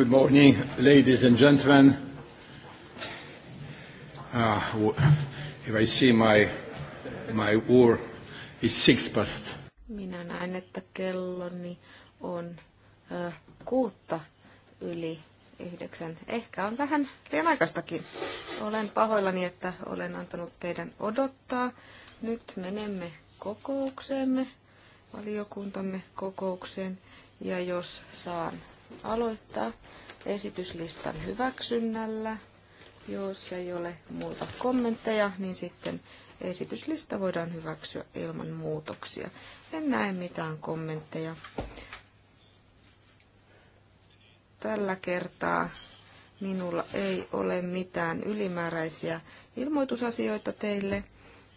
Good morning, ladies and gentlemen. Ah, if I see my, my is six past. Minä näen, että kelloni on kuutta yli yhdeksän. Ehkä on vähän liian aikaistakin. Olen pahoillani, että olen antanut teidän odottaa. Nyt menemme kokoukseemme, valiokuntamme kokoukseen. Ja jos saan aloittaa esityslistan hyväksynnällä. Jos ei ole muuta kommentteja, niin sitten esityslista voidaan hyväksyä ilman muutoksia. En näe mitään kommentteja. Tällä kertaa minulla ei ole mitään ylimääräisiä ilmoitusasioita teille.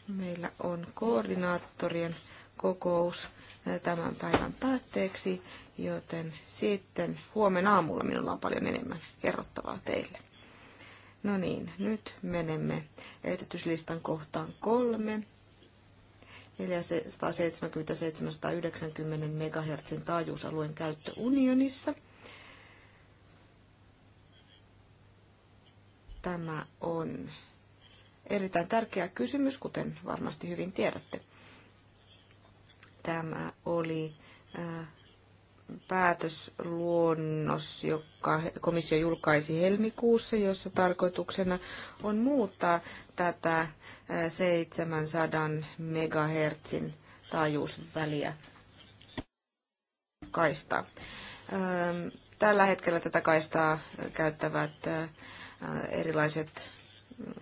Meillä on koordinaattorien kokous tämän päivän päätteeksi Joten sitten huomenna aamulla minulla on paljon enemmän kerrottavaa teille. No niin, nyt menemme esityslistan kohtaan kolme. 470-790 MHz taajuusalueen käyttö unionissa. Tämä on erittäin tärkeä kysymys, kuten varmasti hyvin tiedätte. Tämä oli äh, päätösluonnos, joka komissio julkaisi helmikuussa, jossa tarkoituksena on muuttaa tätä 700 megahertsin taajuusväliä kaistaa. Tällä hetkellä tätä kaistaa käyttävät erilaiset mm,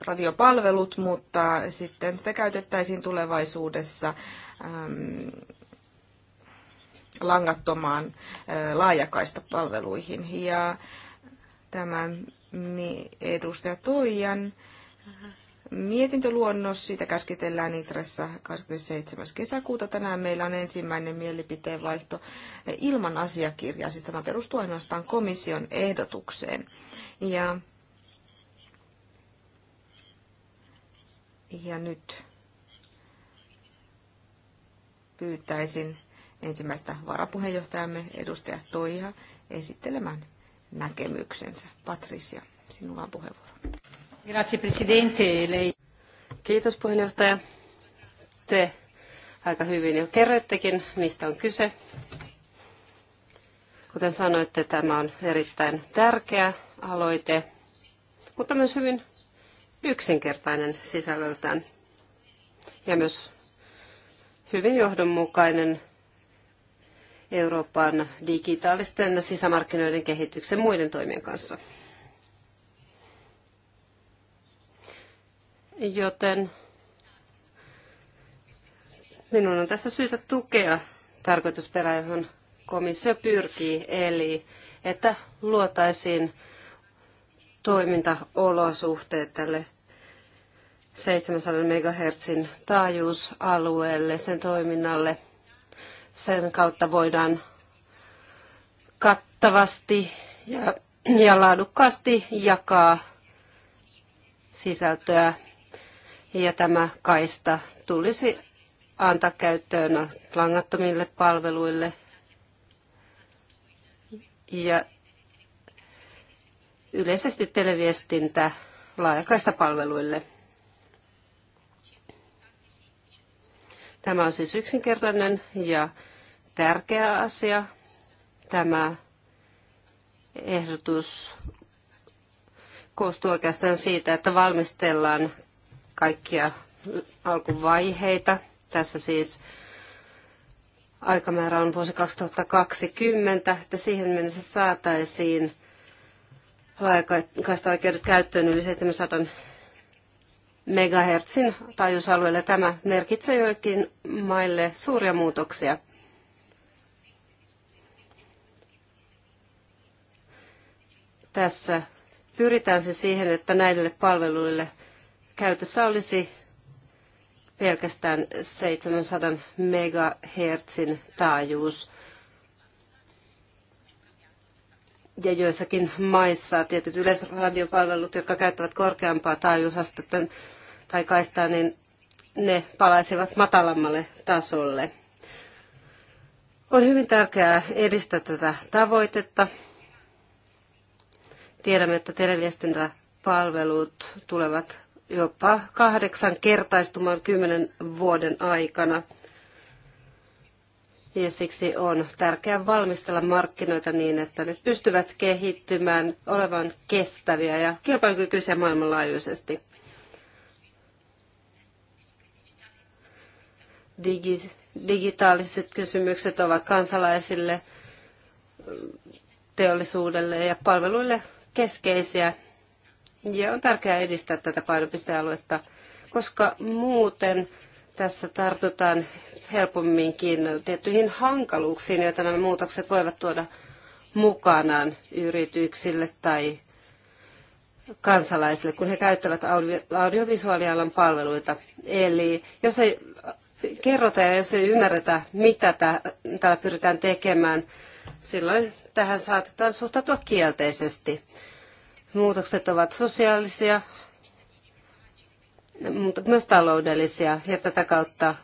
radiopalvelut, mutta sitten sitä käytettäisiin tulevaisuudessa ähm, langattomaan äh, laajakaista palveluihin. Ja tämä edustaja Toijan mietintöluonnos, siitä käskitellään Itressä 27. kesäkuuta. Tänään meillä on ensimmäinen mielipiteenvaihto ilman asiakirjaa, siis tämä perustuu ainoastaan komission ehdotukseen. Ja Ja nyt pyytäisin ensimmäistä varapuheenjohtajamme edustaja Toija esittelemään näkemyksensä. Patricia, sinulla on puheenvuoro. Grazie Presidente. Lei... Kiitos puheenjohtaja. Te aika hyvin jo kerroittekin, mistä on kyse. Kuten sanoitte, tämä on erittäin tärkeä aloite, mutta myös hyvin yksinkertainen sisällöltään ja myös hyvin johdonmukainen Euroopan digitaalisten sisämarkkinoiden kehityksen muiden toimien kanssa. Joten minun on tässä syytä tukea tarkoitusperä, johon komissio pyrkii, eli että luotaisiin toimintaolosuhteet tälle 700 MHz taajuusalueelle, sen toiminnalle. Sen kautta voidaan kattavasti ja, ja laadukkaasti jakaa sisältöä. Ja tämä kaista tulisi antaa käyttöön langattomille palveluille. Ja yleisesti televiestintä laajakaista palveluille. Tämä on siis yksinkertainen ja tärkeä asia. Tämä ehdotus koostuu oikeastaan siitä, että valmistellaan kaikkia alkuvaiheita. Tässä siis aikamäärä on vuosi 2020, että siihen mennessä saataisiin laajakaista oikeudet käyttöön yli 700 megahertsin taajuusalueelle. Tämä merkitsee joillekin maille suuria muutoksia. Tässä pyritään se siis siihen, että näille palveluille käytössä olisi pelkästään 700 megahertsin taajuus. ja joissakin maissa tietyt yleisradiopalvelut, jotka käyttävät korkeampaa taajuusastetta tai kaistaa, niin ne palaisivat matalammalle tasolle. On hyvin tärkeää edistää tätä tavoitetta. Tiedämme, että televiestintäpalvelut tulevat jopa kahdeksan kertaistumaan kymmenen vuoden aikana – ja siksi on tärkeää valmistella markkinoita niin, että ne pystyvät kehittymään, olevan kestäviä ja kilpailukykyisiä maailmanlaajuisesti. Digi- digitaaliset kysymykset ovat kansalaisille, teollisuudelle ja palveluille keskeisiä. Ja on tärkeää edistää tätä painopistealuetta, koska muuten tässä tartutaan helpomminkin tiettyihin hankaluuksiin, joita nämä muutokset voivat tuoda mukanaan yrityksille tai kansalaisille, kun he käyttävät audiovisuaalialan palveluita. Eli jos ei kerrota ja jos ei ymmärretä, mitä täällä pyritään tekemään, silloin tähän saatetaan suhtautua kielteisesti. Muutokset ovat sosiaalisia, mutta myös taloudellisia. Ja tätä kautta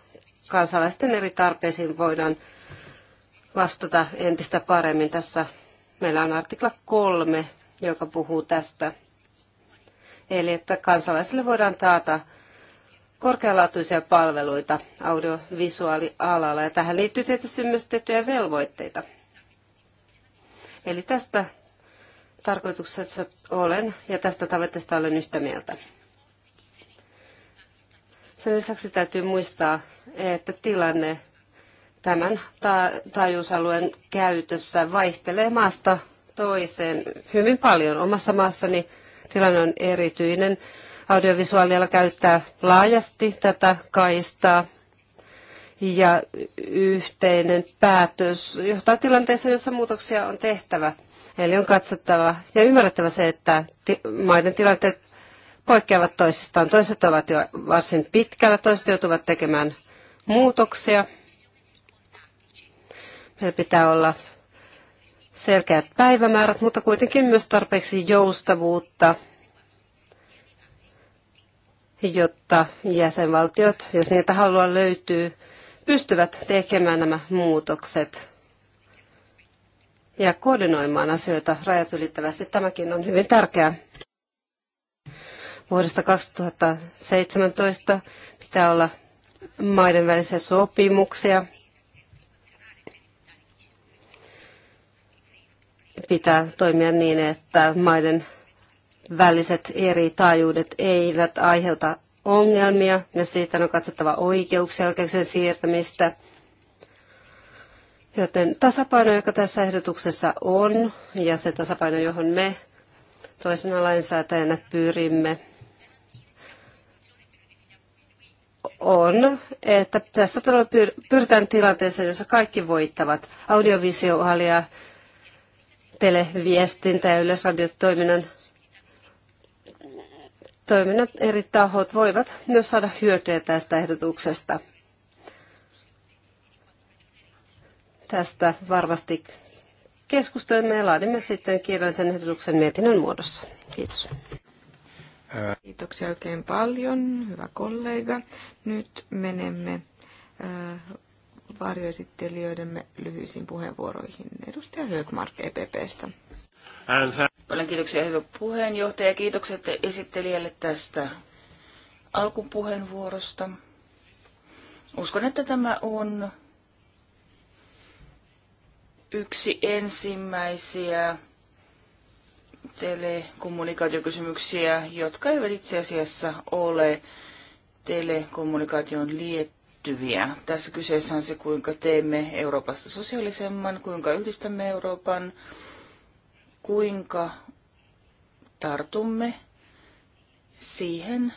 kansalaisten eri tarpeisiin voidaan vastata entistä paremmin. Tässä meillä on artikla kolme, joka puhuu tästä. Eli että kansalaisille voidaan taata korkealaatuisia palveluita audiovisuaalialalla. Ja tähän liittyy tietysti myös tiettyjä velvoitteita. Eli tästä tarkoituksessa olen ja tästä tavoitteesta olen yhtä mieltä. Sen lisäksi täytyy muistaa, että tilanne tämän taajuusalueen käytössä vaihtelee maasta toiseen hyvin paljon. Omassa maassani tilanne on erityinen. Audiovisuaalialla käyttää laajasti tätä kaistaa ja yhteinen päätös johtaa tilanteeseen, jossa muutoksia on tehtävä. Eli on katsottava ja ymmärrettävä se, että maiden tilanteet poikkeavat toisistaan. Toiset ovat jo varsin pitkällä, toiset joutuvat tekemään muutoksia. Meillä pitää olla selkeät päivämäärät, mutta kuitenkin myös tarpeeksi joustavuutta, jotta jäsenvaltiot, jos niitä haluaa löytyy, pystyvät tekemään nämä muutokset ja koordinoimaan asioita rajat ylittävästi. Tämäkin on hyvin tärkeää. Vuodesta 2017 pitää olla maiden välisiä sopimuksia. Pitää toimia niin, että maiden väliset eri taajuudet eivät aiheuta ongelmia ja siitä on katsottava oikeuksia, oikeuksien siirtämistä. Joten tasapaino, joka tässä ehdotuksessa on, ja se tasapaino, johon me toisena lainsäätäjänä pyrimme, on, että tässä todella pyritään tilanteeseen, jossa kaikki voittavat. Audiovisuaalia, televiestintä ja yleisradiotoiminnan toiminnat eri tahot voivat myös saada hyötyä tästä ehdotuksesta. Tästä varmasti keskustelemme ja laadimme sitten kirjallisen ehdotuksen mietinnön muodossa. Kiitos. Kiitoksia oikein paljon, hyvä kollega. Nyt menemme äh, varjoesittelijöidemme lyhyisiin puheenvuoroihin. Edustaja Högmark EPPstä. Paljon kiitoksia hyvä puheenjohtaja. Kiitokset esittelijälle tästä alkupuheenvuorosta. Uskon, että tämä on yksi ensimmäisiä telekommunikaatiokysymyksiä, jotka eivät itse asiassa ole telekommunikaation liittyviä. Tässä kyseessä on se, kuinka teemme Euroopasta sosiaalisemman, kuinka yhdistämme Euroopan, kuinka tartumme siihen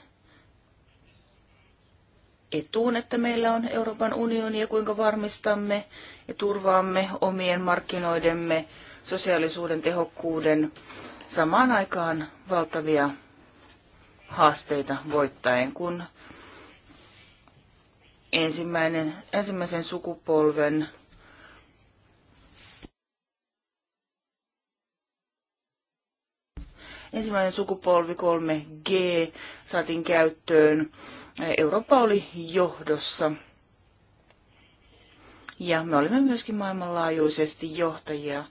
etuun, että meillä on Euroopan unioni ja kuinka varmistamme ja turvaamme omien markkinoidemme sosiaalisuuden tehokkuuden samaan aikaan valtavia haasteita voittaen, kun ensimmäinen, ensimmäisen sukupolven ensimmäinen sukupolvi 3G saatiin käyttöön. Eurooppa oli johdossa. Ja me olimme myöskin maailmanlaajuisesti johtajia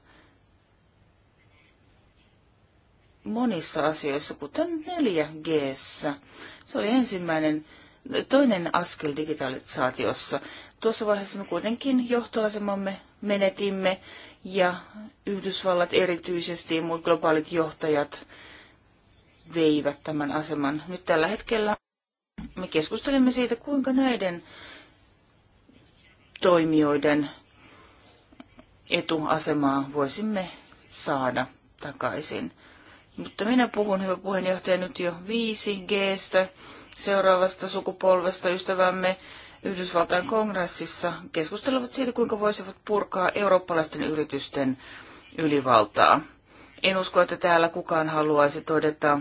monissa asioissa, kuten 4G. Se oli ensimmäinen, toinen askel digitalisaatiossa. Tuossa vaiheessa me kuitenkin johtoasemamme menetimme ja Yhdysvallat erityisesti ja muut globaalit johtajat veivät tämän aseman. Nyt tällä hetkellä me keskustelimme siitä, kuinka näiden toimijoiden etuasemaa voisimme saada takaisin. Mutta minä puhun, hyvä puheenjohtaja, nyt jo 5Gstä, seuraavasta sukupolvesta ystävämme Yhdysvaltain kongressissa keskustelevat siitä, kuinka voisivat purkaa eurooppalaisten yritysten ylivaltaa. En usko, että täällä kukaan haluaisi todeta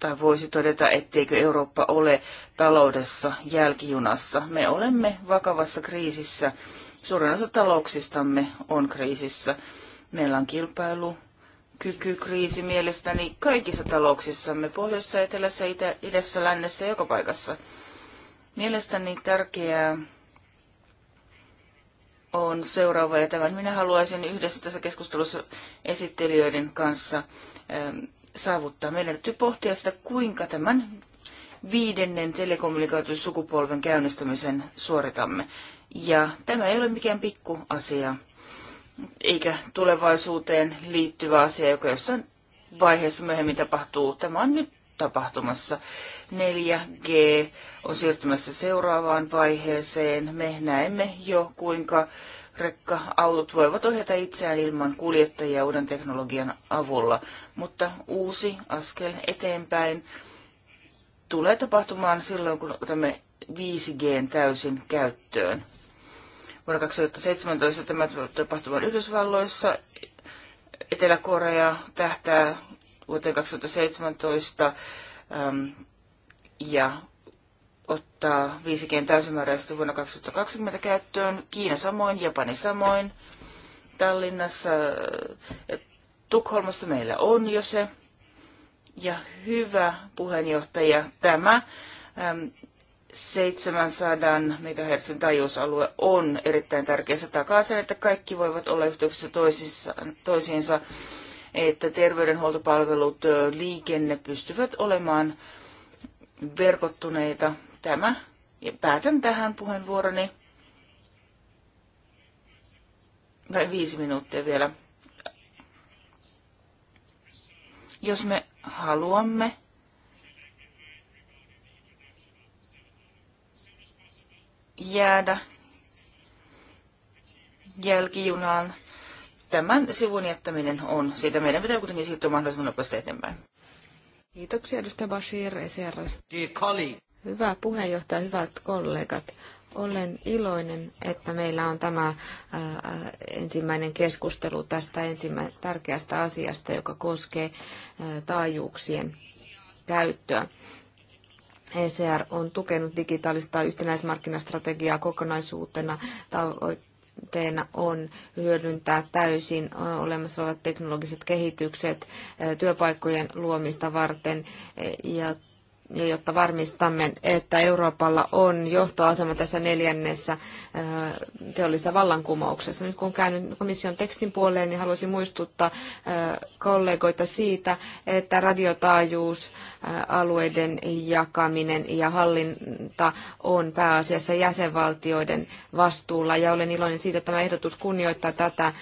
tai voisi todeta, etteikö Eurooppa ole taloudessa jälkijunassa. Me olemme vakavassa kriisissä. Suurin osa talouksistamme on kriisissä. Meillä on kilpailu, kykykriisi mielestäni kaikissa talouksissamme, pohjoisessa, etelässä, itä, idässä, lännessä, joka paikassa. Mielestäni tärkeää on seuraava, ja tämän minä haluaisin yhdessä tässä keskustelussa esittelijöiden kanssa ähm, saavuttaa. Meidän täytyy pohtia sitä, kuinka tämän viidennen telekommunikaatiosukupolven käynnistämisen suoritamme. Ja tämä ei ole mikään pikku asia eikä tulevaisuuteen liittyvä asia, joka jossain vaiheessa myöhemmin tapahtuu. Tämä on nyt tapahtumassa. 4G on siirtymässä seuraavaan vaiheeseen. Me näemme jo, kuinka rekka-autot voivat ohjata itseään ilman kuljettajia uuden teknologian avulla, mutta uusi askel eteenpäin tulee tapahtumaan silloin, kun otamme 5G täysin käyttöön vuonna 2017 tämä tapahtuma on Yhdysvalloissa. Etelä-Korea tähtää vuoteen 2017 äm, ja ottaa 5G täysimääräisesti vuonna 2020 käyttöön. Kiina samoin, Japani samoin. Tallinnassa ja Tukholmassa meillä on jo se. Ja hyvä puheenjohtaja, tämä 700 MHz taajuusalue on erittäin tärkeä. Se takaa sen, että kaikki voivat olla yhteydessä toisissa, toisiinsa, että terveydenhuoltopalvelut, liikenne pystyvät olemaan verkottuneita. Tämä, ja päätän tähän puheenvuoroni. Vai viisi minuuttia vielä. Jos me haluamme jäädä jälkijunaan. Tämän sivun jättäminen on siitä. Meidän pitää kuitenkin siirtyä mahdollisimman nopeasti eteenpäin. Kiitoksia edustaja Bashir Esiarras. Hyvä puheenjohtaja, hyvät kollegat. Olen iloinen, että meillä on tämä ensimmäinen keskustelu tästä ensimmä, tärkeästä asiasta, joka koskee taajuuksien käyttöä. ECR on tukenut digitaalista yhtenäismarkkinastrategiaa kokonaisuutena tavoitteena on hyödyntää täysin olemassa olevat teknologiset kehitykset työpaikkojen luomista varten ja jotta varmistamme, että Euroopalla on johtoasema tässä neljännessä äh, teollisessa vallankumouksessa. Nyt kun käyn komission tekstin puoleen, niin haluaisin muistuttaa äh, kollegoita siitä, että radiotaajuus, äh, alueiden jakaminen ja hallinta on pääasiassa jäsenvaltioiden vastuulla. Ja olen iloinen siitä, että tämä ehdotus kunnioittaa tätä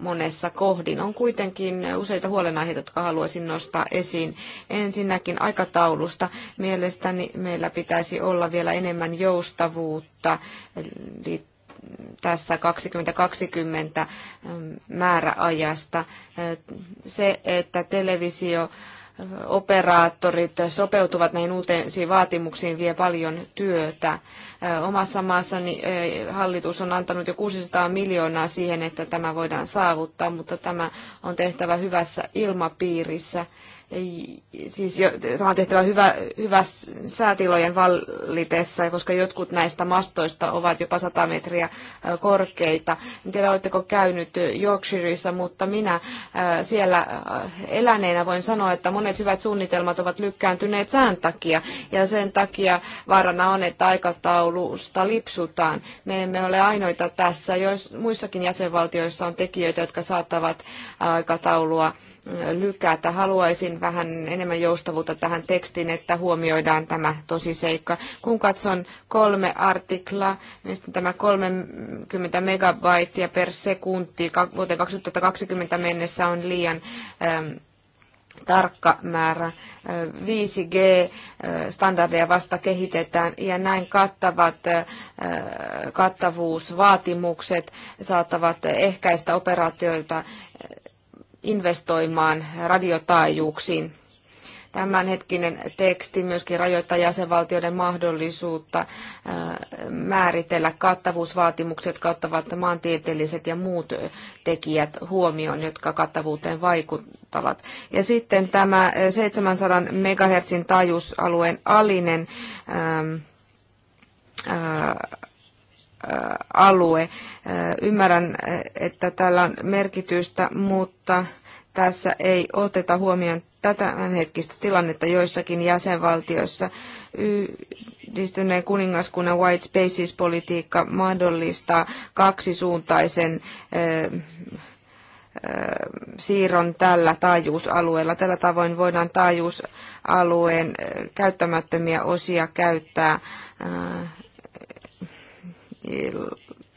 monessa kohdin. On kuitenkin useita huolenaiheita, jotka haluaisin nostaa esiin. Ensinnäkin aikataulusta. Mielestäni meillä pitäisi olla vielä enemmän joustavuutta tässä 2020 määräajasta. Se, että televisio operaattorit sopeutuvat näihin uusiin vaatimuksiin, vie paljon työtä. Omassa maassani hallitus on antanut jo 600 miljoonaa siihen, että tämä voidaan saavuttaa, mutta tämä on tehtävä hyvässä ilmapiirissä siis jo, tämä on tehtävä hyvä, hyvä säätilojen vallitessa, koska jotkut näistä mastoista ovat jopa 100 metriä korkeita. En tiedä, oletteko käynyt Yorkshireissa, mutta minä siellä eläneenä voin sanoa, että monet hyvät suunnitelmat ovat lykkääntyneet sään takia, ja sen takia vaarana on, että aikataulusta lipsutaan. Me emme ole ainoita tässä, jos muissakin jäsenvaltioissa on tekijöitä, jotka saattavat aikataulua lykätä. Haluaisin vähän enemmän joustavuutta tähän tekstiin, että huomioidaan tämä tosiseikka. Kun katson kolme artiklaa, mistä tämä 30 megabaittia per sekunti vuoteen 2020 mennessä on liian ähm, tarkka määrä. 5G-standardeja äh, äh, vasta kehitetään ja näin kattavat äh, kattavuusvaatimukset saattavat ehkäistä operaatioita investoimaan radiotaajuuksiin. Tämänhetkinen teksti myöskin rajoittaa jäsenvaltioiden mahdollisuutta äh, määritellä kattavuusvaatimukset, jotka ottavat maantieteelliset ja muut tekijät huomioon, jotka kattavuuteen vaikuttavat. Ja sitten tämä 700 MHz taajuusalueen alinen ää, ähm, ää, äh, alue. Ymmärrän, että tällä on merkitystä, mutta tässä ei oteta huomioon tätä hetkistä tilannetta joissakin jäsenvaltioissa. Yhdistyneen kuningaskunnan White Spaces-politiikka mahdollistaa kaksisuuntaisen siirron tällä taajuusalueella. Tällä tavoin voidaan taajuusalueen käyttämättömiä osia käyttää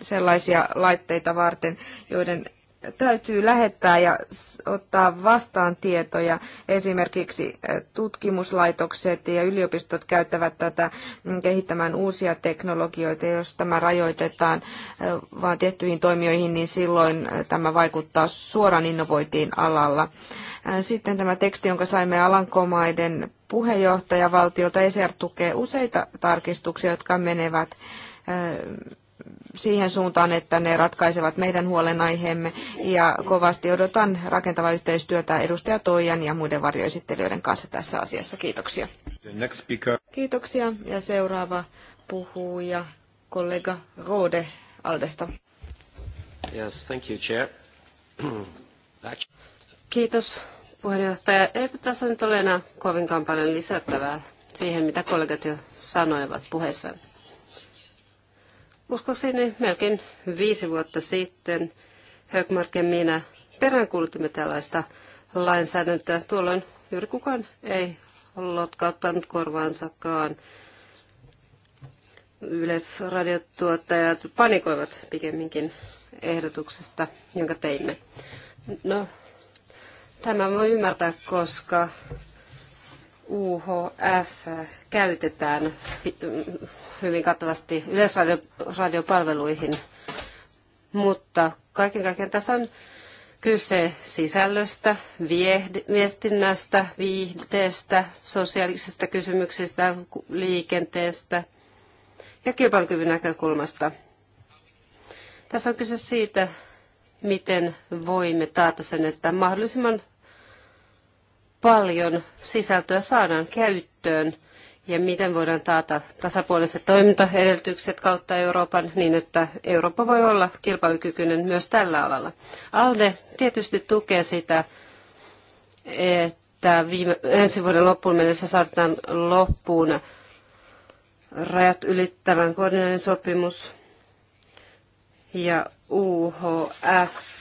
sellaisia laitteita varten, joiden täytyy lähettää ja ottaa vastaan tietoja. Esimerkiksi eh, tutkimuslaitokset ja yliopistot käyttävät tätä mm, kehittämään uusia teknologioita. Jos tämä rajoitetaan eh, vain tiettyihin toimijoihin, niin silloin eh, tämä vaikuttaa suoraan innovointiin alalla. Sitten tämä teksti, jonka saimme Alankomaiden puheenjohtajavaltiolta, ESER tukee useita tarkistuksia, jotka menevät siihen suuntaan, että ne ratkaisevat meidän huolenaiheemme ja kovasti odotan rakentavaa yhteistyötä edustaja Toijan ja muiden varjoesittelijöiden kanssa tässä asiassa. Kiitoksia. Kiitoksia ja seuraava puhuja kollega Rode Aldesta. Yes, thank you, chair. Kiitos puheenjohtaja. Eipä tässä nyt ole enää kovinkaan paljon lisättävää siihen, mitä kollegat jo sanoivat puheessaan uskoisin, melkein viisi vuotta sitten Högmark ja minä peräänkuulutimme tällaista lainsäädäntöä. Tuolloin juuri kukaan ei lotkauttanut korvaansakaan. Yleisradiotuottajat panikoivat pikemminkin ehdotuksesta, jonka teimme. No, tämä voi ymmärtää, koska UHF käytetään hyvin kattavasti yleisradiopalveluihin, mutta kaiken kaikkiaan tässä on kyse sisällöstä, viestinnästä, viihteestä, sosiaalisista kysymyksistä, liikenteestä ja kilpailukyvyn näkökulmasta. Tässä on kyse siitä, miten voimme taata sen, että mahdollisimman paljon sisältöä saadaan käyttöön ja miten voidaan taata tasapuoliset toimintaedellytykset kautta Euroopan niin, että Eurooppa voi olla kilpailukykyinen myös tällä alalla. ALDE tietysti tukee sitä, että viime, ensi vuoden loppuun mennessä saatetaan loppuun rajat ylittävän koordinoinnin sopimus ja UHF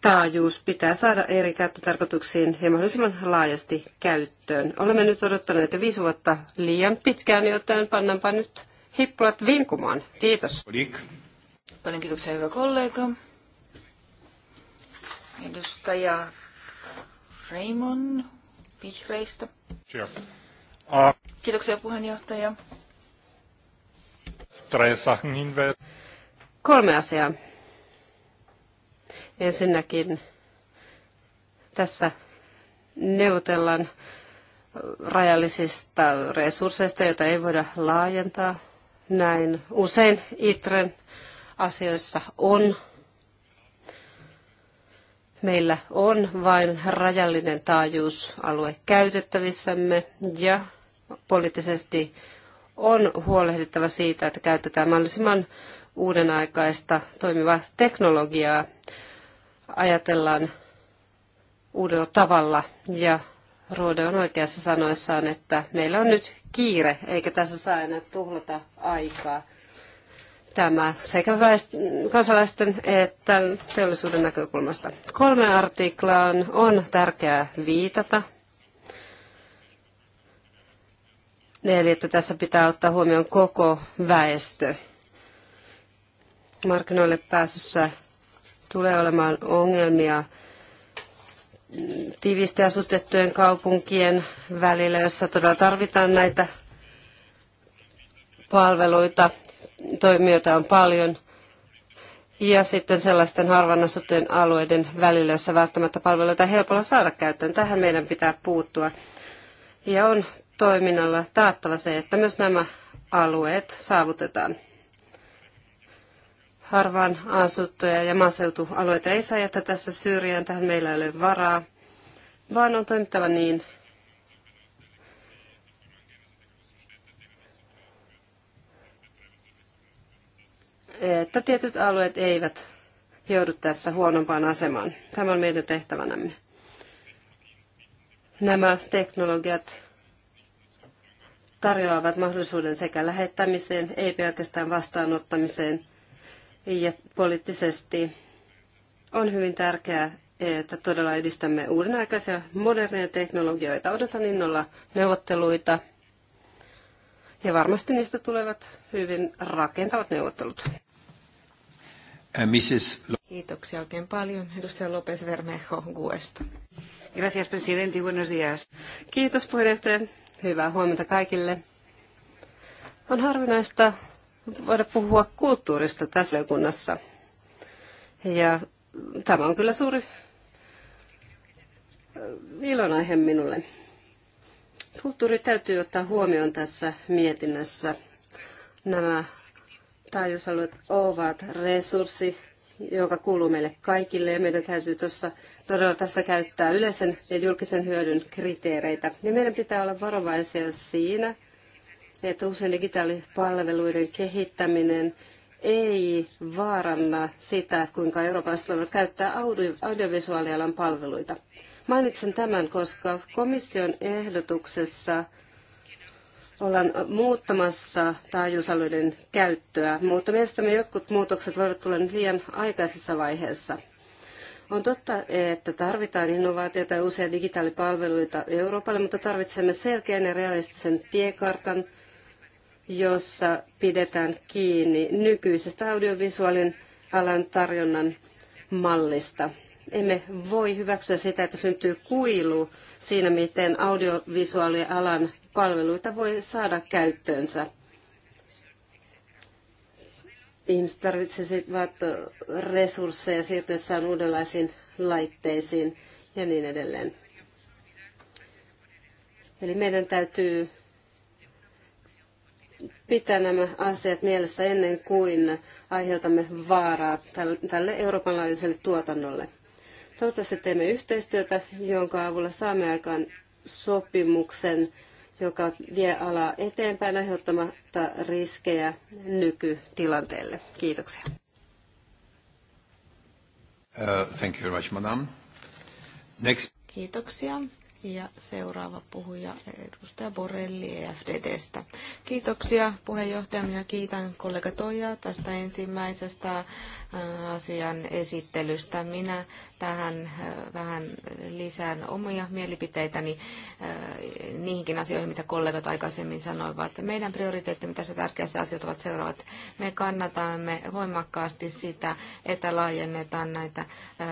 taajuus pitää saada eri käyttötarkoituksiin ja mahdollisimman laajasti käyttöön. Olemme nyt odottaneet jo viisi vuotta liian pitkään, joten pannaanpa nyt hippulat vinkumaan. Kiitos. Paljon kiitoksia, hyvä kollega. Edustaja Raymond Vihreistä. Uh, Kiitoksia puheenjohtaja. Kolme asiaa. Ensinnäkin tässä neuvotellaan rajallisista resursseista, joita ei voida laajentaa. Näin usein ITREn asioissa on. Meillä on vain rajallinen taajuusalue käytettävissämme ja poliittisesti on huolehdittava siitä, että käytetään mahdollisimman uudenaikaista toimivaa teknologiaa ajatellaan uudella tavalla ja Rode on oikeassa sanoissaan, että meillä on nyt kiire, eikä tässä saa enää tuhlata aikaa. Tämä sekä kansalaisten että teollisuuden näkökulmasta. Kolme on, on tärkeää viitata. Eli että tässä pitää ottaa huomioon koko väestö. Markkinoille pääsyssä tulee olemaan ongelmia tiivisti asutettujen kaupunkien välillä, jossa todella tarvitaan näitä palveluita. Toimijoita on paljon. Ja sitten sellaisten harvan asuttujen alueiden välillä, jossa välttämättä palveluita helpolla saada käyttöön. Tähän meidän pitää puuttua. Ja on toiminnalla taattava se, että myös nämä alueet saavutetaan harvaan asuttuja ja maaseutualueita ei saa jättää tässä syrjään, tähän meillä ei ole varaa, vaan on toimittava niin, että tietyt alueet eivät joudu tässä huonompaan asemaan. Tämä on meidän tehtävänämme. Nämä teknologiat tarjoavat mahdollisuuden sekä lähettämiseen, ei pelkästään vastaanottamiseen, ja poliittisesti on hyvin tärkeää, että todella edistämme uudenaikaisia moderneja teknologioita. Odotan innolla neuvotteluita ja varmasti niistä tulevat hyvin rakentavat neuvottelut. Äh, Kiitoksia oikein paljon. Edustaja López Vermejo Guesta. Gracias, presidente. Buenos días. Kiitos puheenjohtaja. Hyvää huomenta kaikille. On harvinaista, voida puhua kulttuurista tässä kunnassa. Ja tämä on kyllä suuri ilonaihe minulle. Kulttuuri täytyy ottaa huomioon tässä mietinnässä. Nämä taajuusalueet ovat resurssi, joka kuuluu meille kaikille ja meidän täytyy tuossa, todella tässä käyttää yleisen ja julkisen hyödyn kriteereitä. Ja meidän pitää olla varovaisia siinä, se, että uusien digitaalipalveluiden kehittäminen ei vaaranna sitä, kuinka eurooppalaiset voivat käyttää audio- audiovisuaalialan palveluita. Mainitsen tämän, koska komission ehdotuksessa ollaan muuttamassa taajuusalueiden käyttöä, mutta mielestäni jotkut muutokset voivat tulla nyt liian aikaisessa vaiheessa. On totta, että tarvitaan innovaatioita ja uusia digitaalipalveluita Euroopalle, mutta tarvitsemme selkeän ja realistisen tiekartan, jossa pidetään kiinni nykyisestä audiovisuaalin alan tarjonnan mallista. Emme voi hyväksyä sitä, että syntyy kuilu siinä, miten alan palveluita voi saada käyttöönsä. Ihmiset tarvitsevat resursseja siirtyessään uudenlaisiin laitteisiin ja niin edelleen. Eli meidän täytyy pitää nämä asiat mielessä ennen kuin aiheutamme vaaraa tälle Euroopan laajuiselle tuotannolle. Toivottavasti teemme yhteistyötä, jonka avulla saamme aikaan sopimuksen, joka vie alaa eteenpäin aiheuttamatta riskejä nykytilanteelle. Kiitoksia. Uh, thank you very much, madam. Next. Kiitoksia. Ja seuraava puhuja edustaja Borelli EFDDstä. Kiitoksia puheenjohtaja. Minä kiitän kollega Toijaa tästä ensimmäisestä asian esittelystä. Minä tähän äh, vähän lisään omia mielipiteitäni äh, niihinkin asioihin, mitä kollegat aikaisemmin sanoivat. Meidän prioriteettimme tässä tärkeässä asiat ovat seuraavat. Me kannatamme voimakkaasti sitä, että laajennetaan näitä äh,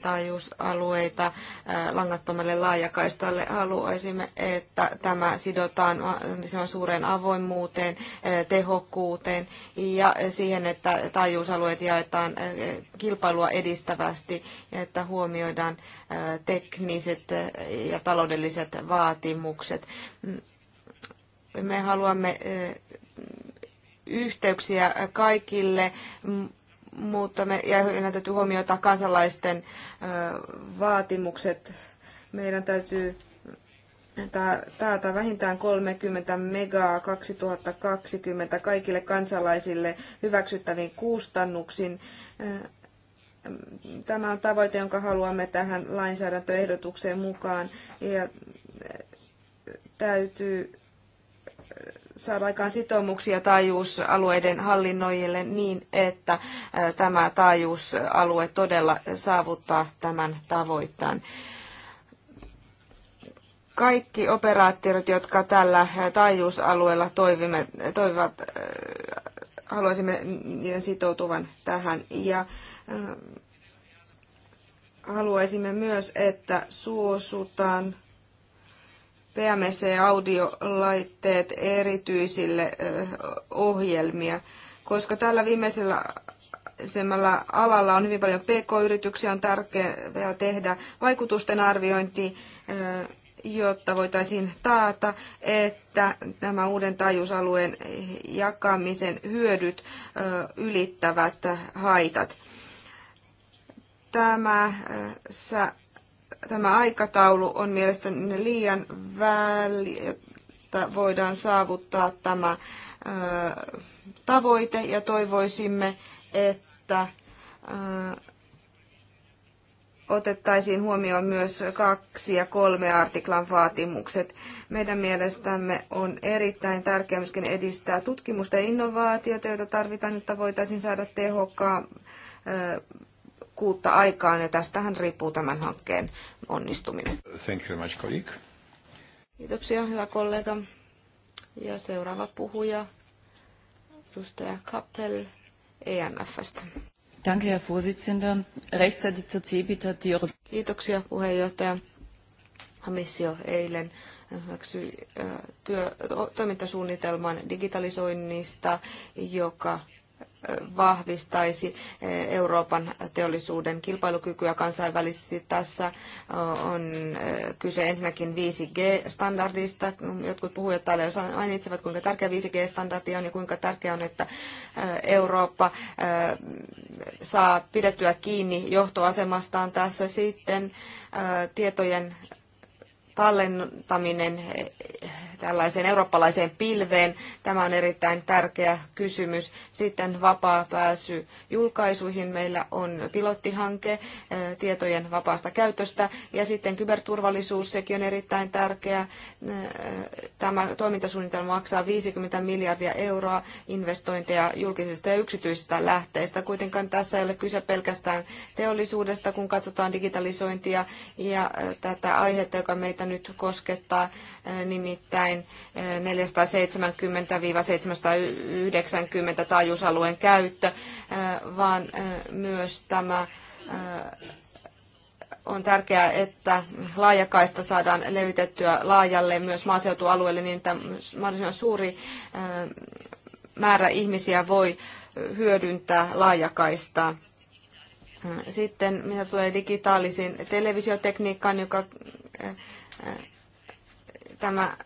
taajuusalueita langattomalle laajakaistalle. Haluaisimme, että tämä sidotaan suureen avoimuuteen, tehokkuuteen ja siihen, että taajuusalueet jaetaan verrataan äh, kilpailua edistävästi ja että huomioidaan äh, tekniset äh, ja taloudelliset vaatimukset. Mm, me haluamme yhteyksiä kaikille, mm, mutta me, ja täytyy huomioida kansalaisten vaatimukset. Meidän täytyy taata vähintään 30 megaa 2020 kaikille kansalaisille hyväksyttäviin kustannuksin. Tämä on tavoite, jonka haluamme tähän lainsäädäntöehdotukseen mukaan ja täytyy saada aikaan sitoumuksia taajuusalueiden hallinnoijille niin, että tämä taajuusalue todella saavuttaa tämän tavoitteen. Kaikki operaattorit, jotka tällä taajuusalueella toivivat, äh, haluaisimme niiden sitoutuvan tähän. Ja äh, haluaisimme myös, että suosutaan PMC-audiolaitteet erityisille äh, ohjelmia, koska tällä viimeisellä semmalla alalla on hyvin paljon pk-yrityksiä, on tärkeää tehdä vaikutusten arviointi jotta voitaisiin taata, että nämä uuden taajuusalueen jakamisen hyödyt ylittävät haitat. Tämä, tämä aikataulu on mielestäni liian väli, jotta voidaan saavuttaa tämä tavoite ja toivoisimme, että otettaisiin huomioon myös kaksi ja kolme artiklan vaatimukset. Meidän mielestämme on erittäin tärkeää myöskin edistää tutkimusta ja innovaatiota, joita tarvitaan, että voitaisiin saada tehokkaa kuutta aikaan, ja tästähän riippuu tämän hankkeen onnistuminen. Thank you very much, colleague. Kiitoksia, hyvä kollega. Ja seuraava puhuja, edustaja Kappel EMFstä. Danke, Herr Vorsitzender. Rechtzeitig zur CeBIT hat die Kiitoksia puheenjohtaja. Komissio eilen hyväksyi äh, työ, toimintasuunnitelman digitalisoinnista, joka vahvistaisi Euroopan teollisuuden kilpailukykyä kansainvälisesti. Tässä on kyse ensinnäkin 5G-standardista. Jotkut puhujat täällä jo mainitsevat, kuinka tärkeä 5G-standardi on ja kuinka tärkeää on, että Eurooppa saa pidettyä kiinni johtoasemastaan tässä sitten tietojen tallentaminen tällaiseen eurooppalaiseen pilveen. Tämä on erittäin tärkeä kysymys. Sitten vapaa pääsy julkaisuihin. Meillä on pilottihanke tietojen vapaasta käytöstä. Ja sitten kyberturvallisuus, sekin on erittäin tärkeä. Tämä toimintasuunnitelma maksaa 50 miljardia euroa investointeja julkisista ja yksityisistä lähteistä. Kuitenkaan tässä ei ole kyse pelkästään teollisuudesta, kun katsotaan digitalisointia ja tätä aihetta, joka meitä nyt koskettaa nimittäin 470-790 eh, taajuusalueen käyttö, eh, vaan eh, myös tämä on tärkeää, että laajakaista saadaan levitettyä laajalle myös maaseutualueelle, niin että mahdollisimman suuri määrä ihmisiä voi hyödyntää laajakaistaa. Sitten mitä tulee digitaalisiin televisiotekniikkaan, joka tämä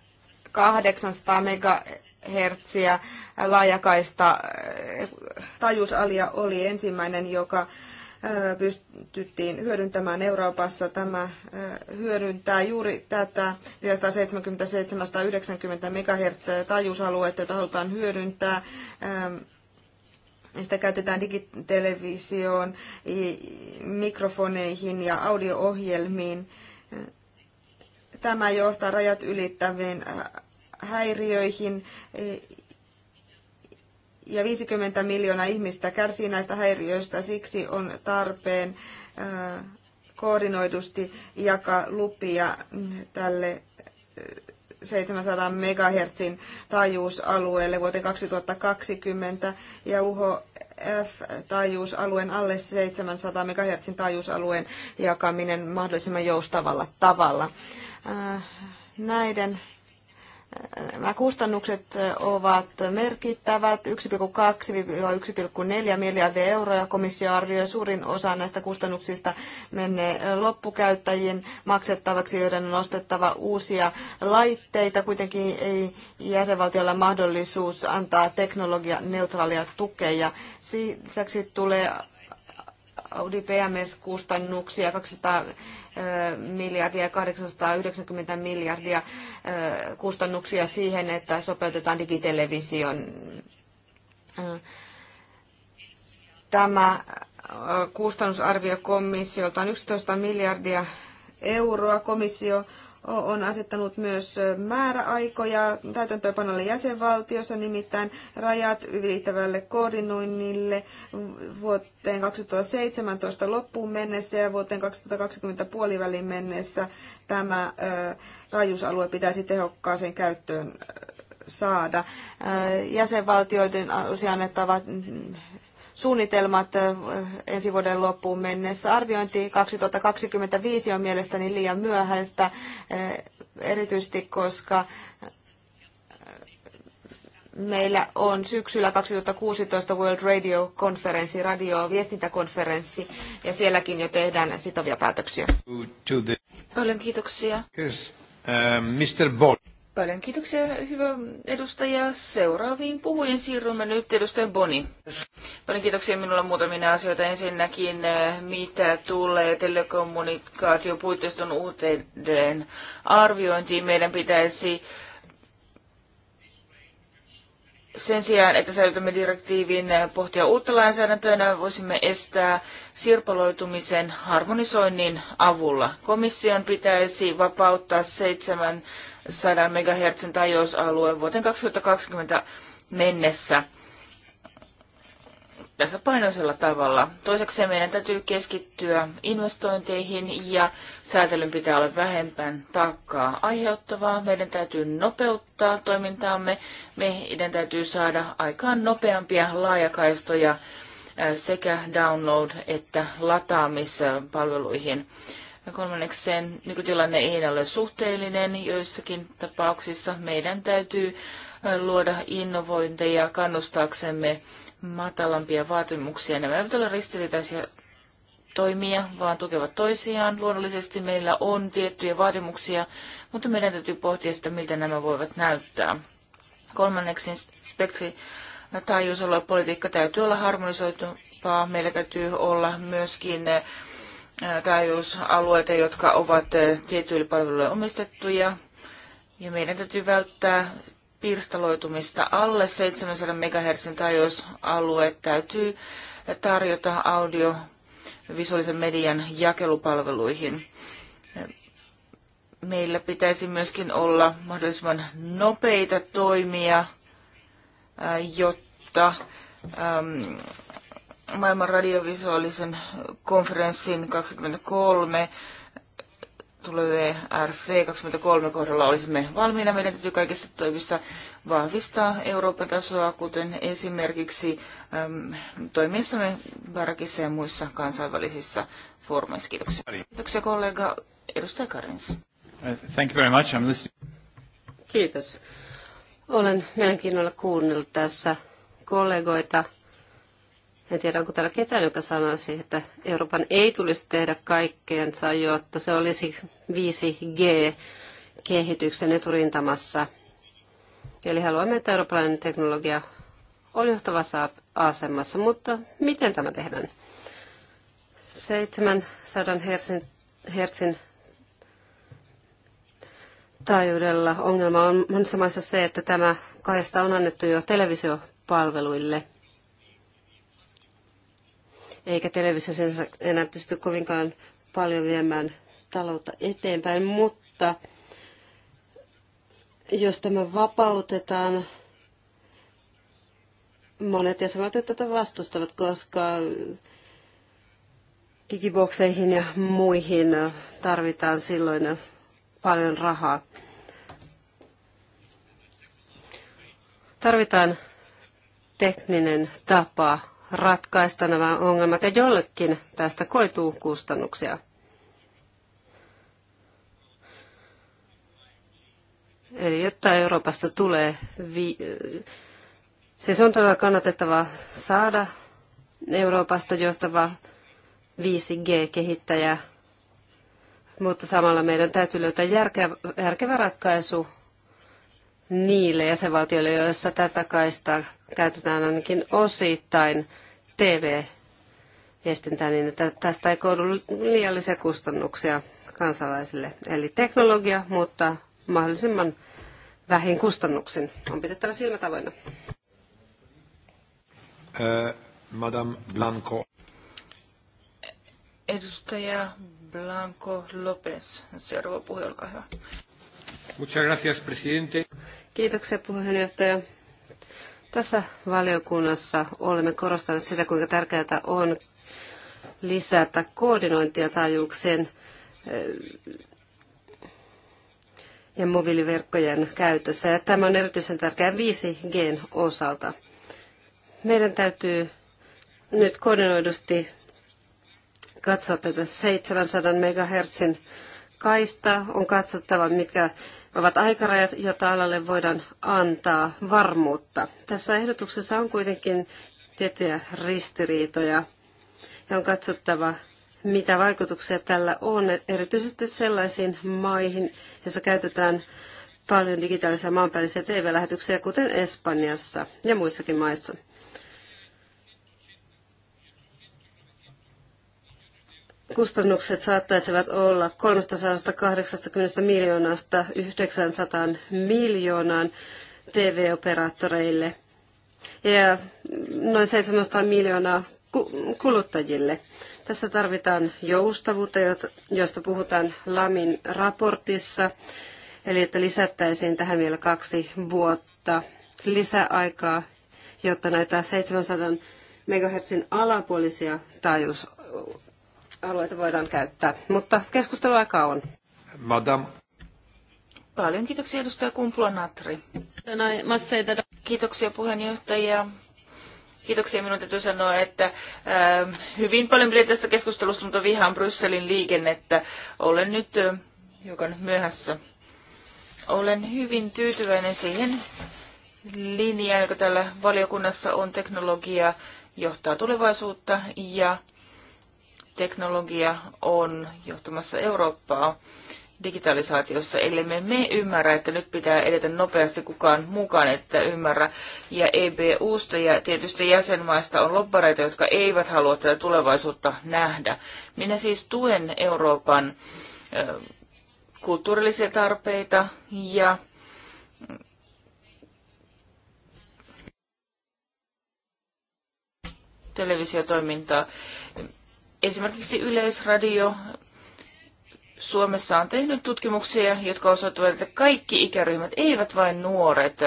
800 megahertsiä laajakaista eh, tajuusalia oli ensimmäinen, joka eh, pystyttiin hyödyntämään Euroopassa. Tämä eh, hyödyntää juuri tätä 470-790 MHz taajuusaluetta, jota halutaan hyödyntää. Sitä käytetään digitelevisioon, mikrofoneihin ja audio-ohjelmiin. Tämä johtaa rajat ylittäviin äh, häiriöihin eh, ja 50 miljoonaa ihmistä kärsii näistä häiriöistä. Siksi on tarpeen äh, koordinoidusti jakaa lupia tälle 700 eh, MHz taajuusalueelle vuoteen 2020 ja uhf F-taajuusalueen alle 700 MHz taajuusalueen jakaminen mahdollisimman joustavalla tavalla. Äh, näiden äh, Nämä kustannukset äh, ovat merkittävät, 1,2-1,4 miljardia euroa. Komissio arvioi suurin osa näistä kustannuksista menee loppukäyttäjien maksettavaksi, joiden on ostettava uusia laitteita. Kuitenkin ei jäsenvaltiolla mahdollisuus antaa teknologianeutraalia tukea. Lisäksi tulee Audi PMS-kustannuksia 200 miljardia ja 890 miljardia kustannuksia siihen, että sopeutetaan digitelevision. Tämä kustannusarvio komissiolta on 11 miljardia euroa. Komissio on asettanut myös määräaikoja täytäntöönpanolle jäsenvaltiossa, nimittäin rajat ylittävälle koordinoinnille vuoteen 2017 loppuun mennessä ja vuoteen 2020 puolivälin mennessä tämä rajuusalue pitäisi tehokkaaseen käyttöön saada. Jäsenvaltioiden annettava suunnitelmat ensi vuoden loppuun mennessä. Arviointi 2025 on mielestäni liian myöhäistä, erityisesti koska meillä on syksyllä 2016 World Radio-konferenssi, radio-viestintäkonferenssi, ja sielläkin jo tehdään sitovia päätöksiä. Paljon kiitoksia. Äh, Mr. Paljon kiitoksia, hyvä edustaja. Seuraaviin puhujiin siirrymme nyt edustaja Boni. Paljon kiitoksia minulla on muutamia asioita. Ensinnäkin, eh, mitä tulee telekommunikaatiopuitteiston uuteen arviointiin, meidän pitäisi sen sijaan, että säilytämme direktiivin pohtia uutta lainsäädäntöä, niin voisimme estää sirpaloitumisen harmonisoinnin avulla. Komission pitäisi vapauttaa 700 MHz taajuusalue vuoteen 2020 mennessä tasapainoisella tavalla. Toiseksi meidän täytyy keskittyä investointeihin ja säätelyn pitää olla vähempään taakkaa aiheuttavaa. Meidän täytyy nopeuttaa toimintaamme. Meidän täytyy saada aikaan nopeampia laajakaistoja äh, sekä download- että lataamispalveluihin. Ja sen nykytilanne ei ole suhteellinen. Joissakin tapauksissa meidän täytyy äh, luoda innovointeja kannustaaksemme matalampia vaatimuksia. Nämä eivät ole ristiriitaisia toimia, vaan tukevat toisiaan. Luonnollisesti meillä on tiettyjä vaatimuksia, mutta meidän täytyy pohtia sitä, miltä nämä voivat näyttää. Kolmanneksi spektri politiikka täytyy olla harmonisoitumpaa. Meillä täytyy olla myöskin eh, taajuusalueita, jotka ovat eh, tietyille palveluille omistettuja. Ja meidän täytyy välttää pirstaloitumista. Alle 700 MHz taajuusalue täytyy tarjota audiovisuaalisen median jakelupalveluihin. Meillä pitäisi myöskin olla mahdollisimman nopeita toimia, äh, jotta ähm, maailman radiovisuaalisen konferenssin 23 WRC e 23 kohdalla olisimme valmiina. Meidän täytyy kaikissa toimissa vahvistaa Euroopan tasoa, kuten esimerkiksi äm, toimiessamme Barakissa ja muissa kansainvälisissä foorumeissa. Kiitoksia. Kiitoksia kollega edustaja Karins. Uh, thank you very much. I'm listening. Kiitos. Olen mielenkiinnolla kuunnellut tässä kollegoita en tiedä, onko täällä ketään, joka sanoisi, että Euroopan ei tulisi tehdä kaikkeensa, jotta se olisi 5G-kehityksen eturintamassa. Eli haluamme, että eurooppalainen teknologia on johtavassa asemassa, mutta miten tämä tehdään? 700 hertsin, hertsin taajuudella ongelma on monissa maissa se, että tämä kaista on annettu jo televisiopalveluille – eikä televisiossa enää pysty kovinkaan paljon viemään taloutta eteenpäin, mutta jos tämä vapautetaan, monet jäsenvaltiot tätä vastustavat, koska digibokseihin ja muihin tarvitaan silloin paljon rahaa. Tarvitaan tekninen tapa ratkaista nämä ongelmat ja jollekin tästä koituu kustannuksia. Eli jotta Euroopasta tulee, vi- siis on todella kannatettava saada Euroopasta johtava 5G-kehittäjä, mutta samalla meidän täytyy löytää järkevä, järkevä ratkaisu niille jäsenvaltioille, joissa tätä kaistaa käytetään ainakin osittain TV-viestintään, niin että tästä ei koudu liiallisia kustannuksia kansalaisille. Eli teknologia, mutta mahdollisimman vähin kustannuksin. On pidettävä silmät avoinna. Äh, Madame Blanco. Edustaja Blanco Lopez, seuraava puhe, olkaa hyvä. Muchas gracias, presidente. Kiitoksia puheenjohtaja. Tässä valiokunnassa olemme korostaneet sitä, kuinka tärkeää on lisätä koordinointia taajuuksien eh, ja mobiiliverkkojen käytössä. Ja tämä on erityisen tärkeää 5Gn osalta. Meidän täytyy nyt koordinoidusti katsoa tätä 700 MHz kaista. On katsottava, mitkä ovat aikarajat, joita alalle voidaan antaa varmuutta. Tässä ehdotuksessa on kuitenkin tiettyjä ristiriitoja ja on katsottava, mitä vaikutuksia tällä on, erityisesti sellaisiin maihin, joissa käytetään paljon digitaalisia maanpäällisiä TV-lähetyksiä, kuten Espanjassa ja muissakin maissa. kustannukset saattaisivat olla 380 miljoonasta 900 miljoonaan TV-operaattoreille ja noin 700 miljoonaa kuluttajille. Tässä tarvitaan joustavuutta, josta puhutaan LAMin raportissa, eli että lisättäisiin tähän vielä kaksi vuotta lisäaikaa, jotta näitä 700 megahertsin alapuolisia taajuus alueita voidaan käyttää. Mutta keskusteluaika on. Madam. Paljon kiitoksia edustaja Kumpula-Natri. Kiitoksia puheenjohtajia. Kiitoksia. Minun täytyy sanoa, että äh, hyvin paljon pidetään tästä keskustelusta, mutta vihaan Brysselin liikennettä. Olen nyt äh, hiukan myöhässä. Olen hyvin tyytyväinen siihen linjaan, joka täällä valiokunnassa on teknologia johtaa tulevaisuutta ja teknologia on johtamassa Eurooppaa digitalisaatiossa, eli me, me ymmärrä, että nyt pitää edetä nopeasti kukaan mukaan, että ymmärrä. Ja EBUsta ja tietysti jäsenmaista on lobbareita, jotka eivät halua tätä tulevaisuutta nähdä. Minä siis tuen Euroopan ö, kulttuurillisia tarpeita ja televisiotoimintaa. Esimerkiksi Yleisradio Suomessa on tehnyt tutkimuksia, jotka osoittavat, että kaikki ikäryhmät, eivät vain nuoret,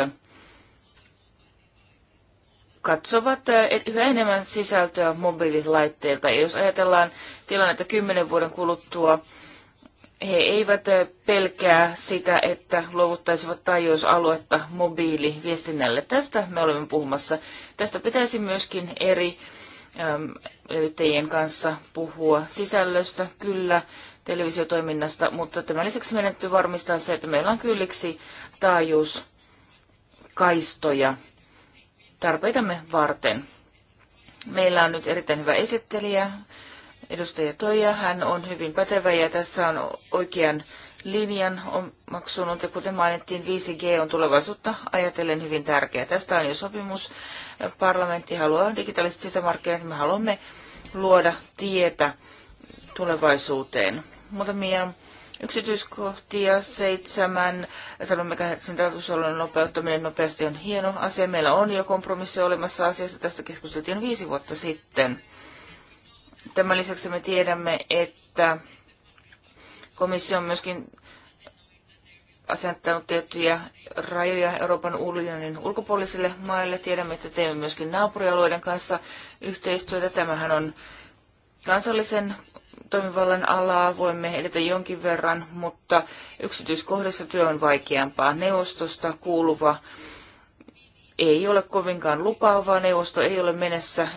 katsovat yhä enemmän sisältöä mobiililaitteilta. Ja jos ajatellaan tilannetta kymmenen vuoden kuluttua, he eivät pelkää sitä, että luovuttaisivat taajuusaluetta mobiiliviestinnälle. Tästä me olemme puhumassa. Tästä pitäisi myöskin eri Ähm, teidän kanssa puhua sisällöstä, kyllä televisiotoiminnasta, mutta tämän lisäksi meidän täytyy varmistaa se, että meillä on kylliksi taajuuskaistoja tarpeitamme varten. Meillä on nyt erittäin hyvä esittelijä, edustaja Toija. Hän on hyvin pätevä ja tässä on oikean linjan on ja kuten mainittiin, 5G on tulevaisuutta ajatellen hyvin tärkeä. Tästä on jo sopimus. Parlamentti haluaa digitaaliset sisämarkkinat, me haluamme luoda tietä tulevaisuuteen. Muutamia yksityiskohtia. Seitsemän, sanomme kahdeksan tasollon nopeuttaminen nopeasti on hieno asia. Meillä on jo kompromissi olemassa asiassa, Tästä keskusteltiin viisi vuotta sitten. Tämän lisäksi me tiedämme, että Komissio on myöskin asettanut tiettyjä rajoja Euroopan unionin ulkopuolisille maille. Tiedämme, että teemme myöskin naapurialueiden kanssa yhteistyötä. Tämähän on kansallisen toimivallan alaa. Voimme edetä jonkin verran, mutta yksityiskohdissa työ on vaikeampaa. Neuvostosta kuuluva ei ole kovinkaan lupaavaa. Neuvosto ei ole menessä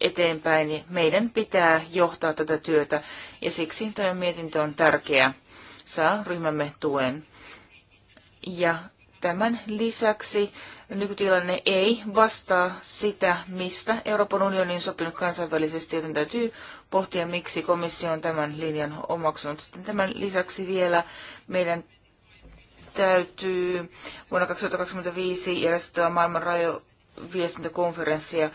eteenpäin, niin meidän pitää johtaa tätä työtä ja siksi tämä mietintö on tärkeä. Saa ryhmämme tuen. Ja tämän lisäksi nykytilanne ei vastaa sitä, mistä Euroopan unioni on sopinut kansainvälisesti, joten täytyy pohtia, miksi komissio on tämän linjan omaksunut. Sitten tämän lisäksi vielä meidän täytyy vuonna 2025 järjestettävä maailman rajo, viestintäkonferenssia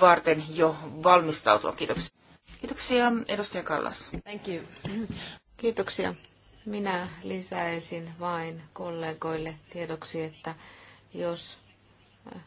varten jo valmistautua. Kiitoksia. Kiitoksia, edustaja Kallas. Thank you. Kiitoksia. Minä lisäisin vain kollegoille tiedoksi, että jos äh,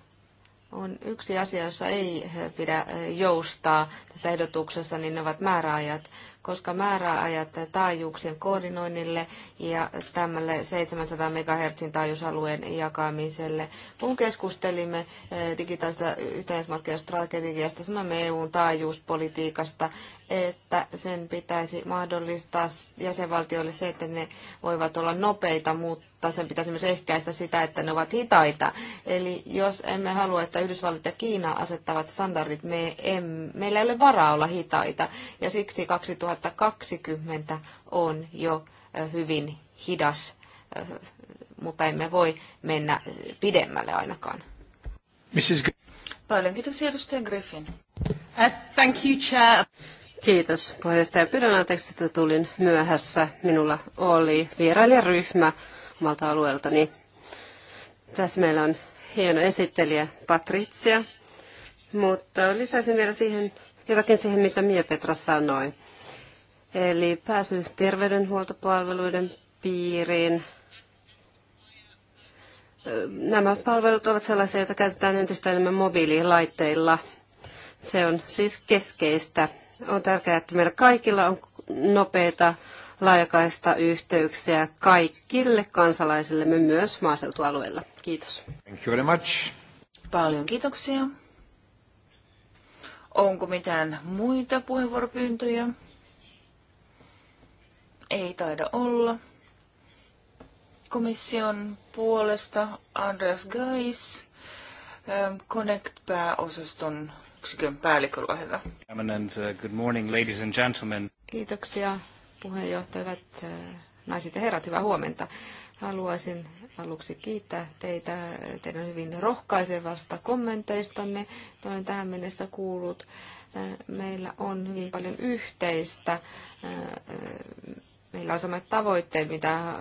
on yksi asia, jossa ei äh, pidä äh, joustaa tässä ehdotuksessa, niin ne ovat määräajat koska määräajat taajuuksien koordinoinnille ja tämmölle 700 MHz taajuusalueen jakamiselle. Kun keskustelimme eh, digitaalista yhteismarkkinastrategiasta, sanoimme EUn taajuuspolitiikasta, että sen pitäisi mahdollistaa jäsenvaltioille se, että ne voivat olla nopeita, mutta mutta sen pitäisi myös ehkäistä sitä, että ne ovat hitaita. Eli jos emme halua, että Yhdysvallat ja Kiina asettavat standardit, me em, meillä ei ole varaa olla hitaita. Ja siksi 2020 on jo hyvin hidas, mutta emme voi mennä pidemmälle ainakaan. Mrs. Paljon kiitoksia edustaja Griffin. Uh, thank you, Chair. Kiitos puheenjohtaja. Pyydän anteeksi, että tulin myöhässä. Minulla oli vierailijaryhmä omalta alueeltani. Niin tässä meillä on hieno esittelijä Patricia, mutta lisäisin vielä siihen, jotakin siihen, mitä Mia Petra sanoi. Eli pääsy terveydenhuoltopalveluiden piiriin. Nämä palvelut ovat sellaisia, joita käytetään entistä enemmän mobiililaitteilla. Se on siis keskeistä. On tärkeää, että meillä kaikilla on nopeita laajakaista yhteyksiä kaikille kansalaisillemme myös maaseutualueilla. Kiitos. Thank you very much. Paljon kiitoksia. Onko mitään muita puheenvuoropyyntöjä? Ei taida olla. Komission puolesta Andreas Geis, ähm, Connect-pääosaston yksikön päällikö, hyvä. Uh, good morning, ladies and gentlemen. Kiitoksia hyvät äh, naiset ja herrat, hyvää huomenta. Haluaisin aluksi kiittää teitä teidän hyvin rohkaisevasta kommenteistanne, joita olen tähän mennessä kuullut. Äh, meillä on hyvin paljon yhteistä. Äh, meillä on samat tavoitteet, mitä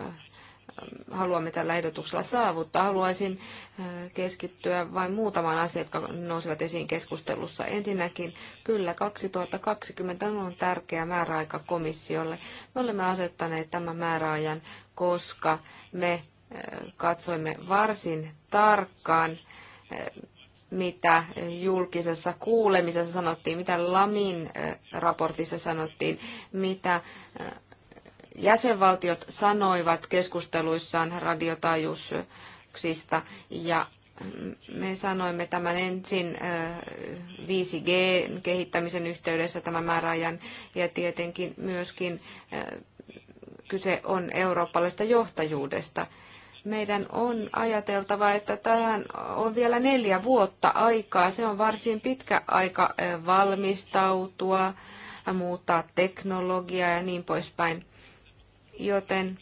haluamme tällä ehdotuksella saavuttaa. Haluaisin äh, keskittyä vain muutamaan asiaan, jotka nousivat esiin keskustelussa. Ensinnäkin, kyllä 2020 on tärkeä määräaika komissiolle. Me olemme asettaneet tämän määräajan, koska me äh, katsoimme varsin tarkkaan, äh, mitä julkisessa kuulemisessa sanottiin, mitä Lamin raportissa sanottiin, mitä jäsenvaltiot sanoivat keskusteluissaan radiotaajuuksista ja me sanoimme tämän ensin 5G-kehittämisen yhteydessä tämän määräajan ja tietenkin myöskin kyse on eurooppalaisesta johtajuudesta. Meidän on ajateltava, että tähän on vielä neljä vuotta aikaa. Se on varsin pitkä aika valmistautua, muuttaa teknologiaa ja niin poispäin joten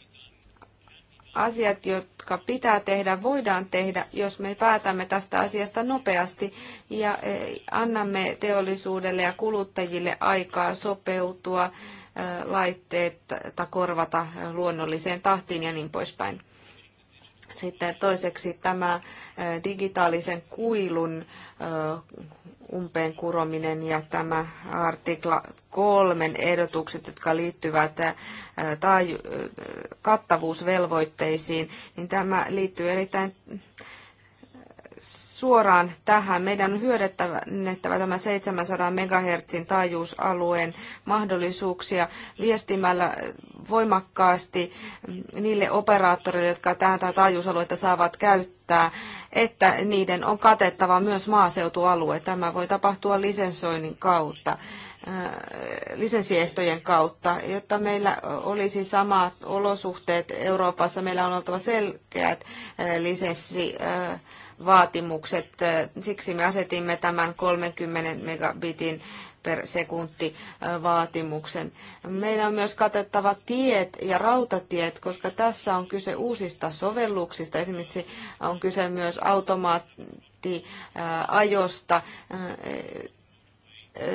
asiat, jotka pitää tehdä, voidaan tehdä, jos me päätämme tästä asiasta nopeasti ja e, annamme teollisuudelle ja kuluttajille aikaa sopeutua, e, laitteet korvata luonnolliseen tahtiin ja niin poispäin. Sitten toiseksi tämä e, digitaalisen kuilun umpeen kurominen ja tämä artikla kolmen ehdotukset, jotka liittyvät äh, taaju, äh, kattavuusvelvoitteisiin, niin tämä liittyy erittäin suoraan tähän. Meidän on hyödyttävä tämä 700 MHz taajuusalueen mahdollisuuksia viestimällä voimakkaasti niille operaattoreille, jotka tähän taajuusaluetta saavat käyttää, että niiden on katettava myös maaseutualue. Tämä voi tapahtua lisensoinnin kautta äh, lisenssiehtojen kautta, jotta meillä olisi samat olosuhteet Euroopassa. Meillä on oltava selkeät äh, lisenssi äh, vaatimukset. Siksi me asetimme tämän 30 megabitin per sekunti vaatimuksen. Meidän on myös katettava tiet ja rautatiet, koska tässä on kyse uusista sovelluksista. Esimerkiksi on kyse myös automaattiajosta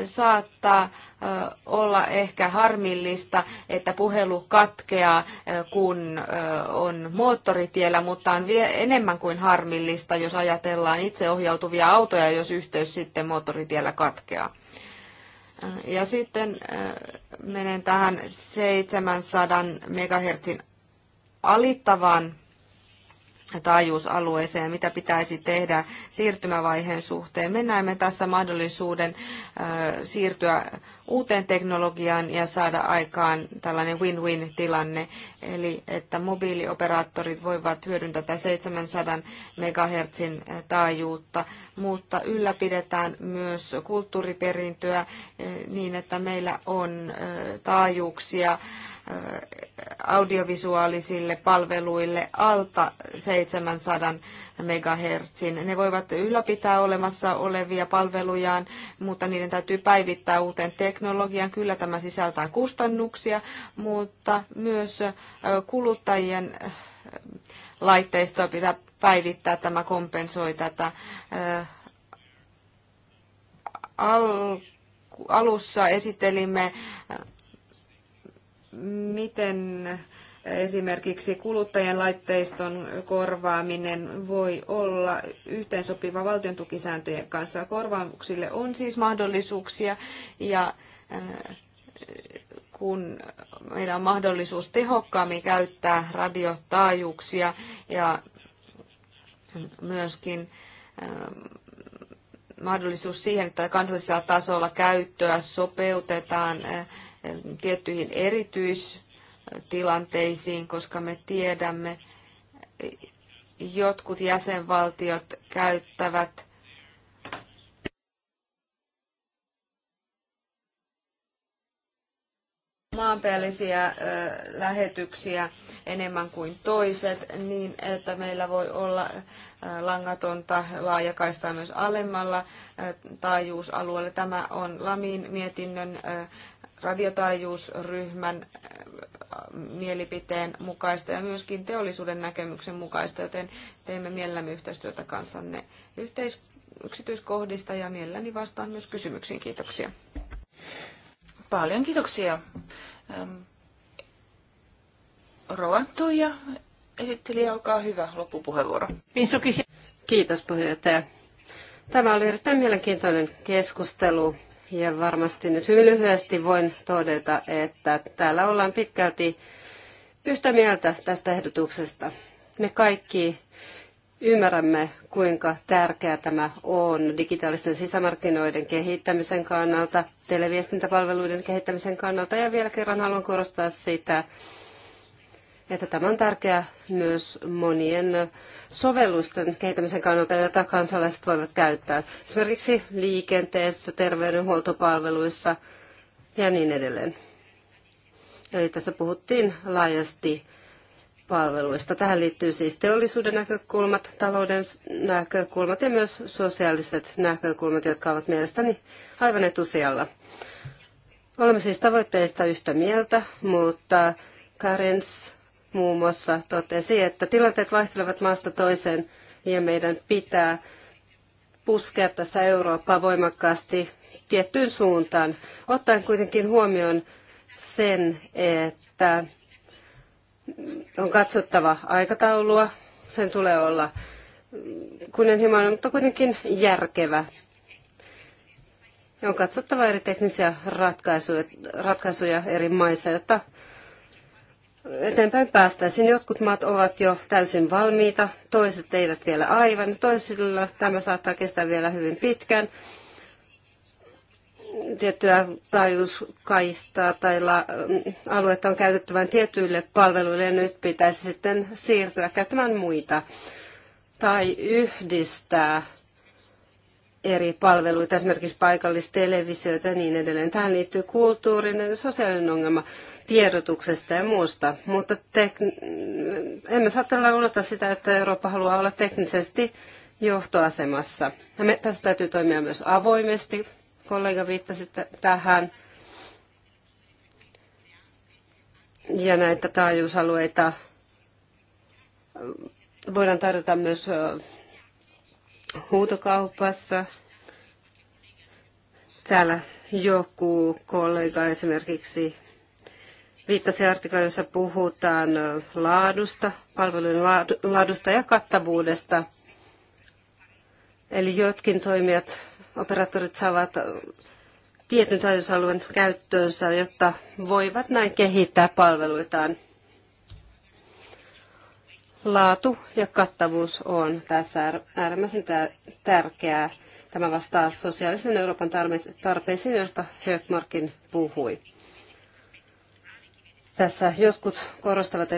saattaa olla ehkä harmillista, että puhelu katkeaa, kun on moottoritiellä, mutta on enemmän kuin harmillista, jos ajatellaan itseohjautuvia autoja, jos yhteys sitten moottoritiellä katkeaa. Ja sitten menen tähän 700 MHz alittavaan taajuusalueeseen, mitä pitäisi tehdä siirtymävaiheen suhteen. Me näemme tässä mahdollisuuden äh, siirtyä uuteen teknologiaan ja saada aikaan tällainen win-win-tilanne, eli että mobiilioperaattorit voivat hyödyntää tätä 700 megahertsin äh, taajuutta, mutta ylläpidetään myös kulttuuriperintöä äh, niin, että meillä on taajuuksia audiovisuaalisille palveluille alta 700 megahertsin. Ne voivat ylläpitää olemassa olevia palvelujaan, mutta niiden täytyy päivittää uuteen teknologiaan. Kyllä tämä sisältää kustannuksia, mutta myös kuluttajien laitteistoa pitää päivittää. Tämä kompensoi tätä alussa esittelimme miten esimerkiksi kuluttajien laitteiston korvaaminen voi olla yhteensopiva valtion tukisääntöjen kanssa. Korvauksille on siis mahdollisuuksia ja äh, kun meillä on mahdollisuus tehokkaammin käyttää radiotaajuuksia ja myöskin äh, mahdollisuus siihen, että kansallisella tasolla käyttöä sopeutetaan äh, tiettyihin erityistilanteisiin, koska me tiedämme, jotkut jäsenvaltiot käyttävät maanpäällisiä lähetyksiä enemmän kuin toiset, niin että meillä voi olla langatonta laajakaistaa myös alemmalla taajuusalueella. Tämä on Lamin mietinnön radiotaajuusryhmän äh, mielipiteen mukaista ja myöskin teollisuuden näkemyksen mukaista, joten teemme mielellämme yhteistyötä kanssanne yhteis- yksityiskohdista ja mielelläni vastaan myös kysymyksiin. Kiitoksia. Paljon kiitoksia. Ähm, Roattu ja esittelijä, olkaa hyvä loppupuheenvuoro. Kiitos puheenjohtaja. Tämä oli erittäin mielenkiintoinen keskustelu. Ja varmasti nyt hyvin lyhyesti voin todeta, että täällä ollaan pitkälti yhtä mieltä tästä ehdotuksesta. Me kaikki ymmärrämme, kuinka tärkeää tämä on digitaalisten sisämarkkinoiden kehittämisen kannalta, televiestintäpalveluiden kehittämisen kannalta. Ja vielä kerran haluan korostaa sitä, että tämä on tärkeää myös monien sovellusten kehittämisen kannalta, joita kansalaiset voivat käyttää. Esimerkiksi liikenteessä, terveydenhuoltopalveluissa ja niin edelleen. Eli tässä puhuttiin laajasti palveluista. Tähän liittyy siis teollisuuden näkökulmat, talouden näkökulmat ja myös sosiaaliset näkökulmat, jotka ovat mielestäni aivan etusijalla. Olemme siis tavoitteista yhtä mieltä, mutta Karens muun muassa totesi, että tilanteet vaihtelevat maasta toiseen ja meidän pitää puskea tässä Eurooppaa voimakkaasti tiettyyn suuntaan, ottaen kuitenkin huomioon sen, että on katsottava aikataulua, sen tulee olla kunnianhimoinen, mutta kuitenkin järkevä. Ja on katsottava eri teknisiä ratkaisuja, ratkaisuja eri maissa, jotta eteenpäin päästäisiin. Jotkut maat ovat jo täysin valmiita, toiset eivät vielä aivan, toisilla tämä saattaa kestää vielä hyvin pitkään. Tiettyä taajuuskaistaa tai la, mm, aluetta on käytetty vain tietyille palveluille ja nyt pitäisi sitten siirtyä käyttämään muita tai yhdistää eri palveluita, esimerkiksi paikallistelevisioita ja niin edelleen. Tähän liittyy kulttuurinen ja sosiaalinen ongelma tiedotuksesta ja muusta, mutta tek- emme saa tällä sitä, että Eurooppa haluaa olla teknisesti johtoasemassa. Ja me, tässä täytyy toimia myös avoimesti. Kollega viittasi tähän. Ja näitä taajuusalueita voidaan tarjota myös huutokaupassa. Täällä joku kollega esimerkiksi viittasi artiklaan, jossa puhutaan laadusta, palvelujen laadusta ja kattavuudesta. Eli jotkin toimijat, operaattorit saavat tietyn taajuusalueen käyttöönsä, jotta voivat näin kehittää palveluitaan. Laatu ja kattavuus on tässä äärimmäisen tärkeää. Tämä vastaa sosiaalisen Euroopan tarpeisiin, joista Högmarkin puhui. Tässä jotkut korostavat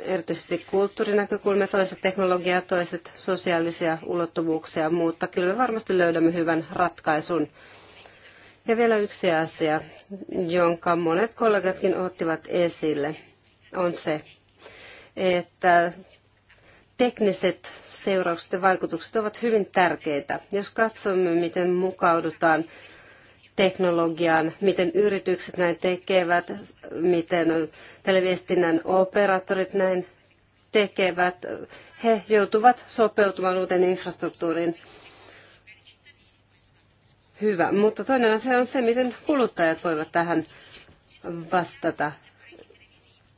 erityisesti kulttuurinäkökulmia, toiset teknologiaa, toiset sosiaalisia ulottuvuuksia, mutta kyllä me varmasti löydämme hyvän ratkaisun. Ja vielä yksi asia, jonka monet kollegatkin ottivat esille, on se, että tekniset seuraukset ja vaikutukset ovat hyvin tärkeitä. Jos katsomme, miten mukaudutaan teknologiaan, miten yritykset näin tekevät, miten televiestinnän operaattorit näin tekevät, he joutuvat sopeutumaan uuteen infrastruktuuriin. Hyvä, mutta toinen asia on se, miten kuluttajat voivat tähän vastata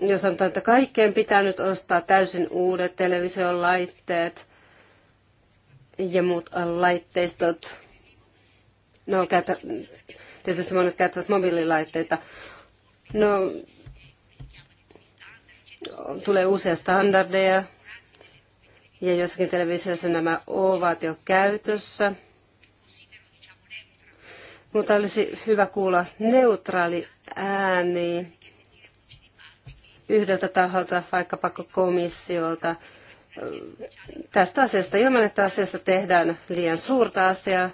jos sanotaan, että kaikkeen pitää nyt ostaa täysin uudet televisiolaitteet ja muut laitteistot. No, käytä, tietysti monet käyttävät mobiililaitteita. No, tulee uusia standardeja, ja joskin televisiossa nämä ovat jo käytössä. Mutta olisi hyvä kuulla neutraali ääni yhdeltä taholta, vaikkapa komissiolta, tästä asiasta ilman, että asiasta tehdään liian suurta asiaa,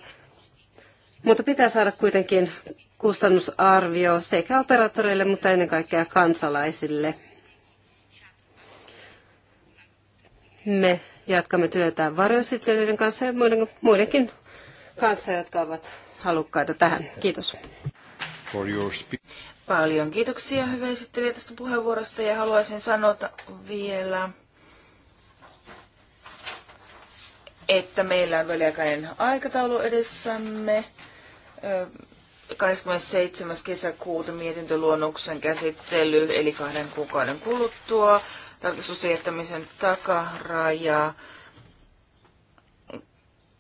mutta pitää saada kuitenkin kustannusarvio sekä operaattoreille, mutta ennen kaikkea kansalaisille. Me jatkamme työtä varjoesittelijöiden kanssa ja muiden, muidenkin kanssa, jotka ovat halukkaita tähän. Kiitos. Paljon kiitoksia hyvä esittelijä tästä puheenvuorosta ja haluaisin sanoa vielä, että meillä on väliaikainen aikataulu edessämme. 27. kesäkuuta mietintöluonnoksen käsittely, eli kahden kuukauden kuluttua. Tarkastusjättämisen takaraja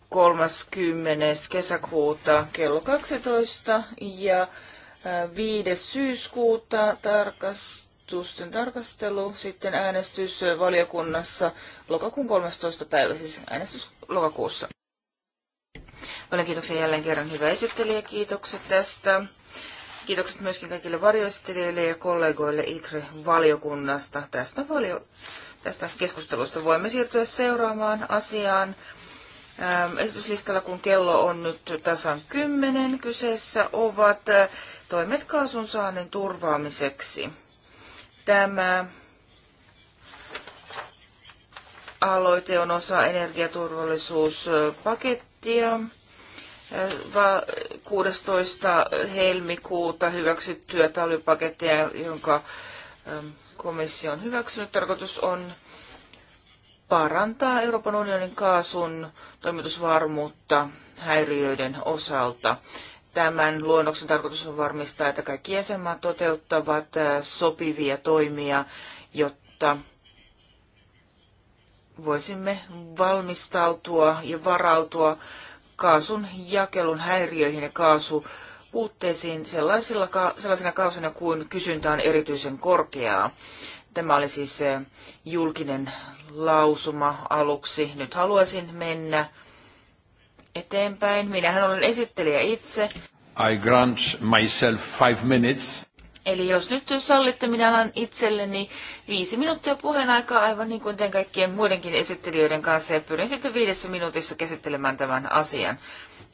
30. kesäkuuta kello 12 ja 5. syyskuuta tarkastusten tarkastelu, sitten äänestys valiokunnassa lokakuun 13. päivä, siis äänestys lokakuussa. Paljon kiitoksia jälleen kerran hyvä esittelijä, kiitokset tästä. Kiitokset myöskin kaikille varjoesittelijöille ja kollegoille ITRE-valiokunnasta tästä, valio- tästä keskustelusta. Voimme siirtyä seuraamaan asiaan. Ähm, esityslistalla, kun kello on nyt tasan kymmenen, kyseessä ovat äh, toimet kaasun saannin turvaamiseksi. Tämä aloite on osa energiaturvallisuuspakettia. 16. Äh, helmikuuta hyväksyttyä talvipakettia, jonka ähm, komissio on hyväksynyt. Tarkoitus on parantaa Euroopan unionin kaasun toimitusvarmuutta häiriöiden osalta. Tämän luonnoksen tarkoitus on varmistaa, että kaikki jäsenmaat toteuttavat äh, sopivia toimia, jotta voisimme valmistautua ja varautua kaasun jakelun häiriöihin ja kaasu puutteisiin sellaisilla, sellaisina kuin kysyntä on erityisen korkeaa. Tämä oli siis äh, julkinen lausuma aluksi. Nyt haluaisin mennä eteenpäin. Minähän olen esittelijä itse. I grant myself five minutes. Eli jos nyt sallitte, minä annan itselleni viisi minuuttia puheen aikaa, aivan niin kuin teen kaikkien muidenkin esittelijöiden kanssa, ja pyrin sitten viidessä minuutissa käsittelemään tämän asian.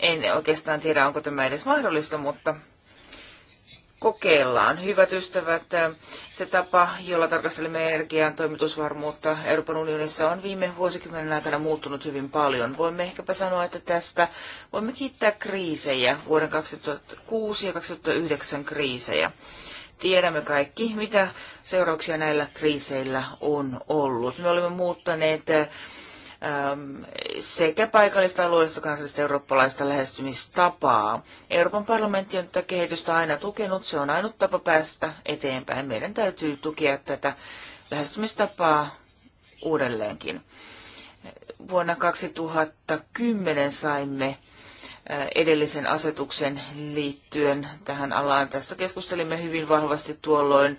En oikeastaan tiedä, onko tämä edes mahdollista, mutta kokeillaan. Hyvät ystävät, se tapa, jolla tarkastelemme energian toimitusvarmuutta Euroopan unionissa on viime vuosikymmenen aikana muuttunut hyvin paljon. Voimme ehkäpä sanoa, että tästä voimme kiittää kriisejä, vuoden 2006 ja 2009 kriisejä. Tiedämme kaikki, mitä seurauksia näillä kriiseillä on ollut. Me olemme muuttaneet Ähm, sekä paikallista, alueellista, kansallista, eurooppalaista lähestymistapaa. Euroopan parlamentti on tätä kehitystä aina tukenut. Se on ainut tapa päästä eteenpäin. Meidän täytyy tukea tätä lähestymistapaa uudelleenkin. Vuonna 2010 saimme äh, edellisen asetuksen liittyen tähän alaan. Tästä keskustelimme hyvin vahvasti tuolloin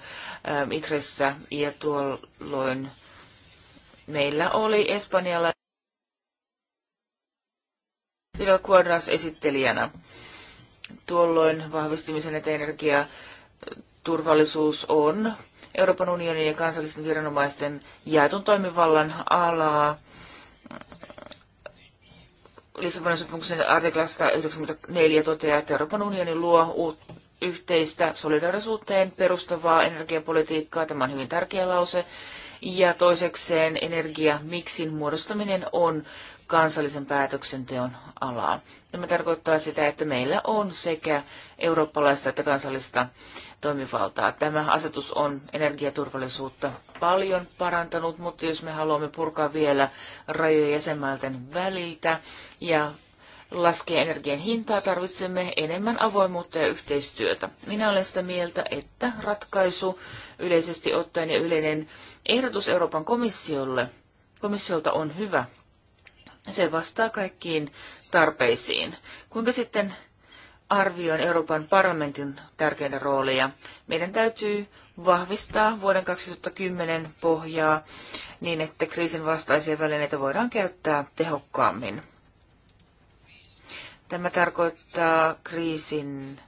ähm, Itressä ja tuolloin Meillä oli Espanjalla Vidal Cuadras esittelijänä. Tuolloin vahvistumisen eteen energia turvallisuus on Euroopan unionin ja kansallisten viranomaisten jaetun toimivallan alaa. Lissabonin sopimuksen artiklasta 94 toteaa, että Euroopan unioni luo yhteistä solidaarisuuteen perustavaa energiapolitiikkaa. Tämä on hyvin tärkeä lause ja toisekseen energiamiksin muodostaminen on kansallisen päätöksenteon alaa. Tämä tarkoittaa sitä, että meillä on sekä eurooppalaista että kansallista toimivaltaa. Tämä asetus on energiaturvallisuutta paljon parantanut, mutta jos me haluamme purkaa vielä rajoja jäsenmaiden väliltä ja Laskee energian hintaa, tarvitsemme enemmän avoimuutta ja yhteistyötä. Minä olen sitä mieltä, että ratkaisu yleisesti ottaen ja yleinen ehdotus Euroopan komissiolle, komissiolta on hyvä. Se vastaa kaikkiin tarpeisiin. Kuinka sitten arvioin Euroopan parlamentin tärkeintä roolia. Meidän täytyy vahvistaa vuoden 2010 pohjaa niin, että kriisin vastaisia välineitä voidaan käyttää tehokkaammin. Tämä tarkoittaa kriisin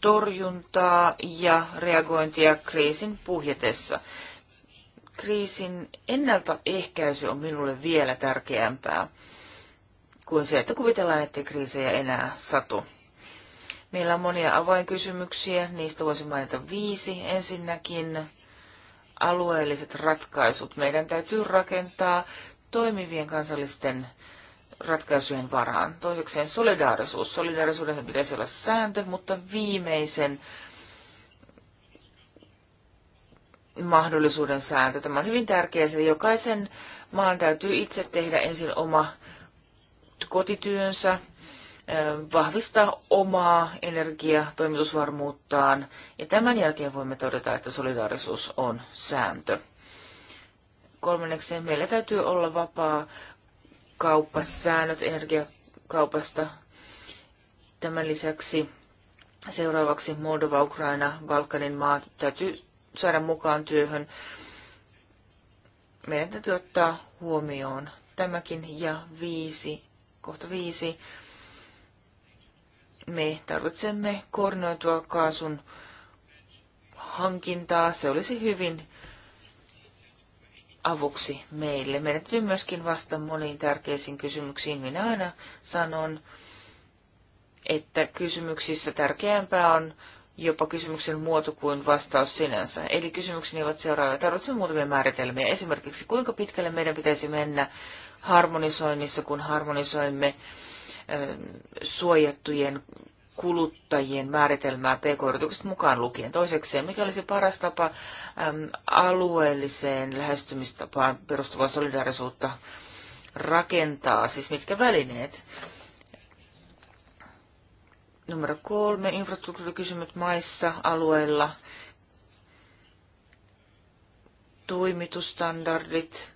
torjuntaa ja reagointia kriisin puhjetessa. Kriisin ennaltaehkäisy on minulle vielä tärkeämpää kuin se, että kuvitellaan, että kriisejä enää satu. Meillä on monia avainkysymyksiä, niistä voisi mainita viisi. Ensinnäkin alueelliset ratkaisut. Meidän täytyy rakentaa toimivien kansallisten ratkaisujen varaan. Toisekseen solidaarisuus. Solidaarisuuden pitäisi olla sääntö, mutta viimeisen mahdollisuuden sääntö. Tämä on hyvin tärkeä, sillä jokaisen maan täytyy itse tehdä ensin oma kotityönsä, vahvistaa omaa energiatoimitusvarmuuttaan ja tämän jälkeen voimme todeta, että solidaarisuus on sääntö. Kolmanneksi meillä täytyy olla vapaa kauppasäännöt energiakaupasta. Tämän lisäksi seuraavaksi Moldova, Ukraina, Balkanin maat täytyy saada mukaan työhön. Meidän täytyy ottaa huomioon tämäkin ja viisi, kohta viisi. Me tarvitsemme koordinoitua kaasun hankintaa. Se olisi hyvin avuksi meille. Meidän täytyy myöskin vastata moniin tärkeisiin kysymyksiin. Minä aina sanon, että kysymyksissä tärkeämpää on jopa kysymyksen muoto kuin vastaus sinänsä. Eli kysymykseni ovat seuraavia. Tarvitsemme muutamia määritelmiä. Esimerkiksi kuinka pitkälle meidän pitäisi mennä harmonisoinnissa, kun harmonisoimme suojattujen kuluttajien määritelmää pk-yritykset mukaan lukien. Toiseksi, mikä olisi paras tapa äm, alueelliseen lähestymistapaan perustuvaa solidaarisuutta rakentaa, siis mitkä välineet? Numero kolme, infrastruktuurikysymykset maissa, alueilla, toimitustandardit,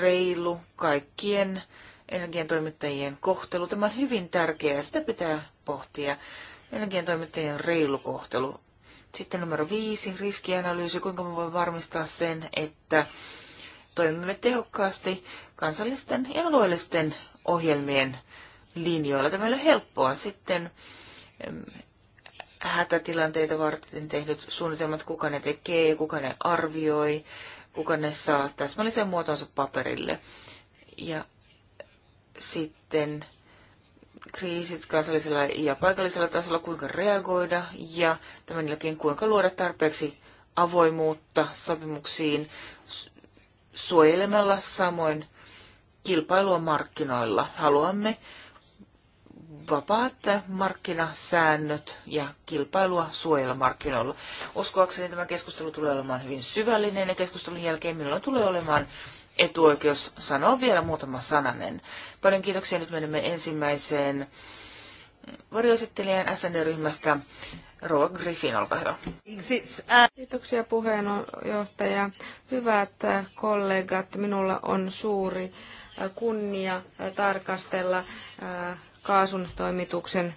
reilu, kaikkien energiantoimittajien kohtelu. Tämä on hyvin tärkeää, sitä pitää pohtia. toimittajien reilu kohtelu. Sitten numero viisi, riskianalyysi. Kuinka me voimme varmistaa sen, että toimimme tehokkaasti kansallisten ja alueellisten ohjelmien linjoilla. Tämä ei ole helppoa. Sitten hätätilanteita varten tehdyt suunnitelmat, kuka ne tekee, kuka ne arvioi, kuka ne saa täsmällisen muotonsa paperille. Ja sitten kriisit kansallisella ja paikallisella tasolla, kuinka reagoida ja tämän jälkeen kuinka luoda tarpeeksi avoimuutta sopimuksiin suojelemalla samoin kilpailua markkinoilla. Haluamme vapaat markkinasäännöt ja kilpailua suojella markkinoilla. Uskoakseni tämä keskustelu tulee olemaan hyvin syvällinen ja keskustelun jälkeen minulla tulee olemaan etuoikeus sanoa vielä muutama sananen. Paljon kiitoksia. Nyt menemme ensimmäiseen varjoesittelijän SND-ryhmästä. Roa Griffin, olkaa hyvä. Äh. Kiitoksia puheenjohtaja. Hyvät äh, kollegat, minulla on suuri äh, kunnia tarkastella kaasun toimituksen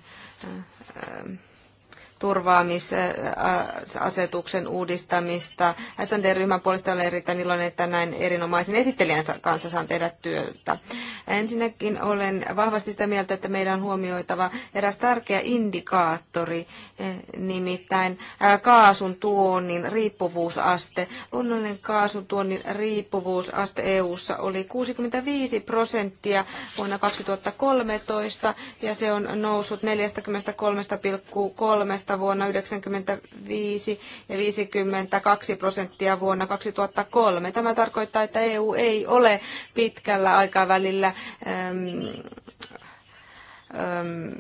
turvaamisasetuksen uudistamista. SND-ryhmän puolesta olen erittäin iloinen, että näin erinomaisen esittelijän kanssa saan tehdä työtä. Ensinnäkin olen vahvasti sitä mieltä, että meidän on huomioitava eräs tärkeä indikaattori, e, nimittäin kaasun tuonnin riippuvuusaste. Luonnollinen kaasun tuonnin riippuvuusaste EU:ssa oli 65 prosenttia vuonna 2013 ja se on noussut 43,3 prosentista vuonna 1995 ja 52 prosenttia vuonna 2003. Tämä tarkoittaa, että EU ei ole pitkällä aikavälillä äm, äm,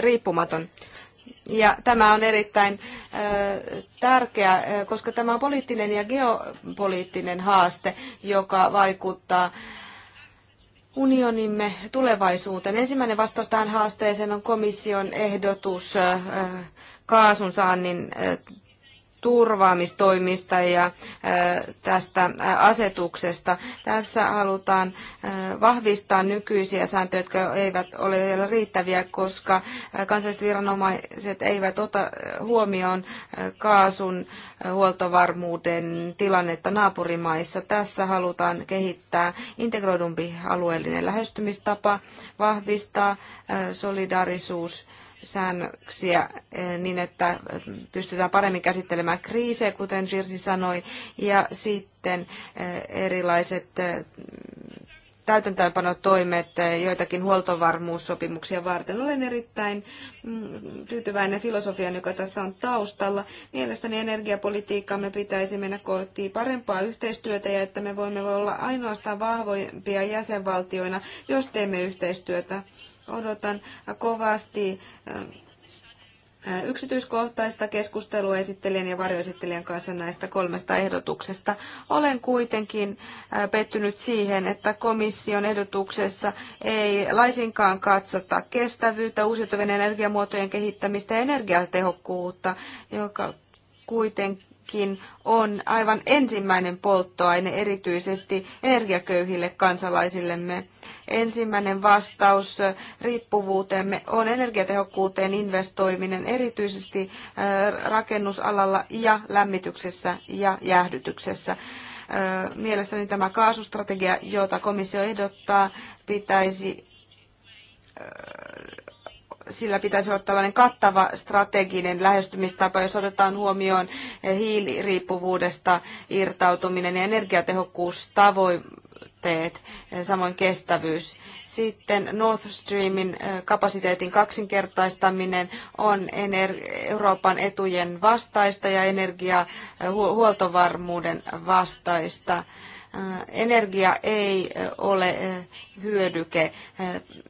riippumaton. Ja tämä on erittäin äh, tärkeä, äh, koska tämä on poliittinen ja geopoliittinen haaste, joka vaikuttaa unionimme tulevaisuuteen? Ensimmäinen vastaus tähän haasteeseen on komission ehdotus äh, äh, kaasun saannin äh, turvaamistoimista ja äh, tästä äh, asetuksesta. Tässä halutaan äh, vahvistaa nykyisiä sääntöjä, jotka eivät ole vielä riittäviä, koska kansalliset viranomaiset eivät ota huomioon kaasun huoltovarmuuden tilannetta naapurimaissa. Tässä halutaan kehittää integroidumpi alueellinen lähestymistapa, vahvistaa solidaarisuus säännöksiä eh, niin, että pystytään paremmin käsittelemään kriisejä, kuten Jirsi sanoi, ja sitten eh, erilaiset eh, täytäntöönpanotoimet joitakin huoltovarmuussopimuksia varten. Olen erittäin mm, tyytyväinen filosofian, joka tässä on taustalla. Mielestäni energiapolitiikkaamme pitäisi mennä kohti parempaa yhteistyötä ja että me voimme olla ainoastaan vahvoimpia jäsenvaltioina, jos teemme yhteistyötä odotan kovasti äh, yksityiskohtaista keskustelua esittelijän ja varjoesittelijän kanssa näistä kolmesta ehdotuksesta. Olen kuitenkin äh, pettynyt siihen, että komission ehdotuksessa ei laisinkaan katsota kestävyyttä, uusiutuvien energiamuotojen kehittämistä ja energiatehokkuutta, joka kuitenkin sähkökin on aivan ensimmäinen polttoaine erityisesti energiaköyhille kansalaisillemme. Ensimmäinen vastaus riippuvuuteemme on energiatehokkuuteen investoiminen erityisesti äh, rakennusalalla ja lämmityksessä ja jäähdytyksessä. Äh, mielestäni tämä kaasustrategia, jota komissio ehdottaa, pitäisi äh, sillä pitäisi olla tällainen kattava strateginen lähestymistapa, jos otetaan huomioon hiiliriippuvuudesta irtautuminen ja energiatehokkuustavoitteet, samoin kestävyys. Sitten North Streamin kapasiteetin kaksinkertaistaminen on Euroopan etujen vastaista ja energiahuoltovarmuuden vastaista energia ei ole hyödyke.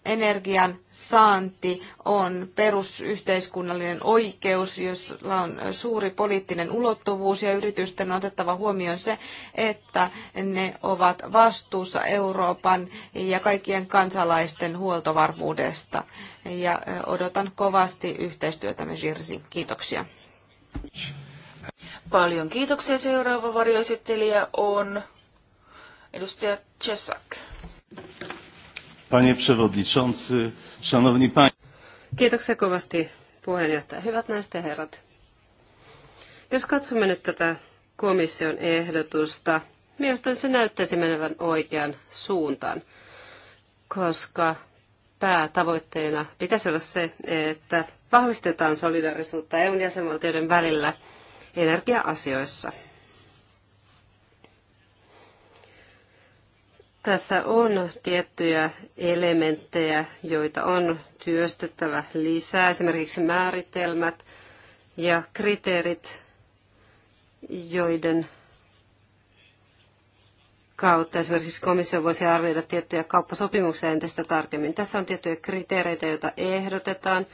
Energian saanti on perusyhteiskunnallinen oikeus, jolla on suuri poliittinen ulottuvuus ja yritysten on otettava huomioon se, että ne ovat vastuussa Euroopan ja kaikkien kansalaisten huoltovarmuudesta. Ja odotan kovasti yhteistyötämme Jirsi. Kiitoksia. Paljon kiitoksia. Seuraava varjoesittelijä on Edustaja Czesak. Panie przewodniczący, szanowni państwo. Kiitoksia kovasti puheenjohtaja. Hyvät naiset ja herrat. Jos katsomme nyt tätä komission ehdotusta, mielestäni se näyttäisi menevän oikeaan suuntaan, koska päätavoitteena pitäisi olla se, että vahvistetaan solidarisuutta EUn jäsenvaltioiden välillä energia-asioissa. Tässä on tiettyjä elementtejä, joita on työstettävä lisää, esimerkiksi määritelmät ja kriteerit, joiden kautta esimerkiksi komissio voisi arvioida tiettyjä kauppasopimuksia entistä tarkemmin. Tässä on tiettyjä kriteereitä, joita ehdotetaan.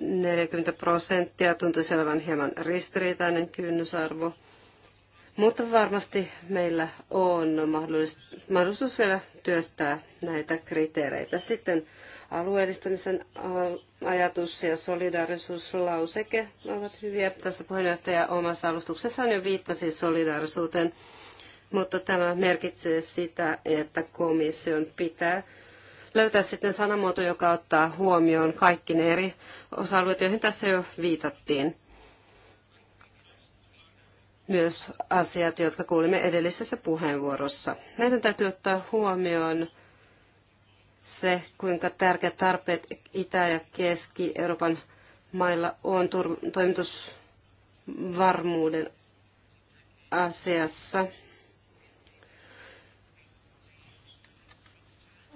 40 prosenttia tuntuisi olevan hieman ristiriitainen kynnysarvo. Mutta varmasti meillä on mahdollisuus vielä työstää näitä kriteereitä. Sitten alueellistamisen ajatus ja solidaarisuuslauseke ovat hyviä. Tässä puheenjohtaja omassa alustuksessaan jo viittasi solidaarisuuteen, mutta tämä merkitsee sitä, että komission pitää löytää sitten sanamuoto, joka ottaa huomioon kaikki ne eri osa-alueet, joihin tässä jo viitattiin myös asiat, jotka kuulimme edellisessä puheenvuorossa. Meidän täytyy ottaa huomioon se, kuinka tärkeät tarpeet Itä- ja Keski-Euroopan mailla on toimitusvarmuuden asiassa.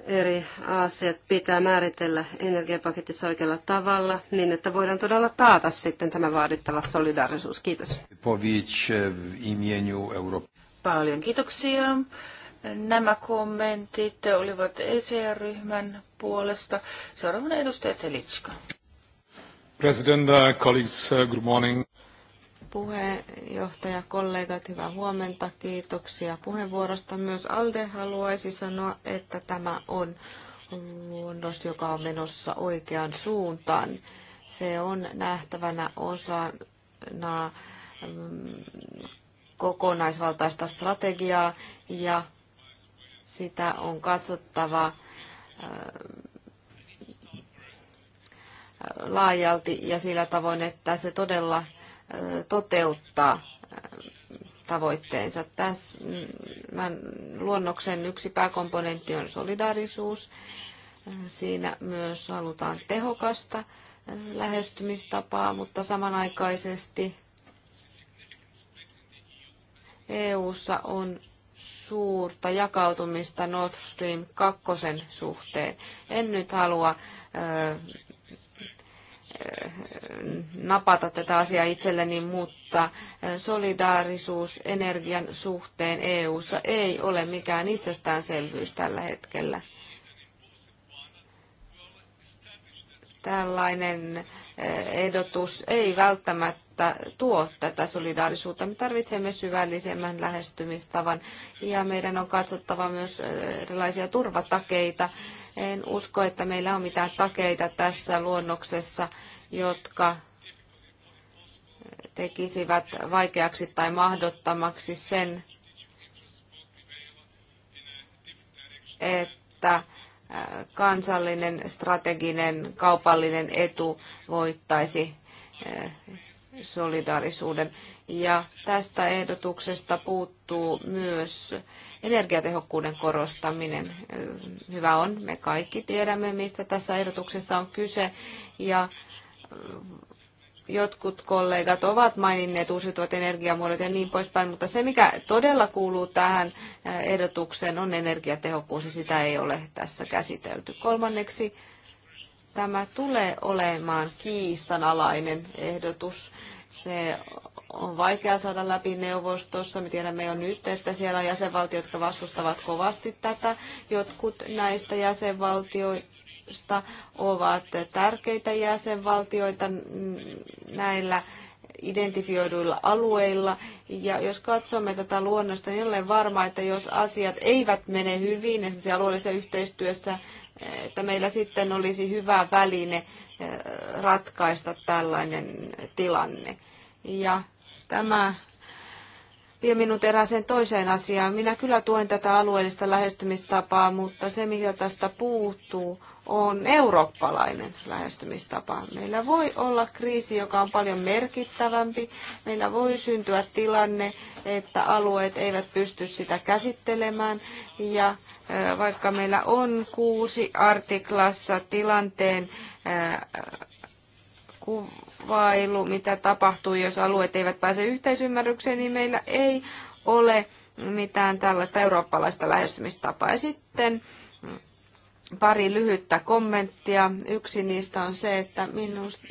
eri asiat pitää määritellä energiapaketissa oikealla tavalla, niin että voidaan todella taata sitten tämä vaadittava solidaarisuus. Kiitos. E, Paljon kiitoksia. Nämä kommentit olivat ECR-ryhmän puolesta. Seuraavana edustaja Telitska. President, uh, colleagues, uh, good morning puheenjohtaja, kollegat, hyvää huomenta. Kiitoksia puheenvuorosta. Myös Alde haluaisi sanoa, että tämä on luonnos, joka on menossa oikeaan suuntaan. Se on nähtävänä osana mm, kokonaisvaltaista strategiaa ja sitä on katsottava mm, laajalti ja sillä tavoin, että se todella toteuttaa äh, tavoitteensa. Tässä mm, luonnoksen yksi pääkomponentti on solidaarisuus. Siinä myös halutaan tehokasta äh, lähestymistapaa, mutta samanaikaisesti EU:ssa on suurta jakautumista Nord Stream 2 suhteen. En nyt halua äh, napata tätä asiaa itselleni, mutta solidaarisuus energian suhteen EU:ssa ei ole mikään itsestäänselvyys tällä hetkellä. Tällainen ehdotus ei välttämättä tuo tätä solidaarisuutta. Me tarvitsemme syvällisemmän lähestymistavan ja meidän on katsottava myös erilaisia turvatakeita en usko, että meillä on mitään takeita tässä luonnoksessa, jotka tekisivät vaikeaksi tai mahdottomaksi sen, että äh, kansallinen strateginen kaupallinen etu voittaisi äh, solidaarisuuden. Ja tästä ehdotuksesta puuttuu myös energiatehokkuuden korostaminen. Eh, hyvä on, me kaikki tiedämme, mistä tässä ehdotuksessa on kyse. Ja eh, jotkut kollegat ovat maininneet uusiutuvat energiamuodot ja niin poispäin, mutta se mikä todella kuuluu tähän eh, ehdotukseen on energiatehokkuus ja sitä ei ole tässä käsitelty. Kolmanneksi tämä tulee olemaan kiistanalainen ehdotus. Se on vaikea saada läpi neuvostossa. Me tiedämme jo nyt, että siellä on jäsenvaltiot, jotka vastustavat kovasti tätä. Jotkut näistä jäsenvaltioista ovat tärkeitä jäsenvaltioita näillä identifioiduilla alueilla. Ja jos katsomme tätä luonnosta, niin olen varma, että jos asiat eivät mene hyvin, esimerkiksi alueellisessa yhteistyössä, että meillä sitten olisi hyvä väline eh, ratkaista tällainen tilanne. Ja Tämä vie minut erääseen toiseen asiaan. Minä kyllä tuen tätä alueellista lähestymistapaa, mutta se, mikä tästä puuttuu, on eurooppalainen lähestymistapa. Meillä voi olla kriisi, joka on paljon merkittävämpi. Meillä voi syntyä tilanne, että alueet eivät pysty sitä käsittelemään. Ja vaikka meillä on kuusi artiklassa tilanteen kamppailu, mitä tapahtuu, jos alueet eivät pääse yhteisymmärrykseen, niin meillä ei ole mitään tällaista eurooppalaista lähestymistapaa. Ja sitten pari lyhyttä kommenttia. Yksi niistä on se, että minusta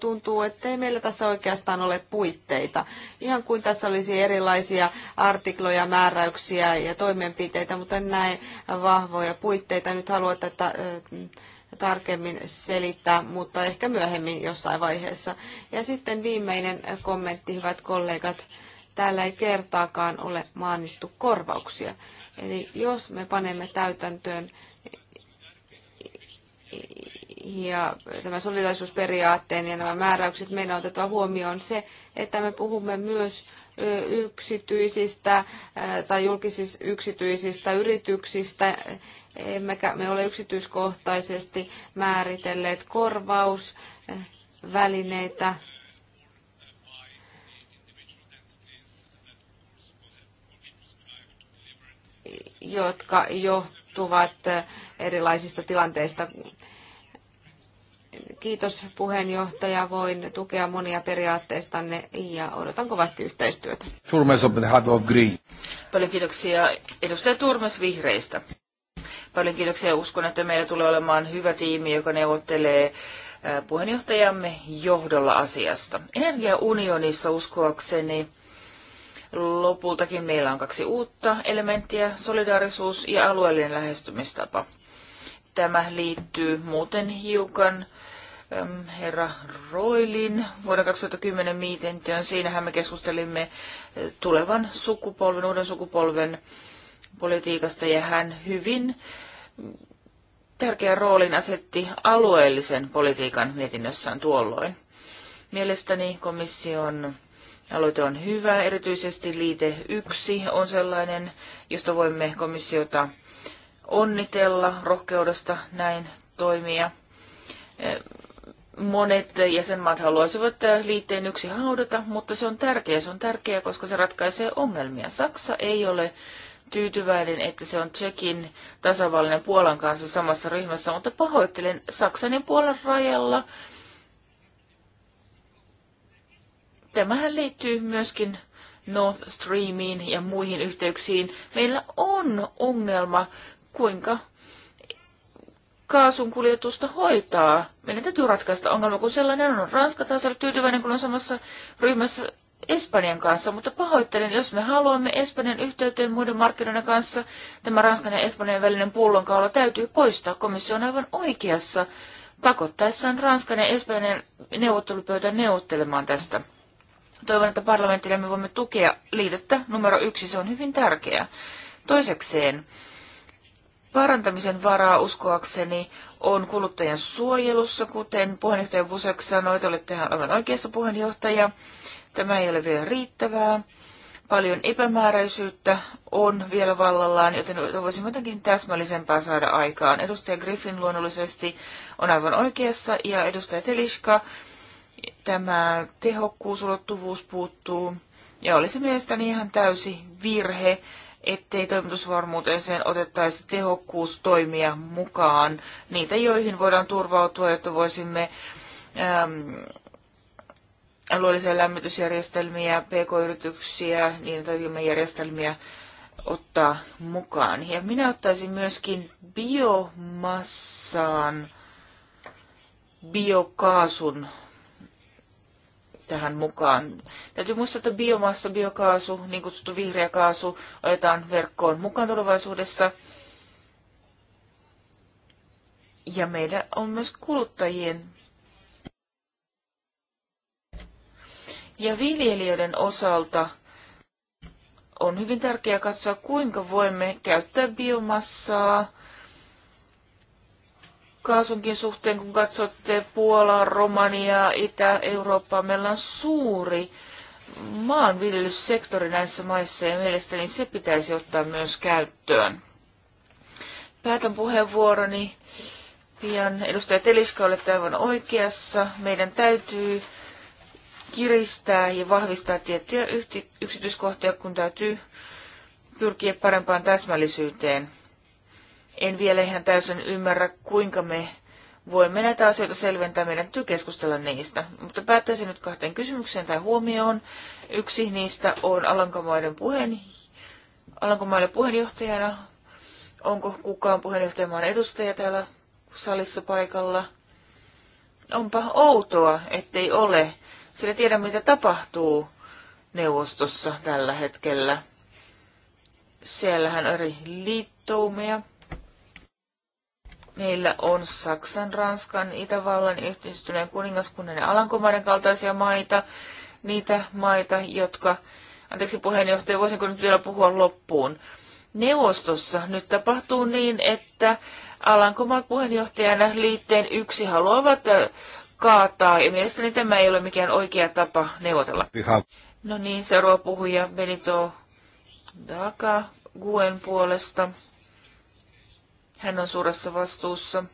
tuntuu, että ei meillä tässä oikeastaan ole puitteita. Ihan kuin tässä olisi erilaisia artikloja, määräyksiä ja toimenpiteitä, mutta en näe vahvoja puitteita. Nyt haluan, että tarkemmin selittää, mutta ehkä myöhemmin jossain vaiheessa. Ja sitten viimeinen kommentti, hyvät kollegat. Täällä ei kertaakaan ole mainittu korvauksia. Eli jos me panemme täytäntöön ja tämä solidaisuusperiaatteen ja nämä määräykset, meidän on otettava huomioon se, että me puhumme myös yksityisistä tai julkisista yksityisistä yrityksistä, emmekä me ole yksityiskohtaisesti määritelleet korvausvälineitä. jotka johtuvat erilaisista tilanteista. Kiitos puheenjohtaja. Voin tukea monia periaatteistanne ja odotan kovasti yhteistyötä. Turmes Paljon kiitoksia edustaja Turmes Vihreistä. Paljon kiitoksia. Uskon, että meillä tulee olemaan hyvä tiimi, joka neuvottelee puheenjohtajamme johdolla asiasta. Energiaunionissa uskoakseni lopultakin meillä on kaksi uutta elementtiä, solidaarisuus ja alueellinen lähestymistapa. Tämä liittyy muuten hiukan herra Roilin vuoden 2010 miitentöön. Siinähän me keskustelimme tulevan sukupolven, uuden sukupolven politiikasta ja hän hyvin tärkeän roolin asetti alueellisen politiikan mietinnössään tuolloin. Mielestäni komission aloite on hyvä, erityisesti liite yksi on sellainen, josta voimme komissiota onnitella rohkeudesta näin toimia. Monet jäsenmaat haluaisivat liitteen yksi haudata, mutta se on tärkeä. Se on tärkeä, koska se ratkaisee ongelmia. Saksa ei ole tyytyväinen, että se on Tsekin tasavallinen Puolan kanssa samassa ryhmässä, mutta pahoittelen Saksan ja Puolan rajalla. Tämähän liittyy myöskin North Streamiin ja muihin yhteyksiin. Meillä on ongelma, kuinka kaasun kuljetusta hoitaa. Meidän täytyy ratkaista ongelma, kun sellainen on. Ranska taas oli tyytyväinen, kun on samassa ryhmässä Espanjan kanssa, mutta pahoittelen, jos me haluamme Espanjan yhteyteen muiden markkinoiden kanssa, tämä Ranskan ja Espanjan välinen pullonkaula täytyy poistaa. Komissio on aivan oikeassa pakottaessaan Ranskan ja Espanjan neuvottelupöytä neuvottelemaan tästä. Toivon, että parlamentille me voimme tukea liitettä numero yksi, se on hyvin tärkeää. Toisekseen, parantamisen varaa uskoakseni on kuluttajan suojelussa, kuten puheenjohtaja Busek sanoi, te olette aivan oikeassa puheenjohtaja. Tämä ei ole vielä riittävää. Paljon epämääräisyyttä on vielä vallallaan, joten voisimme jotenkin täsmällisempää saada aikaan. Edustaja Griffin luonnollisesti on aivan oikeassa ja edustaja Teliska tämä tehokkuusulottuvuus puuttuu. Ja olisi mielestäni ihan täysi virhe, ettei toimitusvarmuuteeseen otettaisi tehokkuustoimia mukaan, niitä joihin voidaan turvautua, jotta voisimme ähm, alueellisia lämmitysjärjestelmiä, pk-yrityksiä, niin tarjoamme järjestelmiä ottaa mukaan. Ja minä ottaisin myöskin biomassaan biokaasun tähän mukaan. Täytyy muistaa, että biomassa, biokaasu, niin kutsuttu vihreä kaasu, otetaan verkkoon mukaan tulevaisuudessa. Ja meidän on myös kuluttajien Ja viljelijöiden osalta on hyvin tärkeää katsoa, kuinka voimme käyttää biomassaa kaasunkin suhteen, kun katsotte Puolaa, Romaniaa, Itä-Eurooppaa. Meillä on suuri maanviljelyssektori näissä maissa ja mielestäni se pitäisi ottaa myös käyttöön. Päätän puheenvuoroni pian. Edustaja Teliska, olette aivan oikeassa. Meidän täytyy kiristää ja vahvistaa tiettyjä yksityiskohtia, kun täytyy pyrkiä parempaan täsmällisyyteen. En vielä ihan täysin ymmärrä, kuinka me voimme näitä asioita selventää, meidän täytyy keskustella niistä. Mutta päättäisin nyt kahteen kysymykseen tai huomioon. Yksi niistä on Alankomaiden puheen, Alankomaiden puheenjohtajana. Onko kukaan puheenjohtajamaan edustaja täällä salissa paikalla? Onpa outoa, ettei ole sillä tiedämme, mitä tapahtuu neuvostossa tällä hetkellä. Siellähän on eri liittoumia. Meillä on Saksan, Ranskan, Itävallan, yhdistyneen kuningaskunnan ja Alankomaiden kaltaisia maita. Niitä maita, jotka... Anteeksi puheenjohtaja, voisinko nyt vielä puhua loppuun? Neuvostossa nyt tapahtuu niin, että Alankomaan puheenjohtajana liitteen yksi haluavat kaataa, ja mielestäni tämä ei ole mikään oikea tapa neuvotella. No niin, seuraava puhuja Benito Daka Guen puolesta. Hän on suuressa vastuussa.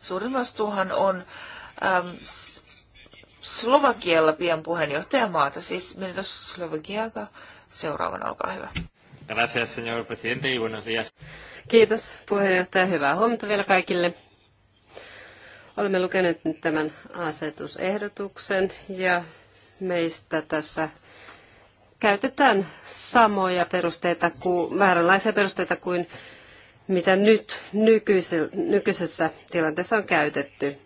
Suurin vastuuhan on äm, Slovakialla pian puheenjohtajamaata, siis Benito Slovakiaka. Seuraavana, olkaa hyvä. Gracias, señor presidente, y buenos días. Kiitos puheenjohtaja. Hyvää huomenta vielä kaikille. Olemme lukeneet nyt tämän asetusehdotuksen ja meistä tässä käytetään samoja perusteita kuin, vääränlaisia perusteita kuin mitä nyt nykyisessä tilanteessa on käytetty.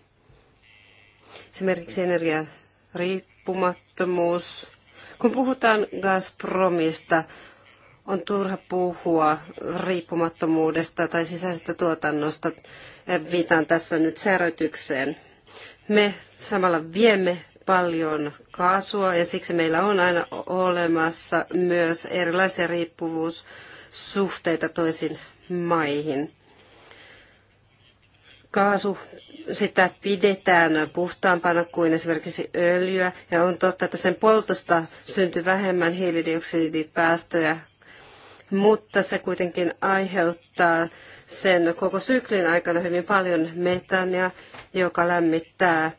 Esimerkiksi energiariippumattomuus. Kun puhutaan Gazpromista, on turha puhua riippumattomuudesta tai sisäisestä tuotannosta. Viitaan tässä nyt särötykseen. Me samalla viemme paljon kaasua ja siksi meillä on aina olemassa myös erilaisia riippuvuussuhteita toisiin maihin. Kaasu sitä pidetään puhtaampana kuin esimerkiksi öljyä, ja on totta, että sen poltosta syntyy vähemmän hiilidioksidipäästöjä mutta se kuitenkin aiheuttaa sen koko syklin aikana hyvin paljon metania, joka lämmittää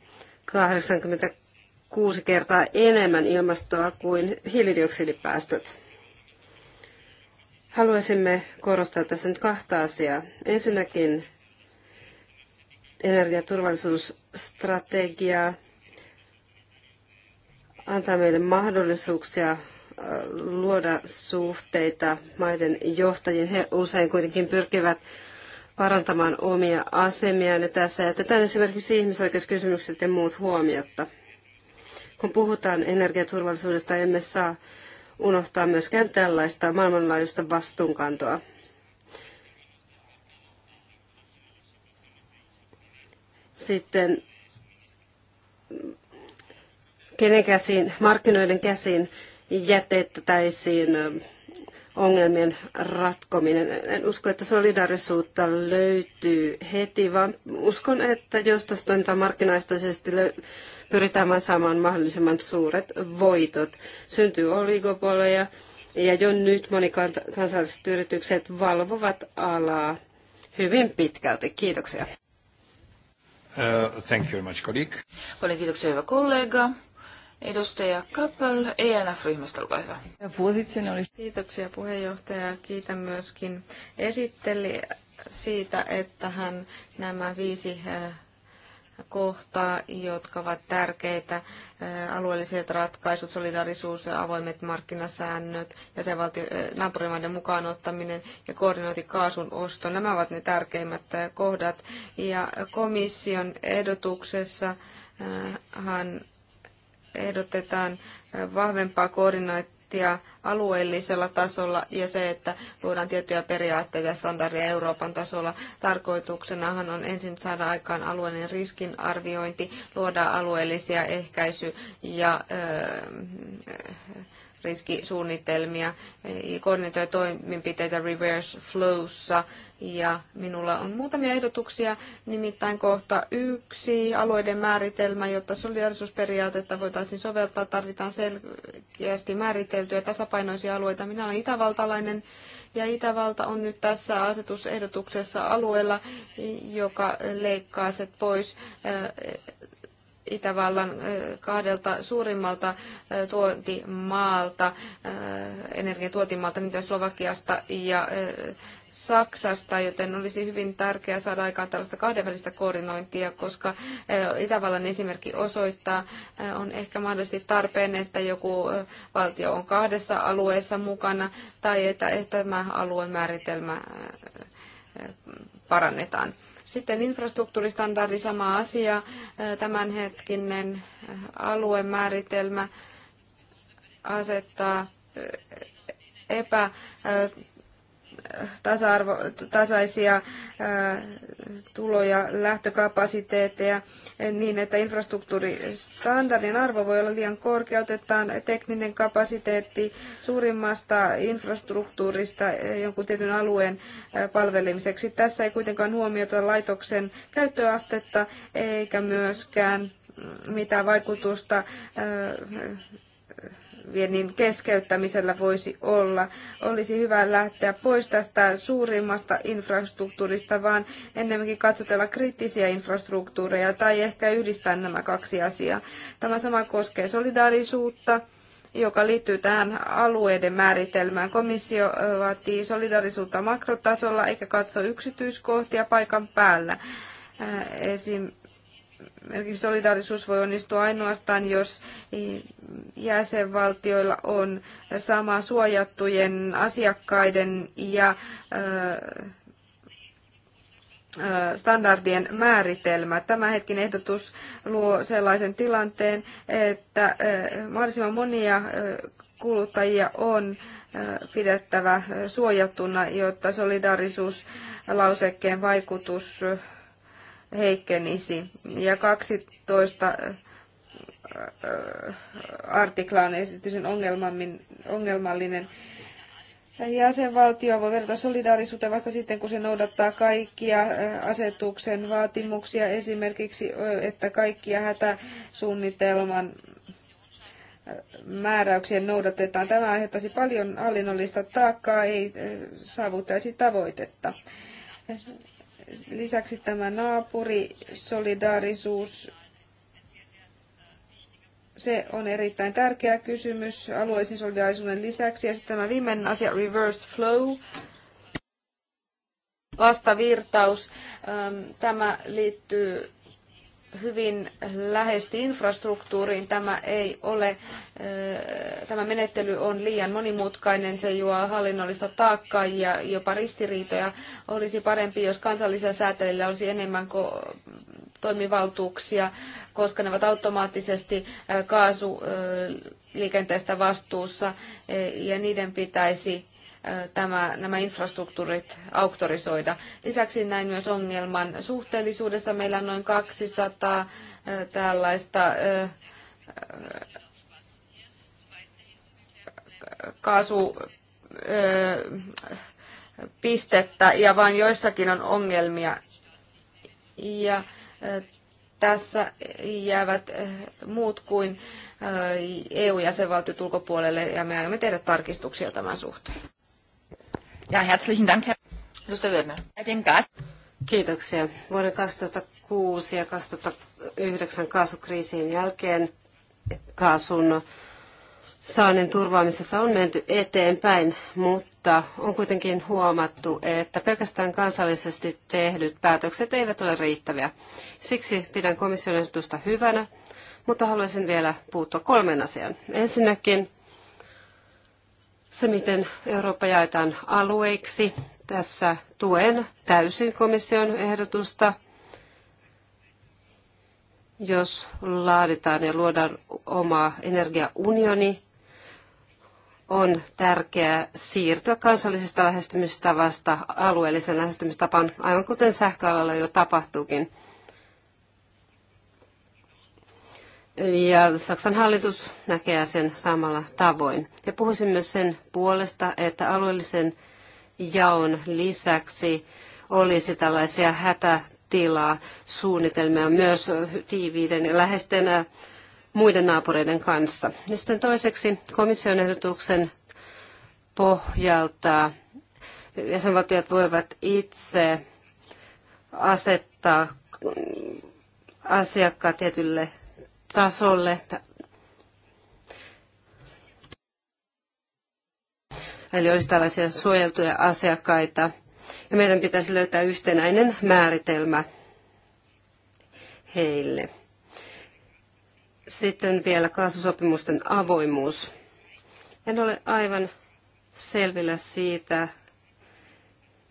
86 kertaa enemmän ilmastoa kuin hiilidioksidipäästöt. Haluaisimme korostaa tässä nyt kahta asiaa. Ensinnäkin energiaturvallisuusstrategia antaa meille mahdollisuuksia luoda suhteita maiden johtajien. He usein kuitenkin pyrkivät parantamaan omia asemiaan ja tässä jätetään esimerkiksi ihmisoikeuskysymykset ja muut huomiota. Kun puhutaan energiaturvallisuudesta, emme saa unohtaa myöskään tällaista maailmanlaajuista vastuunkantoa. Sitten kenen käsiin, markkinoiden käsiin jätettäisiin ongelmien ratkominen. En usko, että solidaarisuutta löytyy heti, vaan uskon, että jos tässä toimitaan markkinaehtoisesti, pyritään saamaan mahdollisimman suuret voitot. Syntyy oligopoleja ja jo nyt monikansalliset yritykset valvovat alaa hyvin pitkälti. Kiitoksia. Uh, thank you very much, colleague. Paljon kiitoksia, hyvä kollega. Edustaja Kappel, ENF-ryhmästä, olkaa hyvä. Kiitoksia puheenjohtaja. Kiitän myöskin esitteli siitä, että hän nämä viisi äh, kohtaa, jotka ovat tärkeitä, äh, alueelliset ratkaisut, solidarisuus, avoimet markkinasäännöt, valtio äh, naapurimaiden mukaan ottaminen ja koordinointi kaasun osto. Nämä ovat ne tärkeimmät kohdat. Ja komission ehdotuksessa hän ehdotetaan vahvempaa koordinointia alueellisella tasolla ja se, että luodaan tiettyjä periaatteita ja standardeja Euroopan tasolla. Tarkoituksenahan on ensin saada aikaan alueellinen riskinarviointi, luoda alueellisia ehkäisy- ja riskisuunnitelmia, koordinoituja toimenpiteitä reverse flowssa. Ja minulla on muutamia ehdotuksia, nimittäin kohta yksi alueiden määritelmä, jotta solidarisuusperiaatetta voitaisiin soveltaa, tarvitaan selkeästi määriteltyjä tasapainoisia alueita. Minä olen itävaltalainen ja Itävalta on nyt tässä asetusehdotuksessa alueella, joka leikkaa se pois Itävallan kahdelta suurimmalta tuontimaalta, energiatuotimaalta, niitä Slovakiasta ja Saksasta, joten olisi hyvin tärkeää saada aikaan tällaista kahdenvälistä koordinointia, koska Itävallan esimerkki osoittaa, on ehkä mahdollisesti tarpeen, että joku valtio on kahdessa alueessa mukana tai että, että tämä alueen määritelmä parannetaan. Sitten infrastruktuuristandardi, sama asia, tämänhetkinen aluemääritelmä asettaa epä tasa-arvo, tasaisia äh, tuloja, lähtökapasiteetteja eh, niin, että infrastruktuuristandardin arvo voi olla liian korkea. Otetaan tekninen kapasiteetti suurimmasta infrastruktuurista eh, jonkun tietyn alueen eh, palvelemiseksi. Tässä ei kuitenkaan huomiota laitoksen käyttöastetta eikä myöskään mm, mitään vaikutusta viennin keskeyttämisellä voisi olla. Olisi hyvä lähteä pois tästä suurimmasta infrastruktuurista, vaan ennemminkin katsotella kriittisiä infrastruktuureja tai ehkä yhdistää nämä kaksi asiaa. Tämä sama koskee solidaarisuutta joka liittyy tähän alueiden määritelmään. Komissio vaatii solidaarisuutta makrotasolla eikä katso yksityiskohtia paikan päällä. Esim Esimerkiksi solidaarisuus voi onnistua ainoastaan, jos jäsenvaltioilla on sama suojattujen asiakkaiden ja standardien määritelmä. Tämänhetkin ehdotus luo sellaisen tilanteen, että mahdollisimman monia kuluttajia on pidettävä suojattuna, jotta solidaarisuuslausekkeen vaikutus heikkenisi. Ja 12 äh, äh, artikla on esityksen ongelmallinen. Jäsenvaltio voi verrata solidaarisuuteen vasta sitten, kun se noudattaa kaikkia äh, asetuksen vaatimuksia, esimerkiksi että kaikkia hätäsuunnitelman määräyksiä noudatetaan. Tämä aiheuttaisi paljon hallinnollista taakkaa, ei saavuttaisi tavoitetta. Lisäksi tämä naapuri-solidaarisuus, se on erittäin tärkeä kysymys alueellisen solidaarisuuden lisäksi. Ja sitten tämä viimeinen asia, reverse flow, vastavirtaus. Tämä liittyy hyvin läheisesti infrastruktuuriin. Tämä ei ole, eh, tämä menettely on liian monimutkainen, se juo hallinnollista taakkaa ja jopa ristiriitoja. Olisi parempi, jos kansallisilla säätäjillä olisi enemmän toimivaltuuksia, koska ne ovat automaattisesti eh, kaasu eh, liikenteestä vastuussa ja niiden pitäisi tämä, nämä infrastruktuurit auktorisoida. Lisäksi näin myös ongelman suhteellisuudessa. Meillä on noin 200 tällaista kaasupistettä pistettä ja vain joissakin on ongelmia. Ja tässä jäävät muut kuin EU-jäsenvaltiot ulkopuolelle ja me aiomme tehdä tarkistuksia tämän suhteen. Ja herzlichen Dank, Herr Kiitoksia. Vuoden 2006 ja 2009 kaasukriisin jälkeen kaasun saannin turvaamisessa on menty eteenpäin, mutta on kuitenkin huomattu, että pelkästään kansallisesti tehdyt päätökset eivät ole riittäviä. Siksi pidän komission ehdotusta hyvänä, mutta haluaisin vielä puuttua kolmen asian. Ensinnäkin se, miten Eurooppa jaetaan alueiksi, tässä tuen täysin komission ehdotusta. Jos laaditaan ja luodaan oma energiaunioni, on tärkeää siirtyä kansallisesta lähestymistavasta alueelliseen lähestymistapaan, aivan kuten sähköalalla jo tapahtuukin. Ja Saksan hallitus näkee sen samalla tavoin. Ja puhuisin myös sen puolesta, että alueellisen jaon lisäksi olisi tällaisia hätätilaa suunnitelmia myös tiiviiden ja läheisten äh, muiden naapureiden kanssa. Ja sitten toiseksi komission ehdotuksen pohjalta jäsenvaltiot voivat itse asettaa asiakkaat tietylle tasolle, että Eli olisi tällaisia suojeltuja asiakkaita. Ja meidän pitäisi löytää yhtenäinen määritelmä heille. Sitten vielä kaasusopimusten avoimuus. En ole aivan selvillä siitä,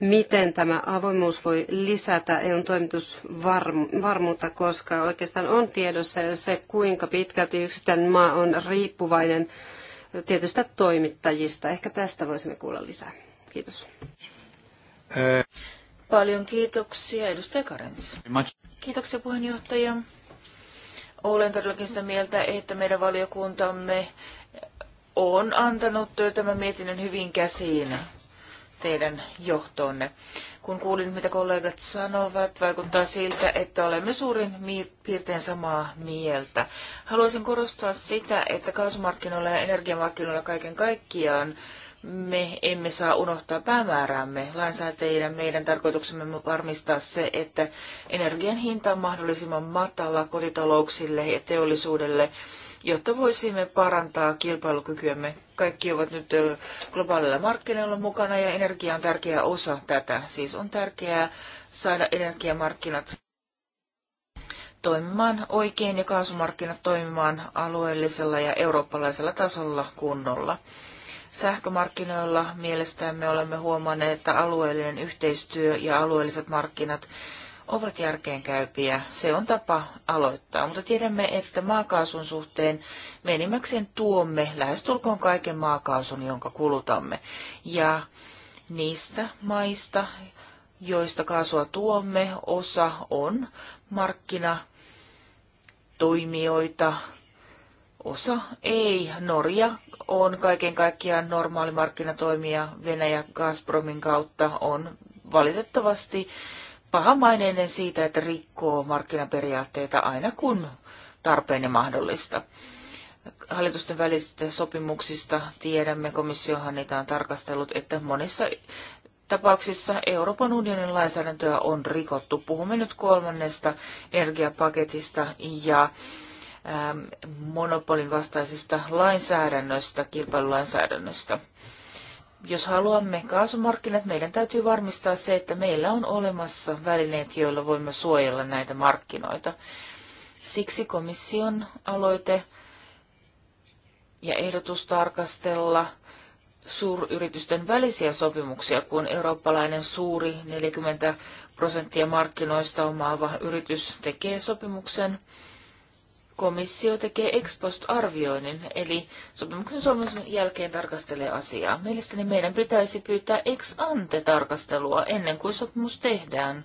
miten tämä avoimuus voi lisätä EUn toimitusvarmuutta, koska oikeastaan on tiedossa se, kuinka pitkälti yksittäinen maa on riippuvainen tietystä toimittajista. Ehkä tästä voisimme kuulla lisää. Kiitos. Paljon kiitoksia, edustaja Karens. Kiitoksia puheenjohtaja. Olen todellakin sitä mieltä, että meidän valiokuntamme on antanut tämän mietinnön hyvin käsiin teidän johtoonne. Kun kuulin, mitä kollegat sanovat, vaikuttaa siltä, että olemme suurin piirtein samaa mieltä. Haluaisin korostaa sitä, että kaasumarkkinoilla ja energiamarkkinoilla kaiken kaikkiaan me emme saa unohtaa päämääräämme lainsäätäjinä. Meidän tarkoituksemme on varmistaa se, että energian hinta on mahdollisimman matala kotitalouksille ja teollisuudelle – jotta voisimme parantaa kilpailukykyämme. Kaikki ovat nyt globaalilla markkinoilla mukana ja energia on tärkeä osa tätä. Siis on tärkeää saada energiamarkkinat toimimaan oikein ja kaasumarkkinat toimimaan alueellisella ja eurooppalaisella tasolla kunnolla. Sähkömarkkinoilla mielestämme olemme huomanneet, että alueellinen yhteistyö ja alueelliset markkinat ovat järkeenkäypiä. Se on tapa aloittaa, mutta tiedämme, että maakaasun suhteen me enimmäkseen tuomme lähestulkoon kaiken maakaasun, jonka kulutamme. Ja niistä maista, joista kaasua tuomme, osa on markkina toimijoita, osa ei. Norja on kaiken kaikkiaan normaali markkinatoimija, Venäjä Gazpromin kautta on valitettavasti pahamaineinen siitä, että rikkoo markkinaperiaatteita aina kun tarpeen ja mahdollista. Hallitusten välisistä sopimuksista tiedämme, komissiohan niitä on tarkastellut, että monissa tapauksissa Euroopan unionin lainsäädäntöä on rikottu. Puhumme nyt kolmannesta energiapaketista ja ähm, monopolin vastaisesta lainsäädännöstä, kilpailulainsäädännöstä jos haluamme kaasumarkkinat, meidän täytyy varmistaa se, että meillä on olemassa välineet, joilla voimme suojella näitä markkinoita. Siksi komission aloite ja ehdotus tarkastella suuryritysten välisiä sopimuksia, kun eurooppalainen suuri 40 prosenttia markkinoista omaava yritys tekee sopimuksen – komissio tekee ex post-arvioinnin, eli sopimuksen solmimisen jälkeen tarkastelee asiaa. Mielestäni meidän pitäisi pyytää ex ante-tarkastelua ennen kuin sopimus tehdään,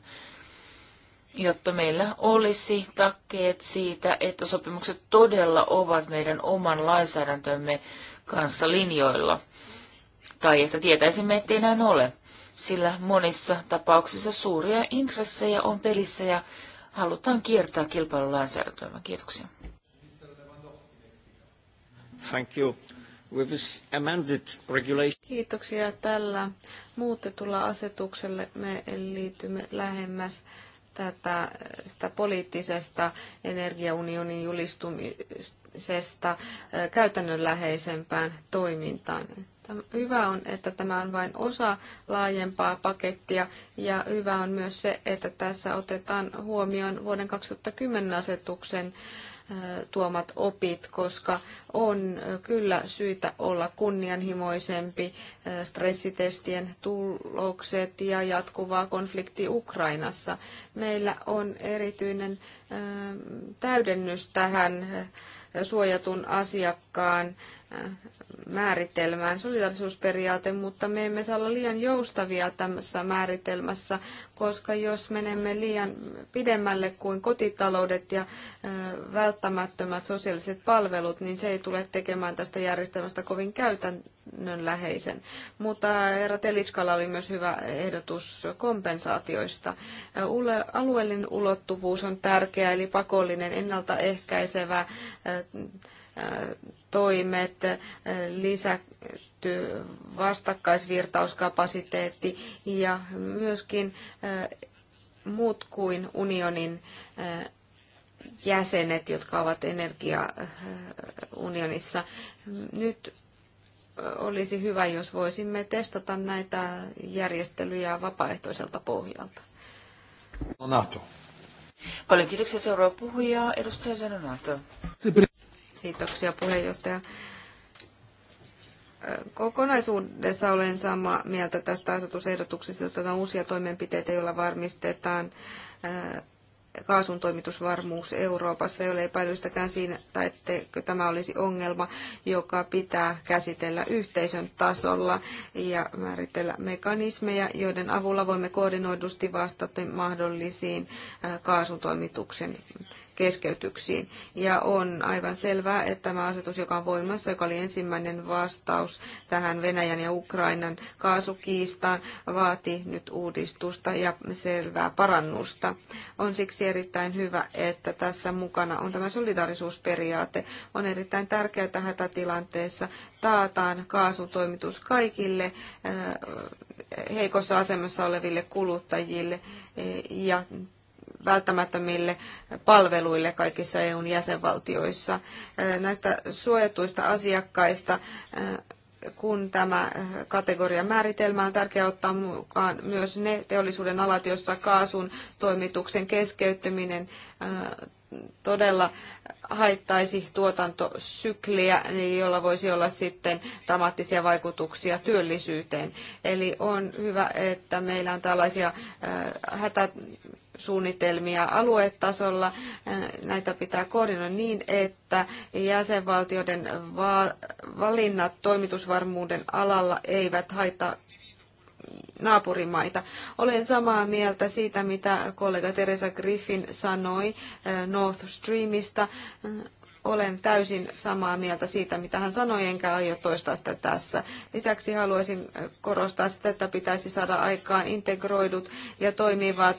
jotta meillä olisi takkeet siitä, että sopimukset todella ovat meidän oman lainsäädäntömme kanssa linjoilla. Tai että tietäisimme, ettei näin ole, sillä monissa tapauksissa suuria intressejä on pelissä ja halutaan kiertää kilpailulainsäädäntöä. Kiitoksia. Thank you. With this amended regulation. Kiitoksia. Tällä muutetulla asetuksella me liitymme lähemmäs tätä, sitä poliittisesta energiaunionin julistumisesta käytännönläheisempään toimintaan hyvä on, että tämä on vain osa laajempaa pakettia ja hyvä on myös se, että tässä otetaan huomioon vuoden 2010 asetuksen tuomat opit, koska on kyllä syytä olla kunnianhimoisempi stressitestien tulokset ja jatkuvaa konflikti Ukrainassa. Meillä on erityinen täydennys tähän suojatun asiakkaan äh, määritelmään solidarisuusperiaate, mutta me emme saa olla liian joustavia tässä määritelmässä, koska jos menemme liian pidemmälle kuin kotitaloudet ja äh, välttämättömät sosiaaliset palvelut, niin se ei tule tekemään tästä järjestelmästä kovin käytän läheisen. Mutta herra Telitskalla oli myös hyvä ehdotus kompensaatioista. Alueellinen ulottuvuus on tärkeä, eli pakollinen ennaltaehkäisevä äh, äh, toimet, äh, lisätty vastakkaisvirtauskapasiteetti ja myöskin muut kuin unionin jäsenet, jotka ovat energiaunionissa. Nyt olisi hyvä, jos voisimme testata näitä järjestelyjä vapaaehtoiselta pohjalta. Nato. Paljon kiitoksia seuraava puhuja, edustaja Zenonato. Kiitoksia puheenjohtaja. Kokonaisuudessa olen sama mieltä tästä asetusehdotuksesta, että uusia toimenpiteitä, joilla varmistetaan kaasun toimitusvarmuus Euroopassa. Ei ole epäilystäkään siinä, etteikö tämä olisi ongelma, joka pitää käsitellä yhteisön tasolla ja määritellä mekanismeja, joiden avulla voimme koordinoidusti vastata mahdollisiin kaasun toimituksen keskeytyksiin. Ja on aivan selvää, että tämä asetus, joka on voimassa, joka oli ensimmäinen vastaus tähän Venäjän ja Ukrainan kaasukiistaan, vaati nyt uudistusta ja selvää parannusta. On siksi erittäin hyvä, että tässä mukana on tämä solidaarisuusperiaate. On erittäin tärkeää, että hätätilanteessa taataan kaasutoimitus kaikille äh, heikossa asemassa oleville kuluttajille äh, ja välttämättömille palveluille kaikissa EUn jäsenvaltioissa. Näistä suojatuista asiakkaista kun tämä kategoria määritelmä on tärkeää ottaa mukaan myös ne teollisuuden alat, joissa kaasun toimituksen keskeyttäminen todella haittaisi tuotantosykliä, niin jolla voisi olla sitten dramaattisia vaikutuksia työllisyyteen. Eli on hyvä, että meillä on tällaisia hätä suunnitelmia aluetasolla. Äh, näitä pitää koordinoida niin, että jäsenvaltioiden valinnat toimitusvarmuuden alalla eivät haittaa naapurimaita. Olen samaa mieltä siitä, mitä kollega Teresa Griffin sanoi äh, North Streamista. Äh, olen täysin samaa mieltä siitä, mitä hän sanoi, enkä aio toistaa sitä tässä. Lisäksi haluaisin korostaa sitä, että pitäisi saada aikaan integroidut ja toimivat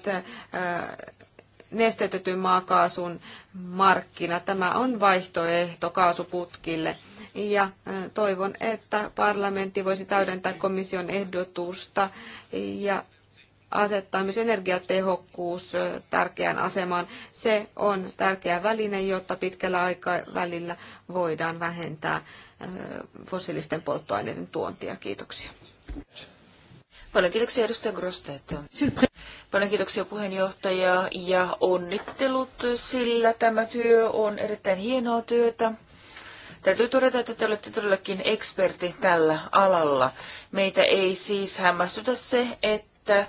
nestetetyn maakaasun markkina. Tämä on vaihtoehto kaasuputkille. Ja toivon, että parlamentti voisi täydentää komission ehdotusta ja asettaa myös energiatehokkuus tärkeään asemaan. Se on tärkeä väline, jotta pitkällä aikavälillä voidaan vähentää fossiilisten polttoaineiden tuontia. Kiitoksia. Paljon kiitoksia edustaja Grosteet. Paljon kiitoksia puheenjohtaja ja onnittelut, sillä tämä työ on erittäin hienoa työtä. Täytyy todeta, että te olette todellakin eksperti tällä alalla. Meitä ei siis hämmästytä se, että että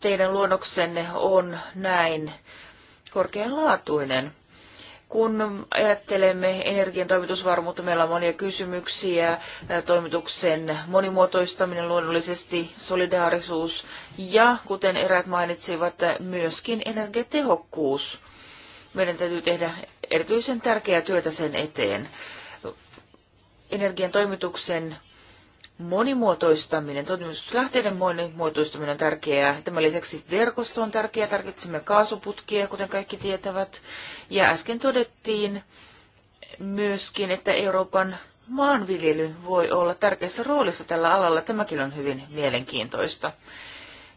teidän luonnoksenne on näin korkealaatuinen. Kun ajattelemme energian toimitusvarmuutta, meillä on monia kysymyksiä, toimituksen monimuotoistaminen luonnollisesti, solidaarisuus ja, kuten erät mainitsivat, myöskin energiatehokkuus. Meidän täytyy tehdä erityisen tärkeää työtä sen eteen. Energian toimituksen monimuotoistaminen, toimituslähteiden monimuotoistaminen on tärkeää. Tämän lisäksi verkosto on tärkeää, tarvitsemme kaasuputkia, kuten kaikki tietävät. Ja äsken todettiin myöskin, että Euroopan maanviljely voi olla tärkeässä roolissa tällä alalla. Tämäkin on hyvin mielenkiintoista.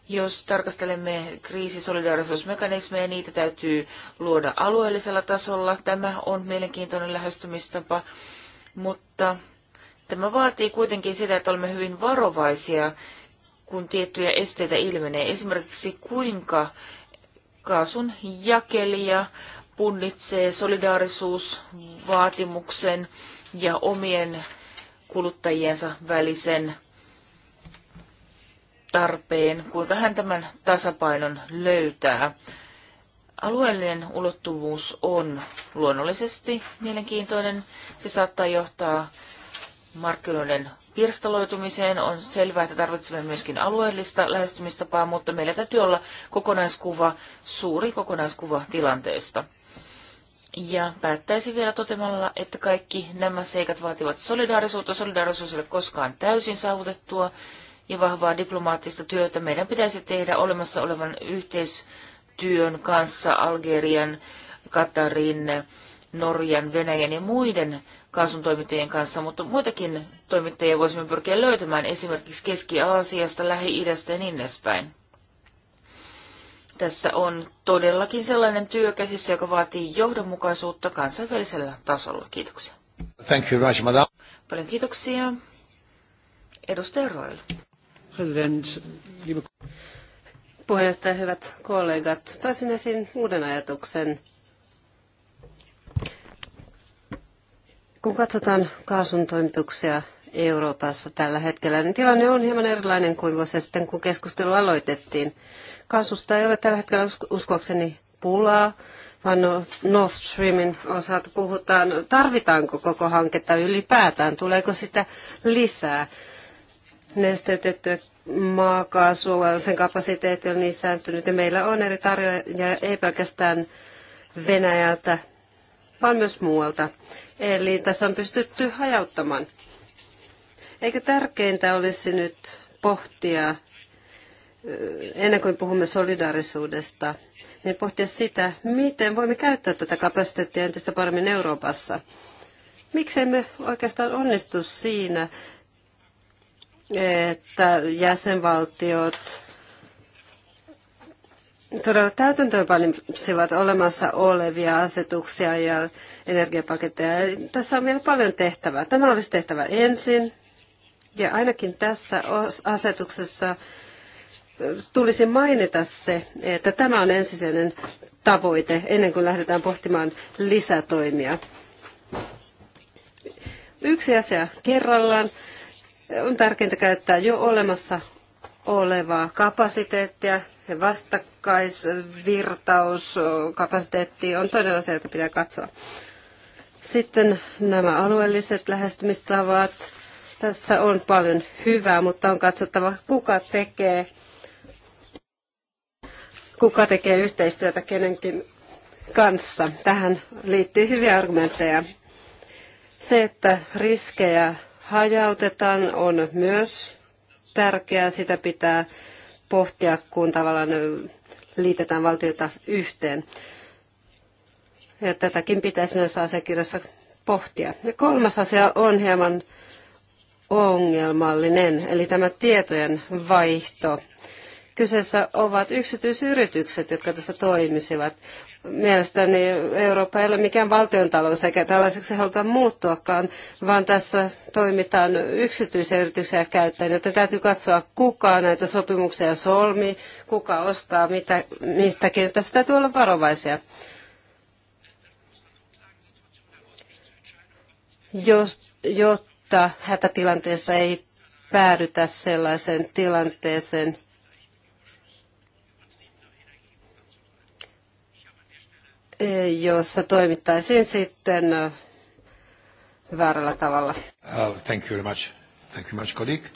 Jos tarkastelemme kriisisolidaarisuusmekanismeja, niitä täytyy luoda alueellisella tasolla. Tämä on mielenkiintoinen lähestymistapa, mutta Tämä vaatii kuitenkin sitä, että olemme hyvin varovaisia, kun tiettyjä esteitä ilmenee. Esimerkiksi kuinka kaasun jakelija punnitsee solidaarisuusvaatimuksen ja omien kuluttajiensa välisen tarpeen, kuinka hän tämän tasapainon löytää. Alueellinen ulottuvuus on luonnollisesti mielenkiintoinen. Se saattaa johtaa markkinoiden pirstaloitumiseen. On selvää, että tarvitsemme myöskin alueellista lähestymistapaa, mutta meillä täytyy olla kokonaiskuva, suuri kokonaiskuva tilanteesta. Ja päättäisin vielä totemalla, että kaikki nämä seikat vaativat solidaarisuutta. Solidaarisuus ei ole koskaan täysin saavutettua ja vahvaa diplomaattista työtä. Meidän pitäisi tehdä olemassa olevan yhteistyön kanssa Algerian, Katarin, Norjan, Venäjän ja muiden kaasun kanssa, mutta muitakin toimittajia voisimme pyrkiä löytämään esimerkiksi Keski-Aasiasta, Lähi-idästä ja niin edespäin. Tässä on todellakin sellainen työ käsissä, joka vaatii johdonmukaisuutta kansainvälisellä tasolla. Kiitoksia. Thank you, Raj, madam. Paljon kiitoksia. Edustaja Roil. Puheenjohtaja, hyvät kollegat. Toisin esiin uuden ajatuksen Kun katsotaan kaasun toimituksia Euroopassa tällä hetkellä, niin tilanne on hieman erilainen kuin vuosi sitten, kun keskustelu aloitettiin. Kaasusta ei ole tällä hetkellä uskoakseni pulaa, vaan no- North Streamin osalta puhutaan, tarvitaanko koko hanketta ylipäätään, tuleeko sitä lisää. Nesteytettyä maakaasua, sen kapasiteetti on lisääntynyt ja meillä on eri tarjoajia, ei pelkästään Venäjältä vaan myös muualta. Eli tässä on pystytty hajauttamaan. Eikö tärkeintä olisi nyt pohtia, ennen kuin puhumme solidaarisuudesta, niin pohtia sitä, miten voimme käyttää tätä kapasiteettia entistä paremmin Euroopassa. Miksei me oikeastaan onnistu siinä, että jäsenvaltiot todella täytäntöönpanisivat olemassa olevia asetuksia ja energiapaketteja. tässä on vielä paljon tehtävää. Tämä olisi tehtävä ensin. Ja ainakin tässä asetuksessa tulisi mainita se, että tämä on ensisijainen tavoite ennen kuin lähdetään pohtimaan lisätoimia. Yksi asia kerrallaan. On tärkeintä käyttää jo olemassa olevaa kapasiteettia vastakkaisvirtauskapasiteetti on todella se, jota pitää katsoa. Sitten nämä alueelliset lähestymistavat. Tässä on paljon hyvää, mutta on katsottava, kuka tekee, kuka tekee yhteistyötä kenenkin kanssa. Tähän liittyy hyviä argumentteja. Se, että riskejä hajautetaan, on myös tärkeää. Sitä pitää pohtia, kun tavallaan liitetään valtiota yhteen. Ja tätäkin pitäisi näissä asiakirjassa pohtia. Ja kolmas asia on hieman ongelmallinen, eli tämä tietojen vaihto. Kyseessä ovat yksityisyritykset, jotka tässä toimisivat. Mielestäni Eurooppa ei ole mikään valtiontalous, eikä tällaiseksi haluta muuttuakaan, vaan tässä toimitaan yksityisiä yrityksiä käyttäen, joten täytyy katsoa, kuka näitä sopimuksia solmi, kuka ostaa mitä, mistäkin. Tässä täytyy olla varovaisia. Jos, jotta hätätilanteesta ei päädytä sellaiseen tilanteeseen, Eh, jossa toimittaisiin sitten eh, väärällä tavalla. Uh, thank you very much. Thank you much, colleague.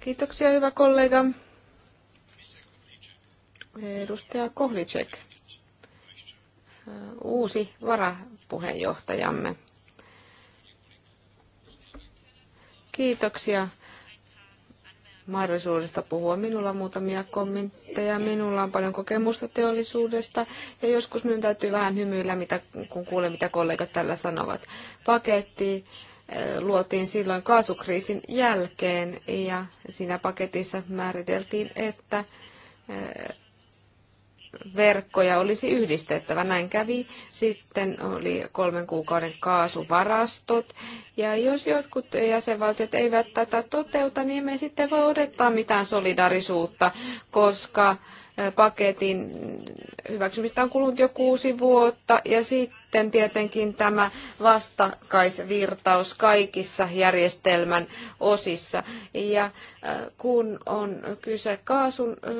Kiitoksia, hyvä kollega. Edustaja Kohlicek, eh, uusi varapuheenjohtajamme. Kiitoksia mahdollisuudesta puhua. Minulla on muutamia kommentteja. Minulla on paljon kokemusta teollisuudesta ja joskus minun täytyy vähän hymyillä, mitä, kun kuulen, mitä kollegat tällä sanovat. Paketti eh, luotiin silloin kaasukriisin jälkeen ja siinä paketissa määriteltiin, että eh, verkkoja olisi yhdistettävä. Näin kävi. Sitten oli kolmen kuukauden kaasuvarastot. Ja jos jotkut jäsenvaltiot eivät tätä toteuta, niin me sitten voi odottaa mitään solidarisuutta, koska eh, paketin hyväksymistä on kulunut jo kuusi vuotta ja sitten sitten tietenkin tämä vastakkaisvirtaus kaikissa järjestelmän osissa. Ja äh, kun on kyse kaasun äh,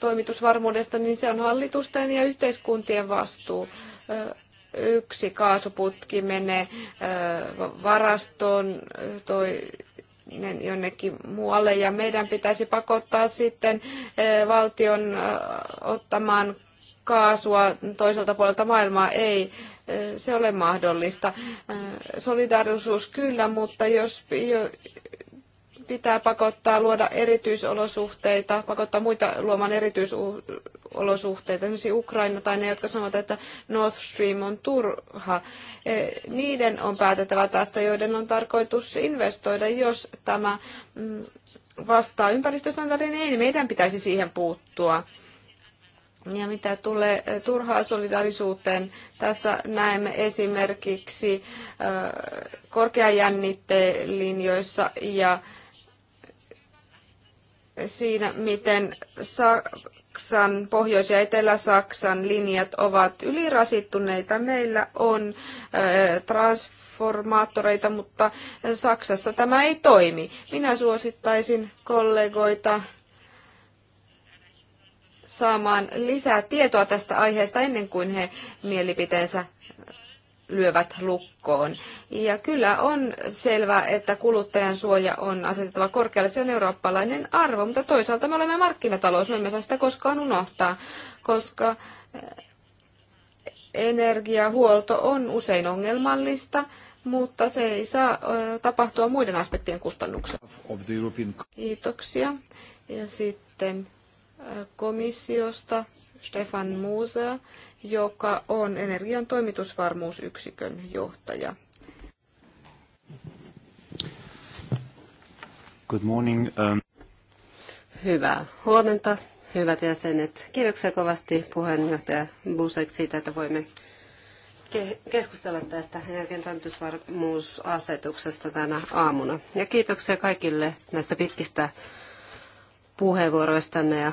toimitusvarmuudesta, niin se on hallitusten ja yhteiskuntien vastuu äh, yksi kaasuputki menee varastoon toinen jonnekin muualle ja meidän pitäisi pakottaa sitten valtion ottamaan kaasua toiselta puolelta maailmaa. Ei, se ole mahdollista. Solidaarisuus kyllä, mutta jos pitää pakottaa luoda erityisolosuhteita, pakottaa muita luomaan erityisolosuhteita, esimerkiksi Ukraina tai ne, jotka sanovat, että Nord Stream on turha. Niiden on päätettävä tästä, joiden on tarkoitus investoida, jos tämä mm, vastaa ympäristöstandardin, niin meidän pitäisi siihen puuttua. Ja mitä tulee turhaan solidarisuuteen, tässä näemme esimerkiksi korkeajännitteen linjoissa ja siinä, miten Saksan, Pohjois- ja Etelä-Saksan linjat ovat ylirasittuneita. Meillä on transformaattoreita, mutta Saksassa tämä ei toimi. Minä suosittaisin kollegoita saamaan lisää tietoa tästä aiheesta ennen kuin he mielipiteensä lyövät lukkoon. Ja kyllä on selvää, että kuluttajan suoja on asetettava korkealle. Se on eurooppalainen arvo, mutta toisaalta me olemme markkinatalous. Me emme saa sitä koskaan unohtaa, koska eh, energiahuolto on usein ongelmallista, mutta se ei saa eh, tapahtua muiden aspektien kustannuksella. Kiitoksia. Ja sitten komissiosta Stefan Musa, joka on energian toimitusvarmuusyksikön johtaja. Good morning. Um... Hyvää huomenta, hyvät jäsenet. Kiitoksia kovasti puheenjohtaja Busek siitä, että voimme keskustella tästä energian toimitusvarmuusasetuksesta tänä aamuna. Ja kiitoksia kaikille näistä pitkistä puheenvuoroistanne ja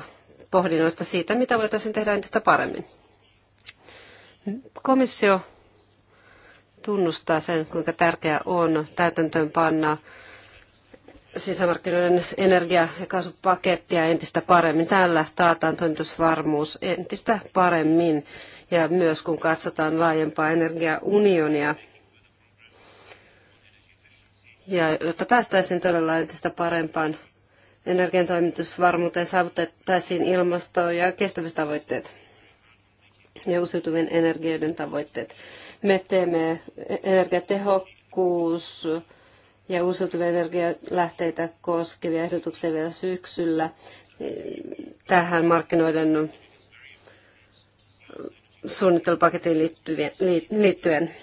pohdinnoista siitä, mitä voitaisiin tehdä entistä paremmin. Komissio tunnustaa sen, kuinka tärkeää on täytäntöönpanna sisämarkkinoiden energia- ja kaasupakettia entistä paremmin. Tällä taataan toimitusvarmuus entistä paremmin ja myös kun katsotaan laajempaa energiaunionia. Ja jotta päästäisiin todella entistä parempaan energiantoimitusvarmuuteen saavutettaisiin ilmasto- ja kestävyystavoitteet ja uusiutuvien energioiden tavoitteet. Me teemme energiatehokkuus ja uusiutuvia energialähteitä koskevia ehdotuksia vielä syksyllä tähän markkinoiden suunnittelupakettiin liittyen.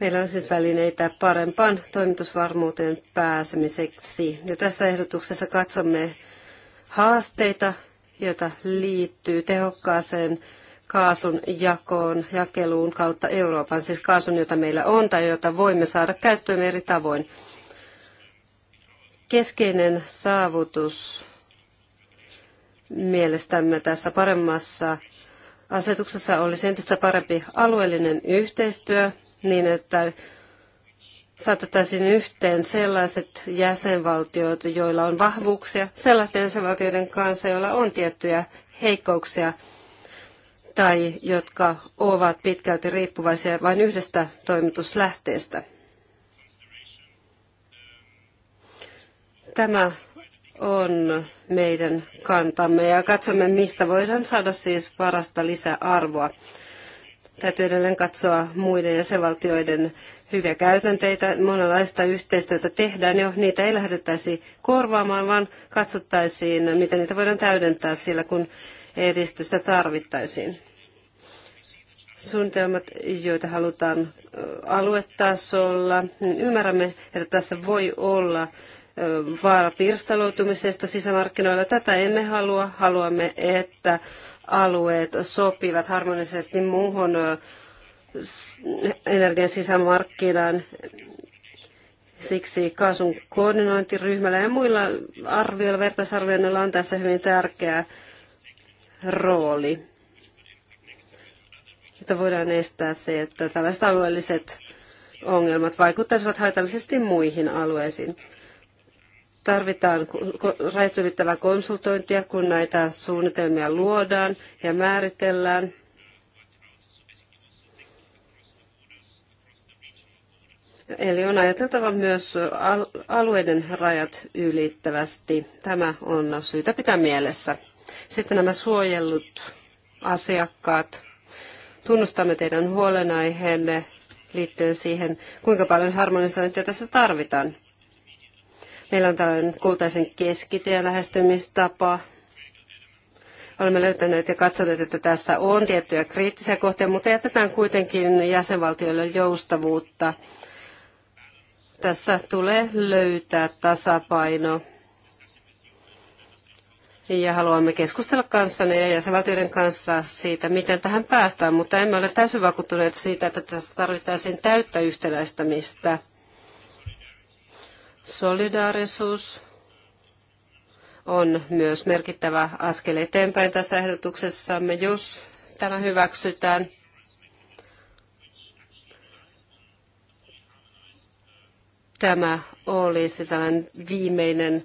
Meillä on siis välineitä parempaan toimitusvarmuuteen pääsemiseksi. Ja tässä ehdotuksessa katsomme haasteita, joita liittyy tehokkaaseen kaasun jakoon, jakeluun kautta Euroopan, siis kaasun, jota meillä on tai jota voimme saada käyttöön eri tavoin. Keskeinen saavutus mielestämme tässä paremmassa asetuksessa olisi entistä parempi alueellinen yhteistyö niin, että saatettaisiin yhteen sellaiset jäsenvaltiot, joilla on vahvuuksia, sellaisten jäsenvaltioiden kanssa, joilla on tiettyjä heikkouksia tai jotka ovat pitkälti riippuvaisia vain yhdestä toimituslähteestä. Tämä on meidän kantamme ja katsomme, mistä voidaan saada siis parasta lisäarvoa täytyy edelleen katsoa muiden jäsenvaltioiden hyviä käytänteitä. Monenlaista yhteistyötä tehdään jo, niitä ei lähdettäisi korvaamaan, vaan katsottaisiin, miten niitä voidaan täydentää sillä, kun edistystä tarvittaisiin. Suunnitelmat, joita halutaan aluetasolla, niin ymmärrämme, että tässä voi olla vaara pirstaloitumisesta sisämarkkinoilla. Tätä emme halua. Haluamme, että alueet sopivat harmonisesti muuhun energian sisämarkkinaan. Siksi kaasun koordinointiryhmällä ja muilla arvioilla, vertaisarvioinnilla on tässä hyvin tärkeä rooli, että voidaan estää se, että tällaiset alueelliset ongelmat vaikuttaisivat haitallisesti muihin alueisiin. Tarvitaan rajat ylittävää konsultointia, kun näitä suunnitelmia luodaan ja määritellään. Eli on ajateltava myös alueiden rajat ylittävästi. Tämä on syytä pitää mielessä. Sitten nämä suojellut asiakkaat. Tunnustamme teidän huolenaiheenne liittyen siihen, kuinka paljon harmonisointia tässä tarvitaan. Meillä on tällainen kultaisen keskitie lähestymistapa. Olemme löytäneet ja katsoneet, että tässä on tiettyjä kriittisiä kohtia, mutta jätetään kuitenkin jäsenvaltioille joustavuutta. Tässä tulee löytää tasapaino ja haluamme keskustella kanssanne ja jäsenvaltioiden kanssa siitä, miten tähän päästään, mutta emme ole täysin vakuuttuneet siitä, että tässä tarvittaisiin täyttä yhtenäistämistä. Solidaarisuus on myös merkittävä askel eteenpäin tässä ehdotuksessamme, jos tämä hyväksytään. Tämä olisi tällainen viimeinen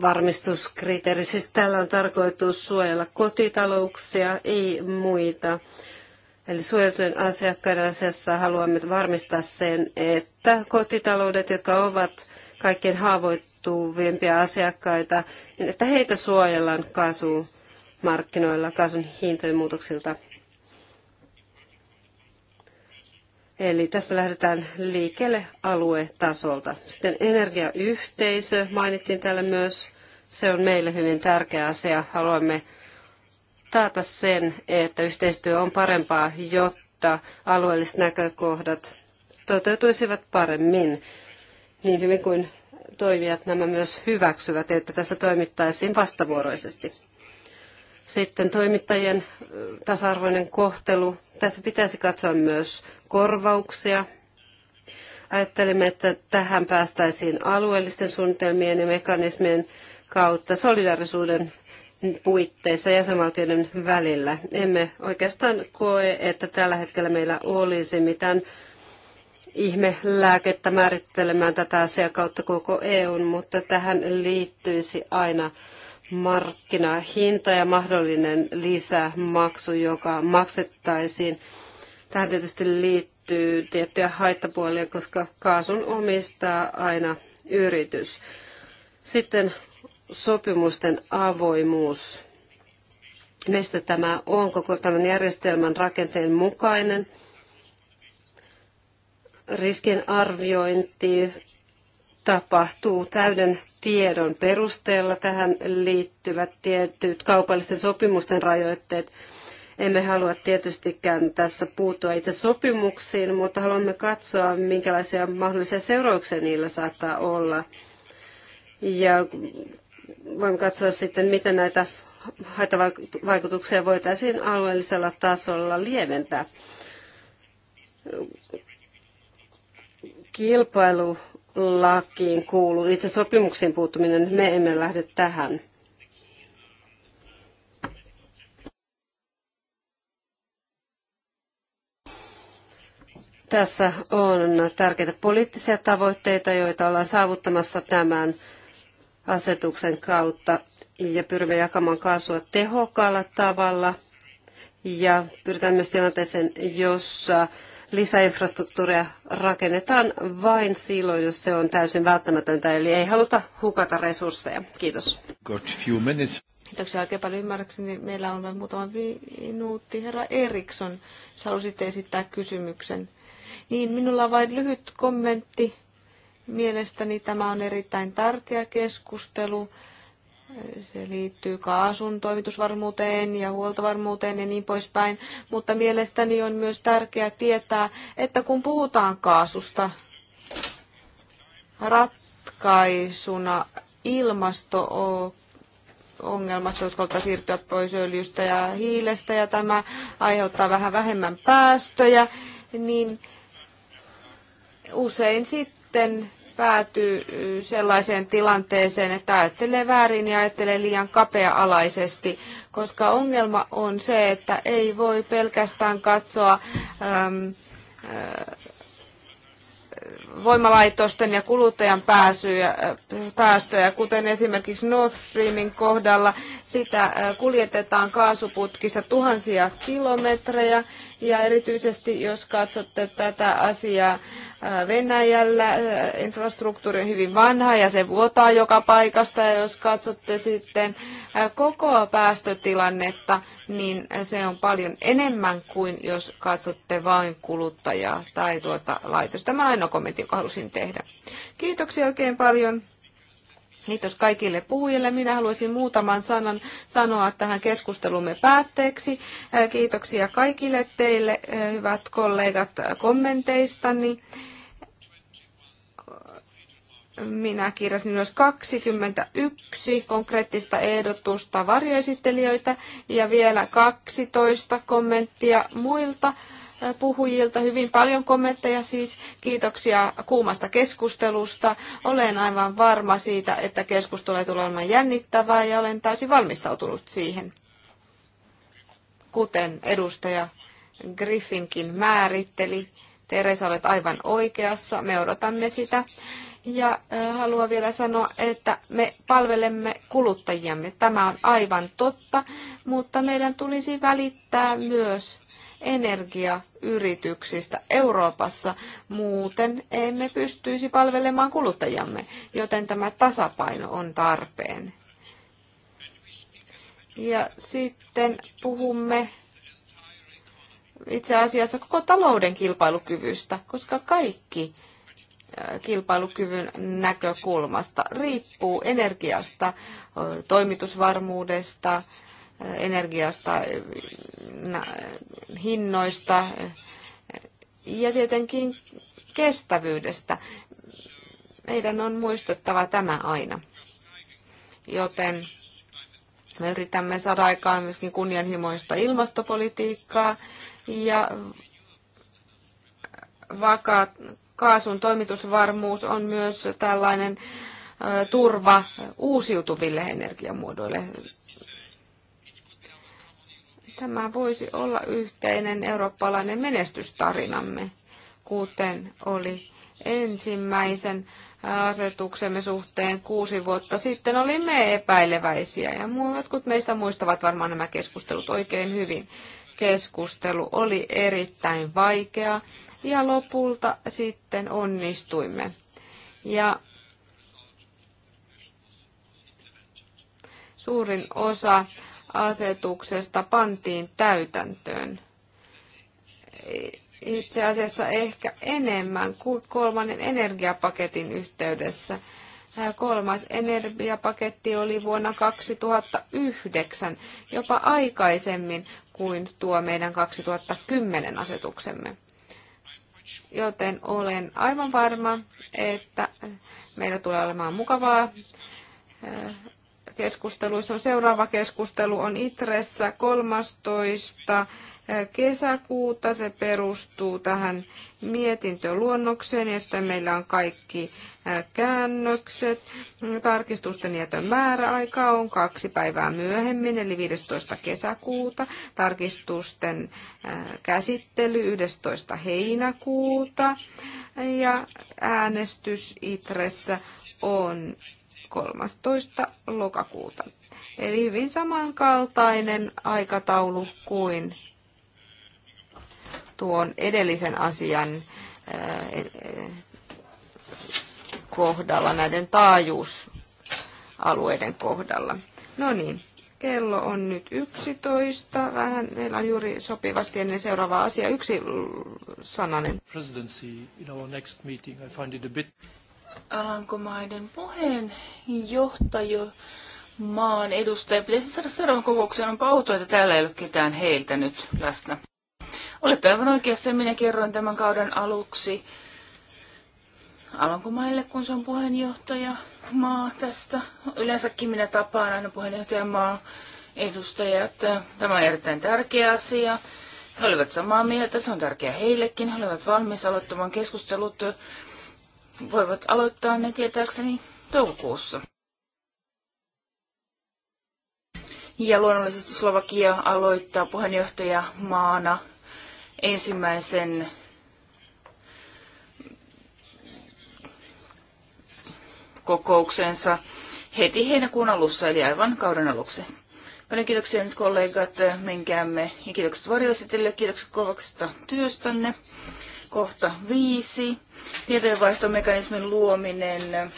varmistuskriteeri. Siis tällä on tarkoitus suojella kotitalouksia, ei muita. Eli suojeltujen asiakkaiden asiassa haluamme varmistaa sen, että kotitaloudet, jotka ovat kaikkein haavoittuvimpia asiakkaita, niin että heitä suojellaan kaasumarkkinoilla markkinoilla, kaasun hintojen muutoksilta. Eli tässä lähdetään liikkeelle aluetasolta. Sitten energiayhteisö mainittiin täällä myös. Se on meille hyvin tärkeä asia. Haluamme taata sen, että yhteistyö on parempaa, jotta alueelliset näkökohdat toteutuisivat paremmin, niin hyvin kuin toimijat nämä myös hyväksyvät, että tässä toimittaisiin vastavuoroisesti. Sitten toimittajien tasa-arvoinen kohtelu. Tässä pitäisi katsoa myös korvauksia. Ajattelimme, että tähän päästäisiin alueellisten suunnitelmien ja mekanismien kautta solidarisuuden puitteissa jäsenvaltioiden välillä. Emme oikeastaan koe, että tällä hetkellä meillä olisi mitään ihme lääkettä määrittelemään tätä asiaa kautta koko EUn, mutta tähän liittyisi aina markkinahinta ja mahdollinen lisämaksu, joka maksettaisiin. Tähän tietysti liittyy tiettyjä haittapuolia, koska kaasun omistaa aina yritys. Sitten sopimusten avoimuus. Mistä tämä on koko tämän järjestelmän rakenteen mukainen. Riskin arviointi tapahtuu täyden tiedon perusteella. Tähän liittyvät tietyt kaupallisten sopimusten rajoitteet. Emme halua tietystikään tässä puuttua itse sopimuksiin, mutta haluamme katsoa, minkälaisia mahdollisia seurauksia niillä saattaa olla. Ja voimme katsoa sitten, miten näitä haittavaikutuksia voitaisiin alueellisella tasolla lieventää. Kilpailulakiin kuuluu itse sopimuksiin puuttuminen. Me emme lähde tähän. Tässä on tärkeitä poliittisia tavoitteita, joita ollaan saavuttamassa tämän asetuksen kautta ja pyrimme jakamaan kaasua tehokkaalla tavalla ja pyritään myös tilanteeseen, jossa lisäinfrastruktuuria rakennetaan vain silloin, jos se on täysin välttämätöntä, eli ei haluta hukata resursseja. Kiitos. Got few minutes. Kiitoksia oikein paljon ymmärrykseni. Meillä on vain muutama minuutti. Herra Eriksson, halusitte esittää kysymyksen. Niin, minulla on vain lyhyt kommentti Mielestäni tämä on erittäin tärkeä keskustelu. Se liittyy kaasun toimitusvarmuuteen ja huoltovarmuuteen ja niin poispäin. Mutta mielestäni on myös tärkeää tietää, että kun puhutaan kaasusta, ratkaisuna ilmasto ongelmasta, uskaltaa siirtyä pois öljystä ja hiilestä ja tämä aiheuttaa vähän vähemmän päästöjä, niin usein sitten päätyy sellaiseen tilanteeseen, että ajattelee väärin ja ajattelee liian kapea-alaisesti, koska ongelma on se, että ei voi pelkästään katsoa ähm, äh, voimalaitosten ja kuluttajan pääsyjä, päästöjä, kuten esimerkiksi Nord Streamin kohdalla. Sitä kuljetetaan kaasuputkissa tuhansia kilometrejä ja erityisesti jos katsotte tätä asiaa äh, Venäjällä, äh, infrastruktuuri on hyvin vanha ja se vuotaa joka paikasta. Ja jos katsotte sitten äh, koko päästötilannetta, niin se on paljon enemmän kuin jos katsotte vain kuluttajaa tai tuota laitosta. Tämä on ainoa kommentti, jonka halusin tehdä. Kiitoksia oikein paljon. Kiitos kaikille puhujille. Minä haluaisin muutaman sanan sanoa tähän keskustelumme päätteeksi. Kiitoksia kaikille teille, hyvät kollegat, kommenteistani. Minä kirjasin myös 21 konkreettista ehdotusta varjoesittelijöitä ja vielä 12 kommenttia muilta puhujilta hyvin paljon kommentteja siis. Kiitoksia kuumasta keskustelusta. Olen aivan varma siitä, että keskustelu tulee olemaan jännittävää ja olen täysin valmistautunut siihen. Kuten edustaja Griffinkin määritteli, Teresa olet aivan oikeassa, me odotamme sitä. Ja haluan vielä sanoa, että me palvelemme kuluttajiamme. Tämä on aivan totta, mutta meidän tulisi välittää myös energiayrityksistä Euroopassa. Muuten emme pystyisi palvelemaan kuluttajamme, joten tämä tasapaino on tarpeen. Ja sitten puhumme itse asiassa koko talouden kilpailukyvystä, koska kaikki kilpailukyvyn näkökulmasta riippuu energiasta, toimitusvarmuudesta, energiasta, hinnoista ja tietenkin kestävyydestä. Meidän on muistettava tämä aina. Joten me yritämme saada aikaan myöskin kunnianhimoista ilmastopolitiikkaa ja vakaa kaasun toimitusvarmuus on myös tällainen turva uusiutuville energiamuodoille. Tämä voisi olla yhteinen eurooppalainen menestystarinamme, kuten oli ensimmäisen asetuksemme suhteen kuusi vuotta sitten olimme epäileväisiä ja jotkut meistä muistavat varmaan nämä keskustelut oikein hyvin. Keskustelu oli erittäin vaikea ja lopulta sitten onnistuimme. Ja suurin osa asetuksesta pantiin täytäntöön. Itse asiassa ehkä enemmän kuin kolmannen energiapaketin yhteydessä. Äh, kolmas energiapaketti oli vuonna 2009, jopa aikaisemmin kuin tuo meidän 2010 asetuksemme. Joten olen aivan varma, että meillä tulee olemaan mukavaa äh, keskusteluissa. Seuraava keskustelu on Itressä 13 kesäkuuta. Se perustuu tähän mietintöluonnokseen ja sitten meillä on kaikki käännökset. Tarkistusten jätön määräaika on kaksi päivää myöhemmin, eli 15. kesäkuuta. Tarkistusten käsittely 11. heinäkuuta. Ja äänestys Itressä on 13. lokakuuta. Eli hyvin samankaltainen aikataulu kuin tuon edellisen asian eh, eh, kohdalla, näiden taajuusalueiden kohdalla. No niin, kello on nyt 11. Vähän meillä on juuri sopivasti ennen seuraavaa asiaa yksi sananen. Alankomaiden puheenjohtaja maan edustaja. Pitäisi saada seuraavan kokoukseen. On outoa, että täällä ei ole ketään heiltä nyt läsnä. Olette aivan oikeassa, minä kerroin tämän kauden aluksi Alankomaille, kun se on puheenjohtaja maa tästä. Yleensäkin minä tapaan aina puheenjohtajamaa edustajat. Tämä on erittäin tärkeä asia. He olivat samaa mieltä, se on tärkeä heillekin. He olivat valmis aloittamaan keskustelut voivat aloittaa ne tietääkseni toukokuussa. Ja luonnollisesti Slovakia aloittaa maana ensimmäisen kokouksensa heti heinäkuun alussa, eli aivan kauden aluksi. Paljon kiitoksia nyt kollegat, menkäämme ja kiitokset varjoesitelle, kiitokset kovasta työstänne. Kohta viisi. Tietojenvaihtomekanismin luominen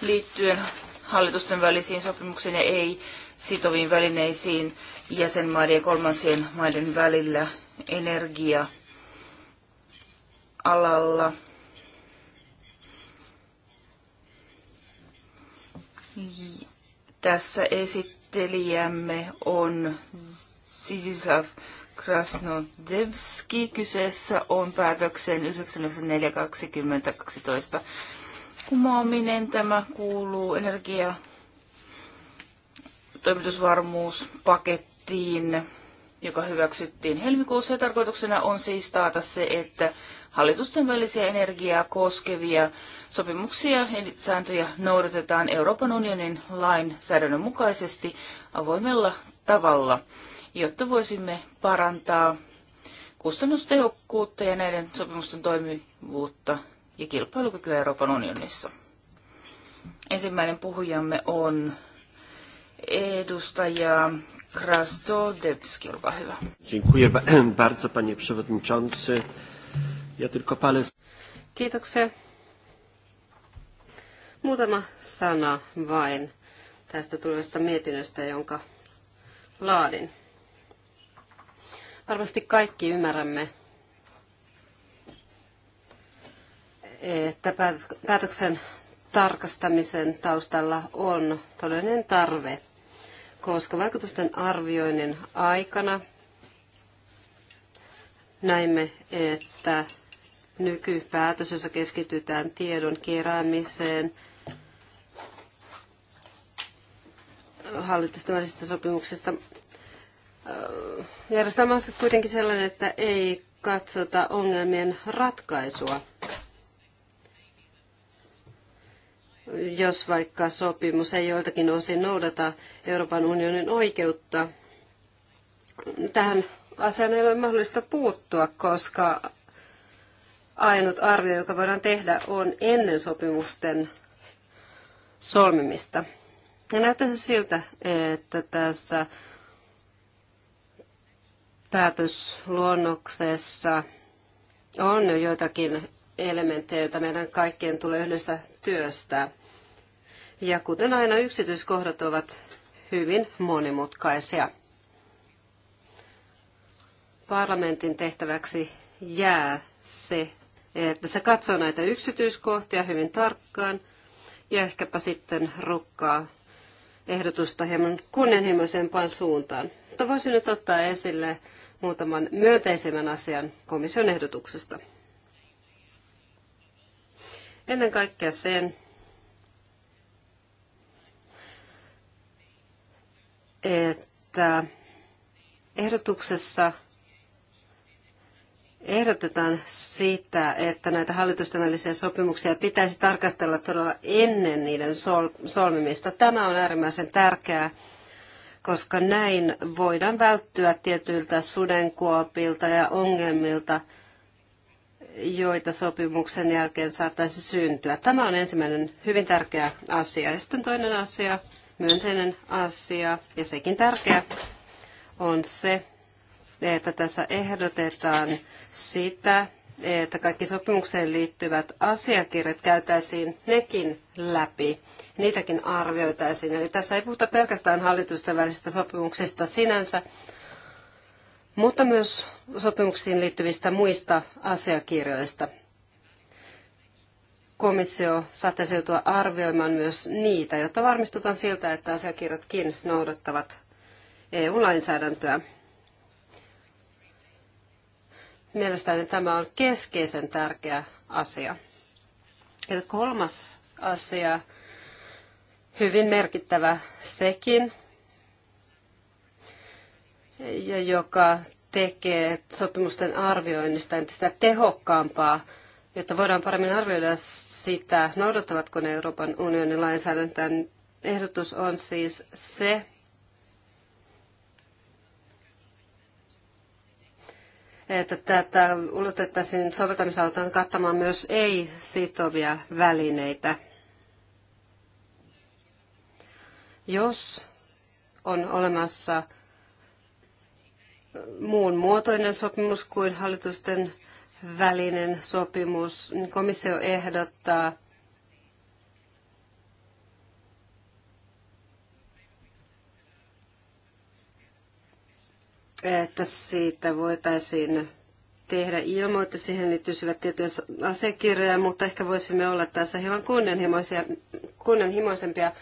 liittyen hallitusten välisiin sopimuksiin ja ei sitoviin välineisiin jäsenmaiden ja kolmansien maiden välillä energia-alalla. Tässä esittelijämme on Sisisav Krasnodevski. Kyseessä on päätöksen 994-2012 kumoaminen. Tämä kuuluu energia- toimitusvarmuuspakettiin, joka hyväksyttiin helmikuussa. Ja tarkoituksena on siis taata se, että hallitusten välisiä energiaa koskevia sopimuksia ja sääntöjä noudatetaan Euroopan unionin lainsäädännön mukaisesti avoimella tavalla jotta voisimme parantaa kustannustehokkuutta ja näiden sopimusten toimivuutta ja kilpailukykyä Euroopan unionissa. Ensimmäinen puhujamme on edustaja Krasnodebski, olkaa hyvä. Dziękuję bardzo, panie przewodniczący. Ja tylko Kiitoksia. Muutama sana vain tästä tulevasta mietinnöstä, jonka laadin. Varmasti kaikki ymmärrämme, että päätöksen tarkastamisen taustalla on todellinen tarve, koska vaikutusten arvioinnin aikana näimme, että nykypäätös, jossa keskitytään tiedon keräämiseen, hallitusten sopimuksista järjestelmä on siis kuitenkin sellainen, että ei katsota ongelmien ratkaisua. Jos vaikka sopimus ei joiltakin osin noudata Euroopan unionin oikeutta, tähän asiaan ei ole mahdollista puuttua, koska ainut arvio, joka voidaan tehdä, on ennen sopimusten solmimista. Ja näyttäisi siltä, että tässä päätösluonnoksessa on jo joitakin elementtejä, joita meidän kaikkien tulee yhdessä työstää. Ja kuten aina yksityiskohdat ovat hyvin monimutkaisia. Parlamentin tehtäväksi jää se, että se katsoo näitä yksityiskohtia hyvin tarkkaan ja ehkäpä sitten rukkaa ehdotusta hieman kunnianhimoisempaan suuntaan. Mutta voisin nyt ottaa esille muutaman myönteisemmän asian komission ehdotuksesta. Ennen kaikkea sen, että ehdotuksessa ehdotetaan sitä, että näitä hallitusten välisiä sopimuksia pitäisi tarkastella todella ennen niiden sol- solmimista. Tämä on äärimmäisen tärkeää koska näin voidaan välttyä tietyiltä sudenkuopilta ja ongelmilta, joita sopimuksen jälkeen saattaisi syntyä. Tämä on ensimmäinen hyvin tärkeä asia. Ja sitten toinen asia, myönteinen asia, ja sekin tärkeä, on se, että tässä ehdotetaan sitä, että kaikki sopimukseen liittyvät asiakirjat käytäisiin nekin läpi, niitäkin arvioitaisiin. Eli tässä ei puhuta pelkästään hallitusten välisistä sopimuksista sinänsä, mutta myös sopimuksiin liittyvistä muista asiakirjoista. Komissio saattaisi joutua arvioimaan myös niitä, jotta varmistutaan siltä, että asiakirjatkin noudattavat EU-lainsäädäntöä. Mielestäni tämä on keskeisen tärkeä asia. Ja kolmas asia, hyvin merkittävä sekin, joka tekee sopimusten arvioinnista entistä tehokkaampaa, jotta voidaan paremmin arvioida sitä, noudattavatko ne Euroopan unionin lainsäädäntöä. Ehdotus on siis se, että tätä ulotettaisiin soveltamisaltaan kattamaan myös ei-sitovia välineitä. Jos on olemassa muun muotoinen sopimus kuin hallitusten välinen sopimus, niin komissio ehdottaa että siitä voitaisiin tehdä ilmoitte, siihen liittyisivät tiettyjä asiakirjoja, mutta ehkä voisimme olla tässä hieman kunnianhimoisempia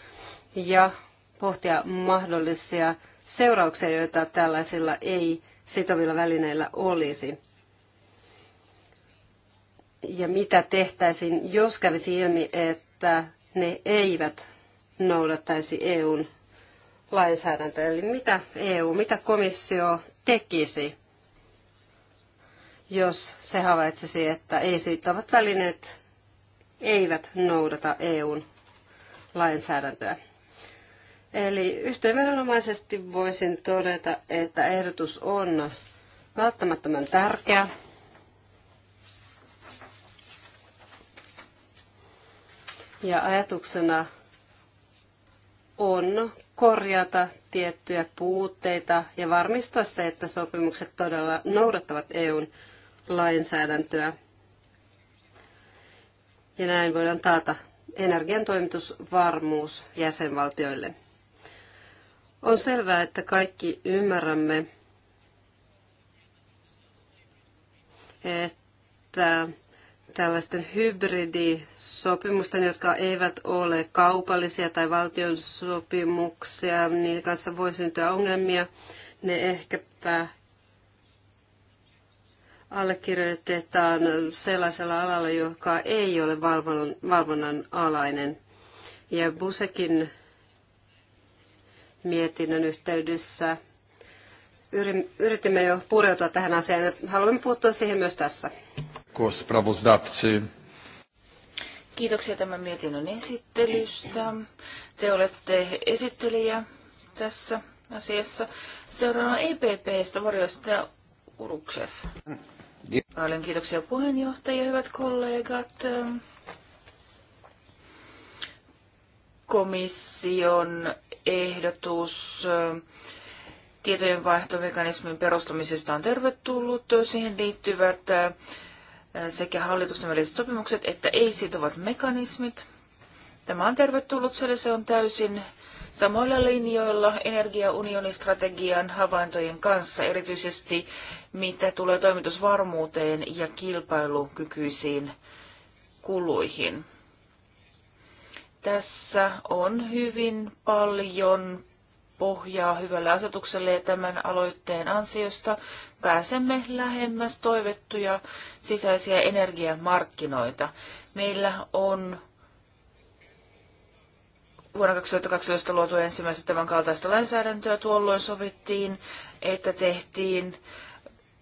ja pohtia mahdollisia seurauksia, joita tällaisilla ei sitovilla välineillä olisi. Ja mitä tehtäisiin, jos kävisi ilmi, että ne eivät noudattaisi EUn lainsäädäntö. Eli mitä EU, mitä komissio tekisi, jos se havaitsisi, että ei-syyttävät välineet eivät noudata EUn lainsäädäntöä. Eli yhteenvedonomaisesti voisin todeta, että ehdotus on välttämättömän tärkeä. Ja ajatuksena on korjata tiettyjä puutteita ja varmistaa se, että sopimukset todella noudattavat EUn lainsäädäntöä. Ja näin voidaan taata energiantoimitusvarmuus jäsenvaltioille. On selvää, että kaikki ymmärrämme, että tällaisten hybridisopimusten, jotka eivät ole kaupallisia tai valtion sopimuksia, niin kanssa voi syntyä ongelmia. Ne ehkäpä allekirjoitetaan sellaisella alalla, joka ei ole valvonnan alainen. Ja Busekin mietinnön yhteydessä yritimme jo pureutua tähän asiaan haluamme puuttua siihen myös tässä sprawozdawcy. Kiitoksia tämän mietinnön esittelystä. Te olette esittelijä tässä asiassa. Seuraava EPPstä varjoista Uruksev. Paljon kiitoksia puheenjohtaja, hyvät kollegat. Komission ehdotus tietojenvaihtomekanismin perustamisesta on tervetullut. Siihen liittyvät sekä hallitusten väliset sopimukset että ei-sitovat mekanismit. Tämä on tervetullut, sillä se on täysin samoilla linjoilla energiaunionin strategian havaintojen kanssa, erityisesti mitä tulee toimitusvarmuuteen ja kilpailukykyisiin kuluihin. Tässä on hyvin paljon pohjaa hyvälle asetukselle ja tämän aloitteen ansiosta pääsemme lähemmäs toivettuja sisäisiä energiamarkkinoita. Meillä on vuonna 2012 luotu ensimmäistä tämän kaltaista lainsäädäntöä. Tuolloin sovittiin, että tehtiin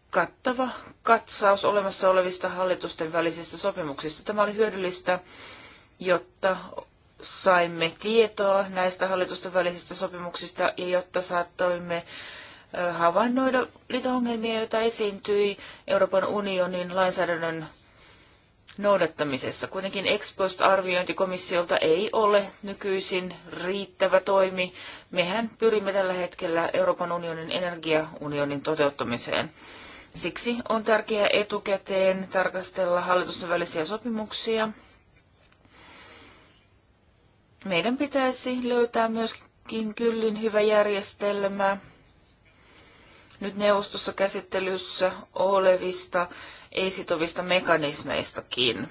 kattava katsaus olemassa olevista hallitusten välisistä sopimuksista. Tämä oli hyödyllistä, jotta saimme tietoa näistä hallitusten välisistä sopimuksista ja jotta saattoimme havainnoida niitä ongelmia, joita esiintyi Euroopan unionin lainsäädännön noudattamisessa. Kuitenkin ex post arviointi komissiolta ei ole nykyisin riittävä toimi. Mehän pyrimme tällä hetkellä Euroopan unionin energiaunionin toteuttamiseen. Siksi on tärkeää etukäteen tarkastella hallitusten välisiä sopimuksia meidän pitäisi löytää myöskin kyllin hyvä järjestelmä nyt neuvostossa käsittelyssä olevista ei-sitovista mekanismeistakin.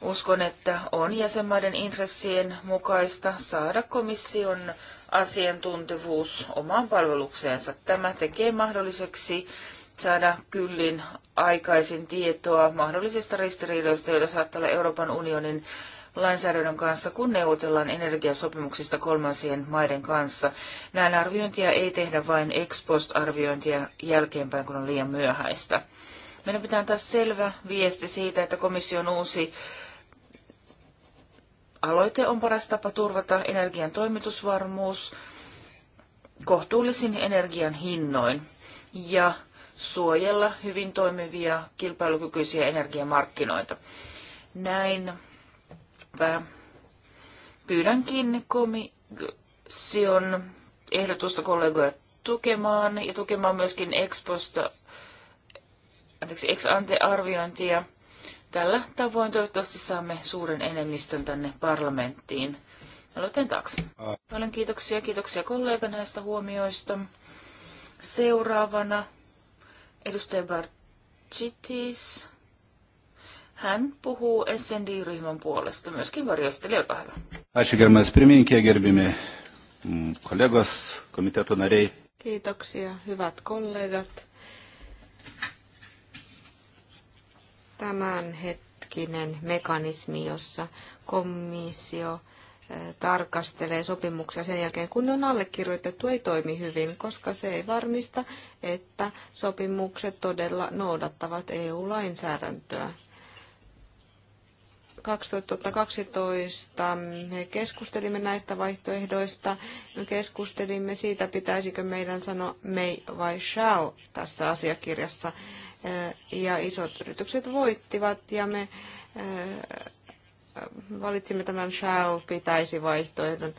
Uskon, että on jäsenmaiden intressien mukaista saada komission asiantuntevuus omaan palvelukseensa. Tämä tekee mahdolliseksi saada kyllin aikaisin tietoa mahdollisista ristiriidoista, joita saattaa olla Euroopan unionin lainsäädännön kanssa, kun neuvotellaan energiasopimuksista kolmansien maiden kanssa. Näin arviointia ei tehdä vain ex post-arviointia jälkeenpäin, kun on liian myöhäistä. Meidän pitää antaa selvä viesti siitä, että komission uusi aloite on paras tapa turvata energian toimitusvarmuus kohtuullisin energian hinnoin ja suojella hyvin toimivia kilpailukykyisiä energiamarkkinoita. Näin Pyydän pyydänkin komission ehdotusta kollegoja tukemaan ja tukemaan myöskin Exposta, anteeksi, ex-ante-arviointia. Tällä tavoin toivottavasti saamme suuren enemmistön tänne parlamenttiin. Aloitteen taakse. Paljon kiitoksia, kiitoksia kollega näistä huomioista. Seuraavana edustaja Bartsitis. Hän puhuu SND-ryhmän puolesta, myöskin varjosteli, olkaa hyvä. Ačiū gerbiamas pirmininkė, gerbimi mm, kollegos, komiteto arei. Kiitoksia, hyvät kollegat. Tämänhetkinen mekanismi, jossa komissio eh, tarkastelee sopimuksia sen jälkeen, kun ne on allekirjoitettu, ei toimi hyvin, koska se ei varmista, että sopimukset todella noudattavat EU-lainsäädäntöä. 2012 me keskustelimme näistä vaihtoehdoista. Me keskustelimme siitä, pitäisikö meidän sanoa may vai shall tässä asiakirjassa. Eh, ja isot yritykset voittivat ja me eh, valitsimme tämän shall pitäisi vaihtoehdon.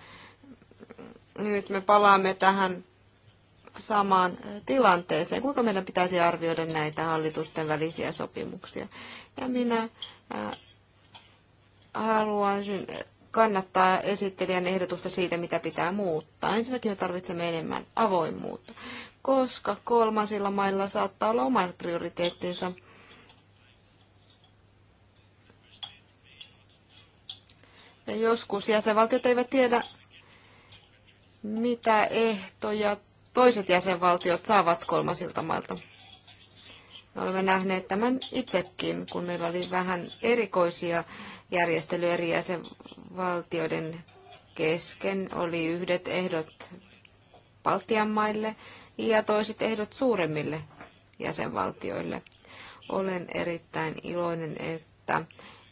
Nyt me palaamme tähän samaan eh, tilanteeseen. Kuinka meidän pitäisi arvioida näitä hallitusten välisiä sopimuksia? Ja minä haluaisin kannattaa esittelijän ehdotusta siitä, mitä pitää muuttaa. Ensinnäkin me tarvitsemme enemmän avoimuutta, koska kolmansilla mailla saattaa olla omat prioriteettinsa. Ja joskus jäsenvaltiot eivät tiedä, mitä ehtoja toiset jäsenvaltiot saavat kolmasilta mailta. Me olemme nähneet tämän itsekin, kun meillä oli vähän erikoisia järjestely eri jäsenvaltioiden kesken oli yhdet ehdot Baltian maille ja toiset ehdot suuremmille jäsenvaltioille. Olen erittäin iloinen, että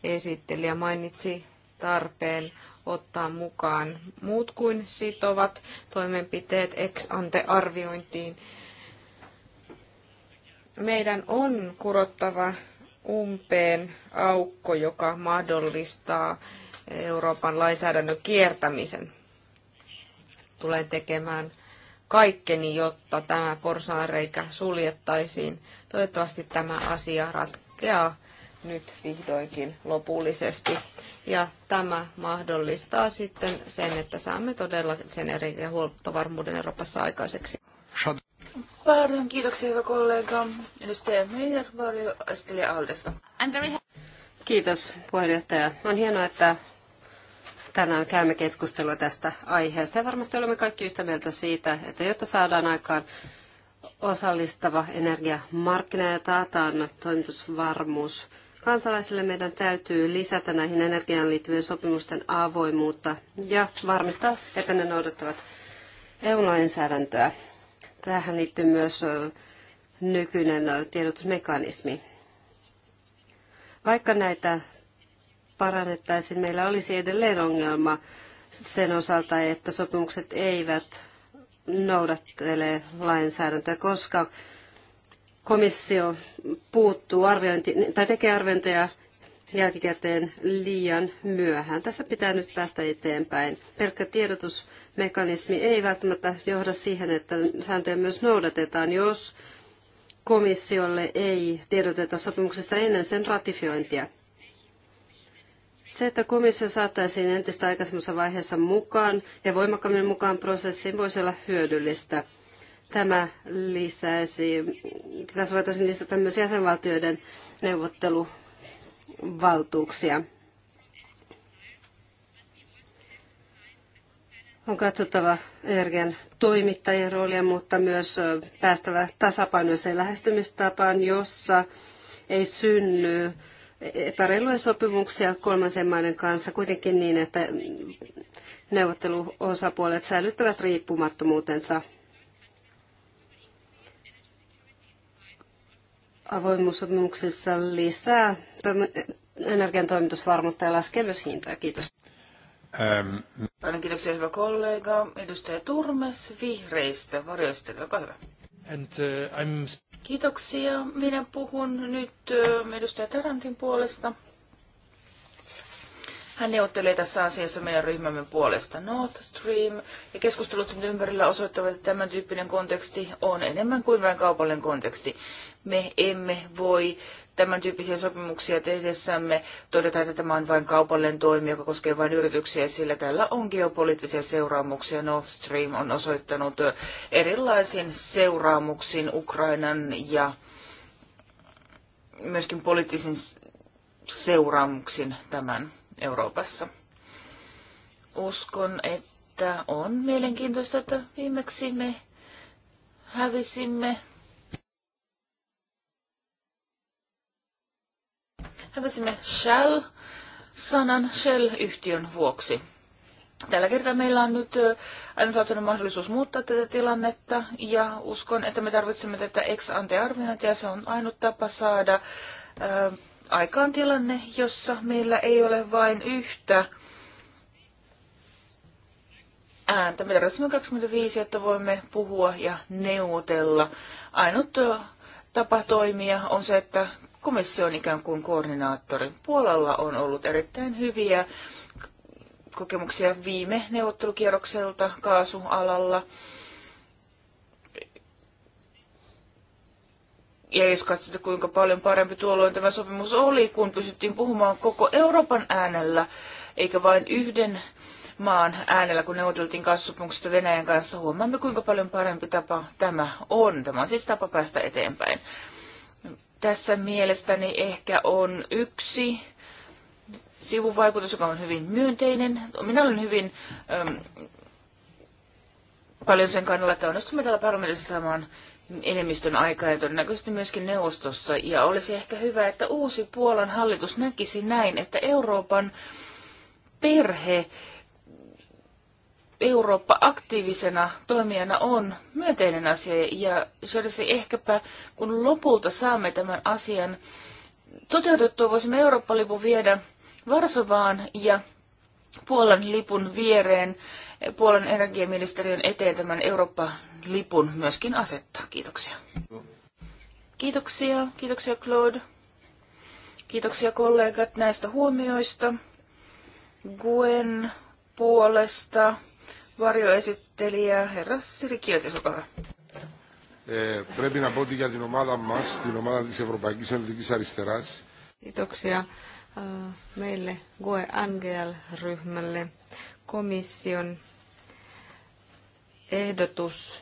esittelijä mainitsi tarpeen ottaa mukaan muut kuin sitovat toimenpiteet ex ante arviointiin. Meidän on kurottava umpeen aukko, joka mahdollistaa Euroopan lainsäädännön kiertämisen. Tulen tekemään kaikkeni, jotta tämä porsaanreikä suljettaisiin. Toivottavasti tämä asia ratkeaa nyt vihdoinkin lopullisesti. Ja tämä mahdollistaa sitten sen, että saamme todella sen eri huoltovarmuuden Euroopassa aikaiseksi. Paljon kiitoksia, hyvä kollega. Edustaja Meijer, varjoastelija Aldesta. Kiitos, puheenjohtaja. On hienoa, että tänään käymme keskustelua tästä aiheesta. Ja varmasti olemme kaikki yhtä mieltä siitä, että jotta saadaan aikaan osallistava energiamarkkina ja taataan toimitusvarmuus kansalaisille, meidän täytyy lisätä näihin energiaan liittyvien sopimusten avoimuutta ja varmistaa, että ne noudattavat EU-lainsäädäntöä. Tähän liittyy myös nykyinen tiedotusmekanismi. Vaikka näitä parannettaisiin, meillä olisi edelleen ongelma sen osalta, että sopimukset eivät noudattele lainsäädäntöä, koska komissio puuttuu arviointi, tai tekee arviointeja jälkikäteen liian myöhään. Tässä pitää nyt päästä eteenpäin. Pelkkä tiedotusmekanismi ei välttämättä johda siihen, että sääntöjä myös noudatetaan, jos komissiolle ei tiedoteta sopimuksesta ennen sen ratifiointia. Se, että komissio saattaisiin entistä aikaisemmassa vaiheessa mukaan ja voimakkaammin mukaan prosessiin, voisi olla hyödyllistä. Tämä lisäisi, tässä voitaisiin lisätä myös jäsenvaltioiden neuvottelu valtuuksia. On katsottava energian toimittajien roolia, mutta myös päästävä tasapainoiseen lähestymistapaan, jossa ei synny epäreiluja sopimuksia kolmansien maiden kanssa kuitenkin niin, että neuvotteluosapuolet säilyttävät riippumattomuutensa avoimuussopimuksessa lisää energian toimitusvarmuutta ja laskee myös hintoja. Kiitos. Ähm. Paljon kiitoksia hyvä kollega. Edustaja Turmes Vihreistä, varjoistelija, olkaa hyvä. And, uh, I'm... Kiitoksia. Minä puhun nyt uh, edustaja Tarantin puolesta. Hän neuvottelee tässä asiassa meidän ryhmämme puolesta North Stream, ja keskustelut sen ympärillä osoittavat, että tämän tyyppinen konteksti on enemmän kuin vain kaupallinen konteksti. Me emme voi tämän tyyppisiä sopimuksia tehdessämme todeta, että tämä on vain kaupallinen toimi, joka koskee vain yrityksiä, sillä tällä on geopoliittisia seuraamuksia. North Stream on osoittanut erilaisiin seuraamuksiin Ukrainan ja myöskin poliittisin seuraamuksin tämän. Euroopassa. Uskon, että on mielenkiintoista, että viimeksi me hävisimme hävisimme Shell-sanan Shell-yhtiön vuoksi. Tällä kertaa meillä on nyt ainutlaatuinen mahdollisuus muuttaa tätä tilannetta ja uskon, että me tarvitsemme tätä ex ante arviointia. Se on ainut tapa saada aikaan tilanne, jossa meillä ei ole vain yhtä ääntä. meillä on 25, jotta voimme puhua ja neuvotella. Ainut tapa toimia on se, että komissio on ikään kuin koordinaattori. Puolalla on ollut erittäin hyviä kokemuksia viime neuvottelukierrokselta kaasualalla. Ja jos katsotte, kuinka paljon parempi tuolloin tämä sopimus oli, kun pystyttiin puhumaan koko Euroopan äänellä, eikä vain yhden maan äänellä, kun neuvoteltiin kanssa Venäjän kanssa, huomaamme, kuinka paljon parempi tapa tämä on. Tämä on siis tapa päästä eteenpäin. Tässä mielestäni ehkä on yksi sivuvaikutus, joka on hyvin myönteinen. Minä olen hyvin äm, paljon sen kannalla, että onnistumme täällä parlamentissa saamaan enemmistön aikaa ja todennäköisesti myöskin neuvostossa. Ja olisi ehkä hyvä, että uusi Puolan hallitus näkisi näin, että Euroopan perhe, Eurooppa aktiivisena toimijana on myönteinen asia. Ja se olisi ehkäpä, kun lopulta saamme tämän asian toteutettua, voisimme Eurooppa-lipun viedä Varsovaan ja Puolan lipun viereen Puolan energiaministeriön eteen tämän Eurooppa-lipun myöskin asettaa. Kiitoksia. Kiitoksia, kiitoksia Claude. Kiitoksia kollegat näistä huomioista. Guen puolesta varjoesittelijä herra Siri Kiotis, olkaa hyvä. Eh, πρέπει να πω ότι για την ομάδα την ομάδα Kiitoksia meille GOE-NGL-ryhmälle komission ehdotus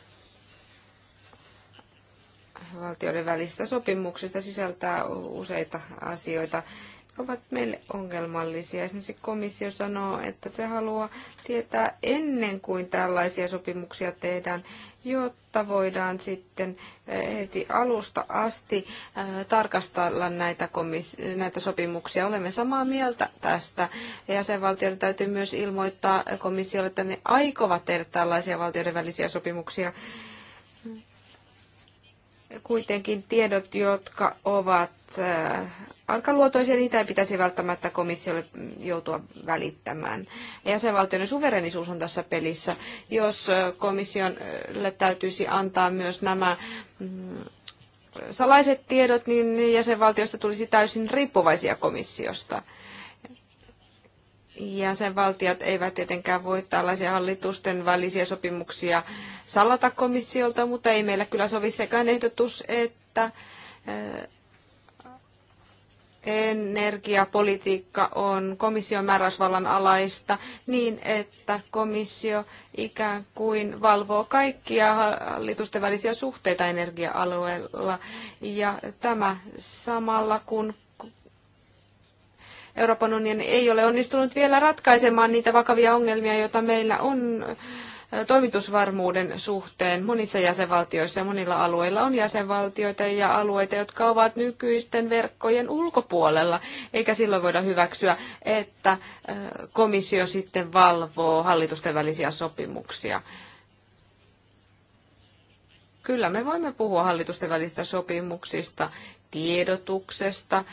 valtioiden välisistä sopimuksista sisältää useita asioita, jotka ovat meille ongelmallisia. Esimerkiksi komissio sanoo, että se haluaa tietää ennen kuin tällaisia sopimuksia tehdään, jotta voidaan sitten eh, heti alusta asti eh, tarkastella näitä, komis- näitä sopimuksia. Olemme samaa mieltä tästä. Jäsenvaltioiden täytyy myös ilmoittaa komissiolle, että ne aikovat tehdä tällaisia valtioiden välisiä sopimuksia kuitenkin tiedot, jotka ovat äh, arkaluotoisia, niitä ei pitäisi välttämättä komissiolle joutua välittämään. Jäsenvaltioiden suverenisuus on tässä pelissä. Jos äh, komissiolle täytyisi antaa myös nämä mm, salaiset tiedot, niin jäsenvaltiosta tulisi täysin riippuvaisia komissiosta jäsenvaltiot eivät tietenkään voi tällaisia hallitusten välisiä sopimuksia salata komissiolta, mutta ei meillä kyllä sovi sekään ehdotus, että eh, energiapolitiikka on komission määräysvallan alaista niin, että komissio ikään kuin valvoo kaikkia hallitusten välisiä suhteita energia-alueella. Ja tämä samalla kun Euroopan unioni ei ole onnistunut vielä ratkaisemaan niitä vakavia ongelmia, joita meillä on toimitusvarmuuden suhteen monissa jäsenvaltioissa ja monilla alueilla on jäsenvaltioita ja alueita, jotka ovat nykyisten verkkojen ulkopuolella, eikä silloin voida hyväksyä, että komissio sitten valvoo hallitusten välisiä sopimuksia. Kyllä me voimme puhua hallitusten välisistä sopimuksista, tiedotuksesta,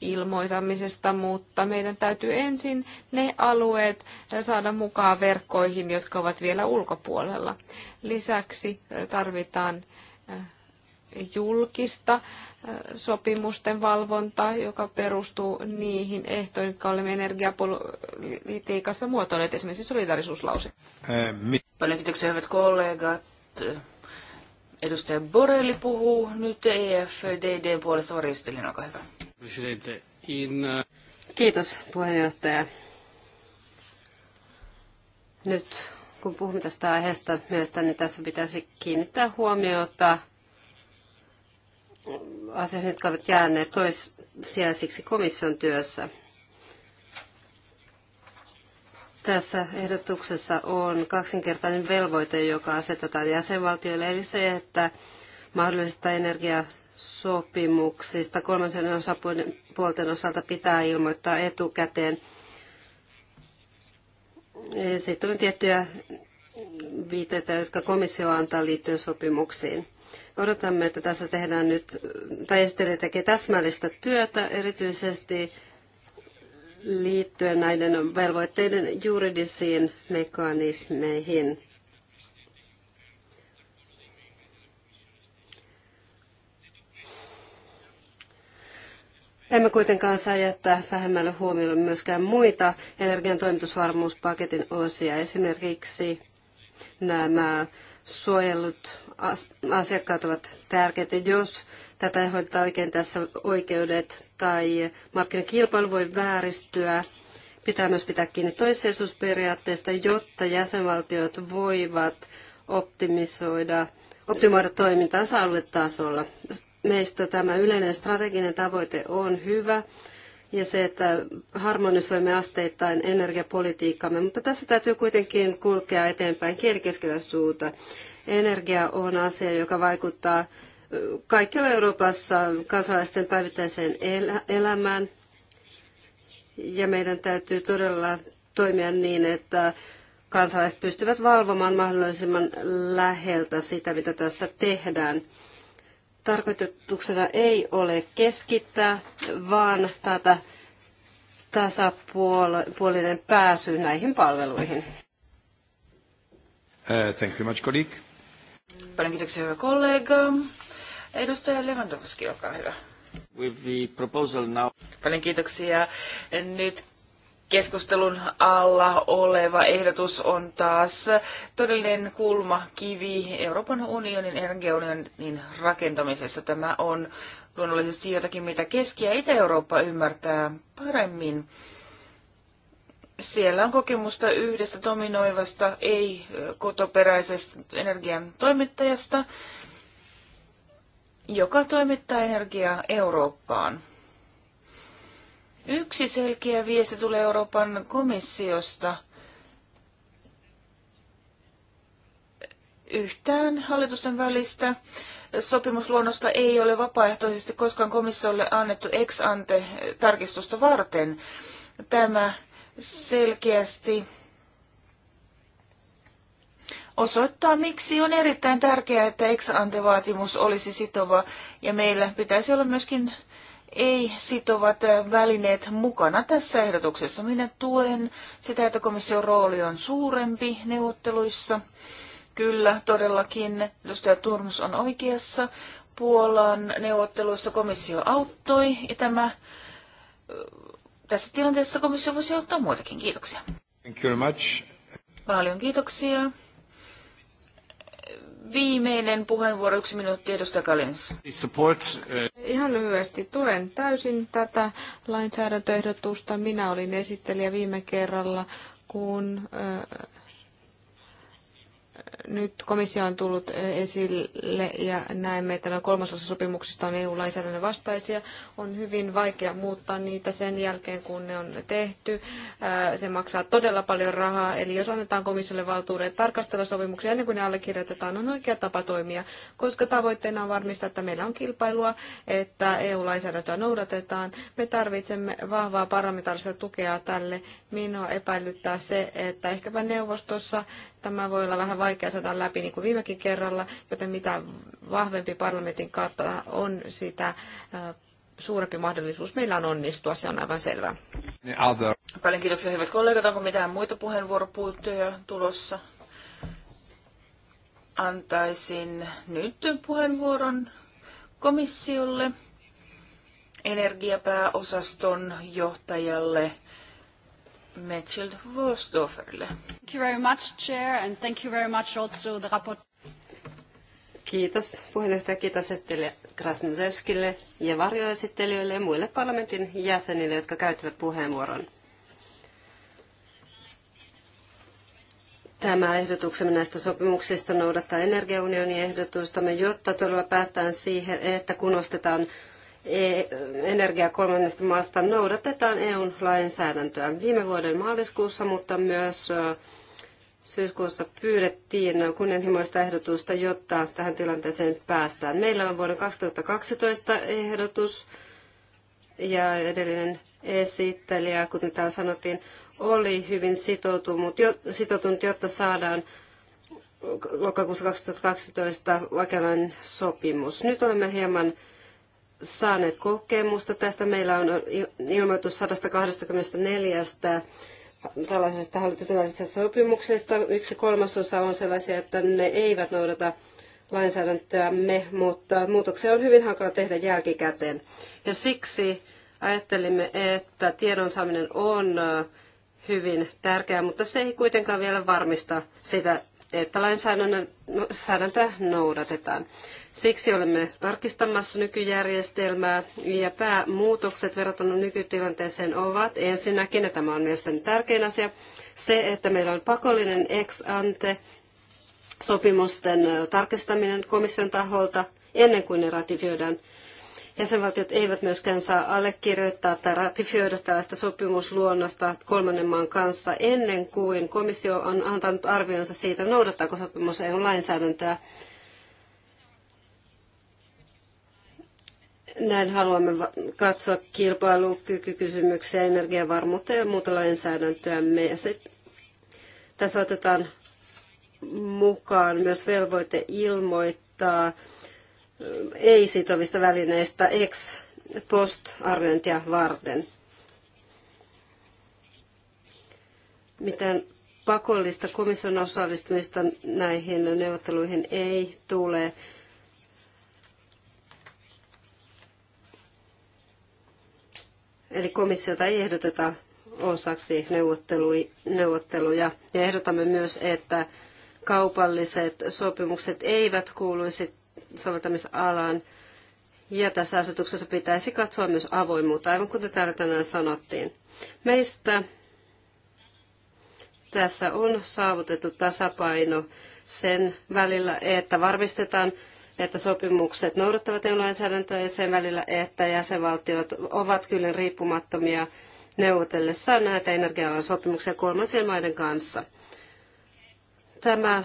ilmoitamisesta, mutta meidän täytyy ensin ne alueet saada mukaan verkkoihin, jotka ovat vielä ulkopuolella. Lisäksi tarvitaan eh, julkista eh, sopimusten valvonta, joka perustuu niihin ehtoihin, jotka olemme energiapolitiikassa muotoilleet, esimerkiksi solidarisuuslause. Eh, Paljon kiitoksia, hyvät kollegat. Edustaja Borelli puhuu nyt efdd puolesta varjostelin, olkaa hyvä. Presidente. In... Kiitos puheenjohtaja. Nyt kun puhumme tästä aiheesta, mielestäni tässä pitäisi kiinnittää huomiota asioihin, jotka ovat jääneet toissijaisiksi komission työssä. Tässä ehdotuksessa on kaksinkertainen velvoite, joka asetetaan jäsenvaltioille, eli se, että mahdollisista energia- sopimuksista kolmansien osapuolten osalta pitää ilmoittaa etukäteen. Sitten on tiettyjä viitteitä, jotka komissio antaa liittyen sopimuksiin. Odotamme, että tässä tehdään nyt, tai esittelijä tekee täsmällistä työtä, erityisesti liittyen näiden velvoitteiden juridisiin mekanismeihin. Emme kuitenkaan saa jättää vähemmälle huomiolle myöskään muita energian toimitusvarmuuspaketin osia, esimerkiksi nämä suojellut asiakkaat ovat tärkeitä. Jos tätä ei hoideta oikein tässä oikeudet tai markkinakilpailu voi vääristyä, pitää myös pitää kiinni toissijaisuusperiaatteesta, jotta jäsenvaltiot voivat optimisoida optimoida toimintansa aluetasolla meistä tämä yleinen strateginen tavoite on hyvä ja se, että harmonisoimme asteittain energiapolitiikkamme, mutta tässä täytyy kuitenkin kulkea eteenpäin kielikeskellä suuta. Energia on asia, joka vaikuttaa kaikkialla Euroopassa kansalaisten päivittäiseen elämään. Ja meidän täytyy todella toimia niin, että kansalaiset pystyvät valvomaan mahdollisimman läheltä sitä, mitä tässä tehdään tarkoituksena ei ole keskittää, vaan tätä tasapuolinen pääsy näihin palveluihin. Uh, thank you much, colleague. Paljon kiitoksia, hyvä kollega. Edustaja Lewandowski, olkaa hyvä. With the proposal now. Paljon kiitoksia. Nyt keskustelun alla oleva ehdotus on taas todellinen kulmakivi Euroopan unionin energiaunionin rakentamisessa. Tämä on luonnollisesti jotakin, mitä Keski- ja Itä-Eurooppa ymmärtää paremmin. Siellä on kokemusta yhdestä dominoivasta, ei kotoperäisestä energian toimittajasta, joka toimittaa energiaa Eurooppaan. Yksi selkeä viesti tulee Euroopan komissiosta. Yhtään hallitusten välistä sopimusluonnosta ei ole vapaaehtoisesti koskaan komissiolle annettu ex ante tarkistusta varten. Tämä selkeästi osoittaa, miksi on erittäin tärkeää, että ex-ante-vaatimus olisi sitova ja meillä pitäisi olla myöskin ei-sitovat eh, välineet mukana tässä ehdotuksessa. Minä tuen sitä, että komission rooli on suurempi neuvotteluissa. Kyllä, todellakin. Edustaja Turmus on oikeassa. Puolan neuvotteluissa komissio auttoi ja tämä, eh, tässä tilanteessa komissio voisi auttaa muitakin. Kiitoksia. Thank you very much. Paljon kiitoksia. Viimeinen puheenvuoro, yksi minuutti, edustaja Kalins. Eh. Ihan lyhyesti, tuen täysin tätä lainsäädäntöehdotusta. Minä olin esittelijä viime kerralla, kun eh, nyt komissio on tullut eh, esille ja näemme, että noin kolmasosa sopimuksista on EU-lainsäädännön vastaisia. On hyvin vaikea muuttaa niitä sen jälkeen, kun ne on tehty. Eh, se maksaa todella paljon rahaa, eli jos annetaan komissiolle valtuudet tarkastella sopimuksia ennen kuin ne allekirjoitetaan, on oikea tapa toimia, koska tavoitteena on varmistaa, että meillä on kilpailua, että EU-lainsäädäntöä noudatetaan. Me tarvitsemme vahvaa parlamentaarista tukea tälle. Minua epäilyttää se, että ehkäpä neuvostossa Tämä voi olla vähän vaikea saada läpi niin kuin viimekin kerralla, joten mitä vahvempi parlamentin kautta on, sitä suurempi mahdollisuus meillä on onnistua, se on aivan selvä. Paljon kiitoksia hyvät kollegat. Onko mitään muita puheenvuoropuuttoja tulossa? Antaisin nyt puheenvuoron komissiolle, energiapääosaston johtajalle Thank you very much, Chair, and thank you very much also the rapport. Kiitos puheenjohtaja, kiitos esittelijä Krasnodevskille ja varjoesittelijöille ja muille parlamentin jäsenille, jotka käyttivät puheenvuoron. Tämä ehdotuksemme näistä sopimuksista noudattaa energiaunionin ehdotustamme, jotta todella päästään siihen, että kun ostetaan energia kolmannesta maasta noudatetaan EUn lainsäädäntöä. Viime vuoden maaliskuussa, mutta myös syyskuussa pyydettiin kunnianhimoista ehdotusta, jotta tähän tilanteeseen päästään. Meillä on vuoden 2012 ehdotus ja edellinen esittelijä, kuten täällä sanottiin, oli hyvin sitoutunut, sitoutunut jotta saadaan lokakuussa 2012 vakavainen sopimus. Nyt olemme hieman saaneet kokemusta tästä. Meillä on ilmoitus 124 tällaisesta hallitusvälisestä sopimuksesta. Yksi kolmasosa on sellaisia, että ne eivät noudata lainsäädäntöämme, mutta muutoksia on hyvin hankala tehdä jälkikäteen. Ja siksi ajattelimme, että tiedon saaminen on hyvin tärkeää, mutta se ei kuitenkaan vielä varmista sitä, että lainsäädäntöä noudatetaan. Siksi olemme tarkistamassa nykyjärjestelmää ja päämuutokset verrattuna nykytilanteeseen ovat ensinnäkin, ja tämä on mielestäni tärkein asia, se, että meillä on pakollinen ex ante sopimusten tarkistaminen komission taholta ennen kuin ne ratifioidaan. Jäsenvaltiot eivät myöskään saa allekirjoittaa tai ratifioida tällaista sopimusluonnosta kolmannen maan kanssa ennen kuin komissio on antanut arvionsa siitä, noudattaako sopimus EU-lainsäädäntöä. Näin haluamme katsoa kilpailukykykysymyksiä, energiavarmuutta ja muuta lainsäädäntöämme. Ja sit, tässä otetaan mukaan myös velvoite ilmoittaa ei-sitovista välineistä ex post-arviointia varten. Mitään pakollista komission osallistumista näihin neuvotteluihin ei tule. Eli komissiota ei ehdoteta osaksi neuvotteluja. Ja ehdotamme myös, että kaupalliset sopimukset eivät kuuluisi soveltamisalaan. Ja tässä asetuksessa pitäisi katsoa myös avoimuutta, aivan kuten täällä tänään sanottiin. Meistä tässä on saavutettu tasapaino sen välillä, että varmistetaan, että sopimukset noudattavat EU-lainsäädäntöä ja sen välillä, että jäsenvaltiot ovat kyllä riippumattomia neuvotellessaan näitä energia-alan sopimuksia kolmansien maiden kanssa. Tämä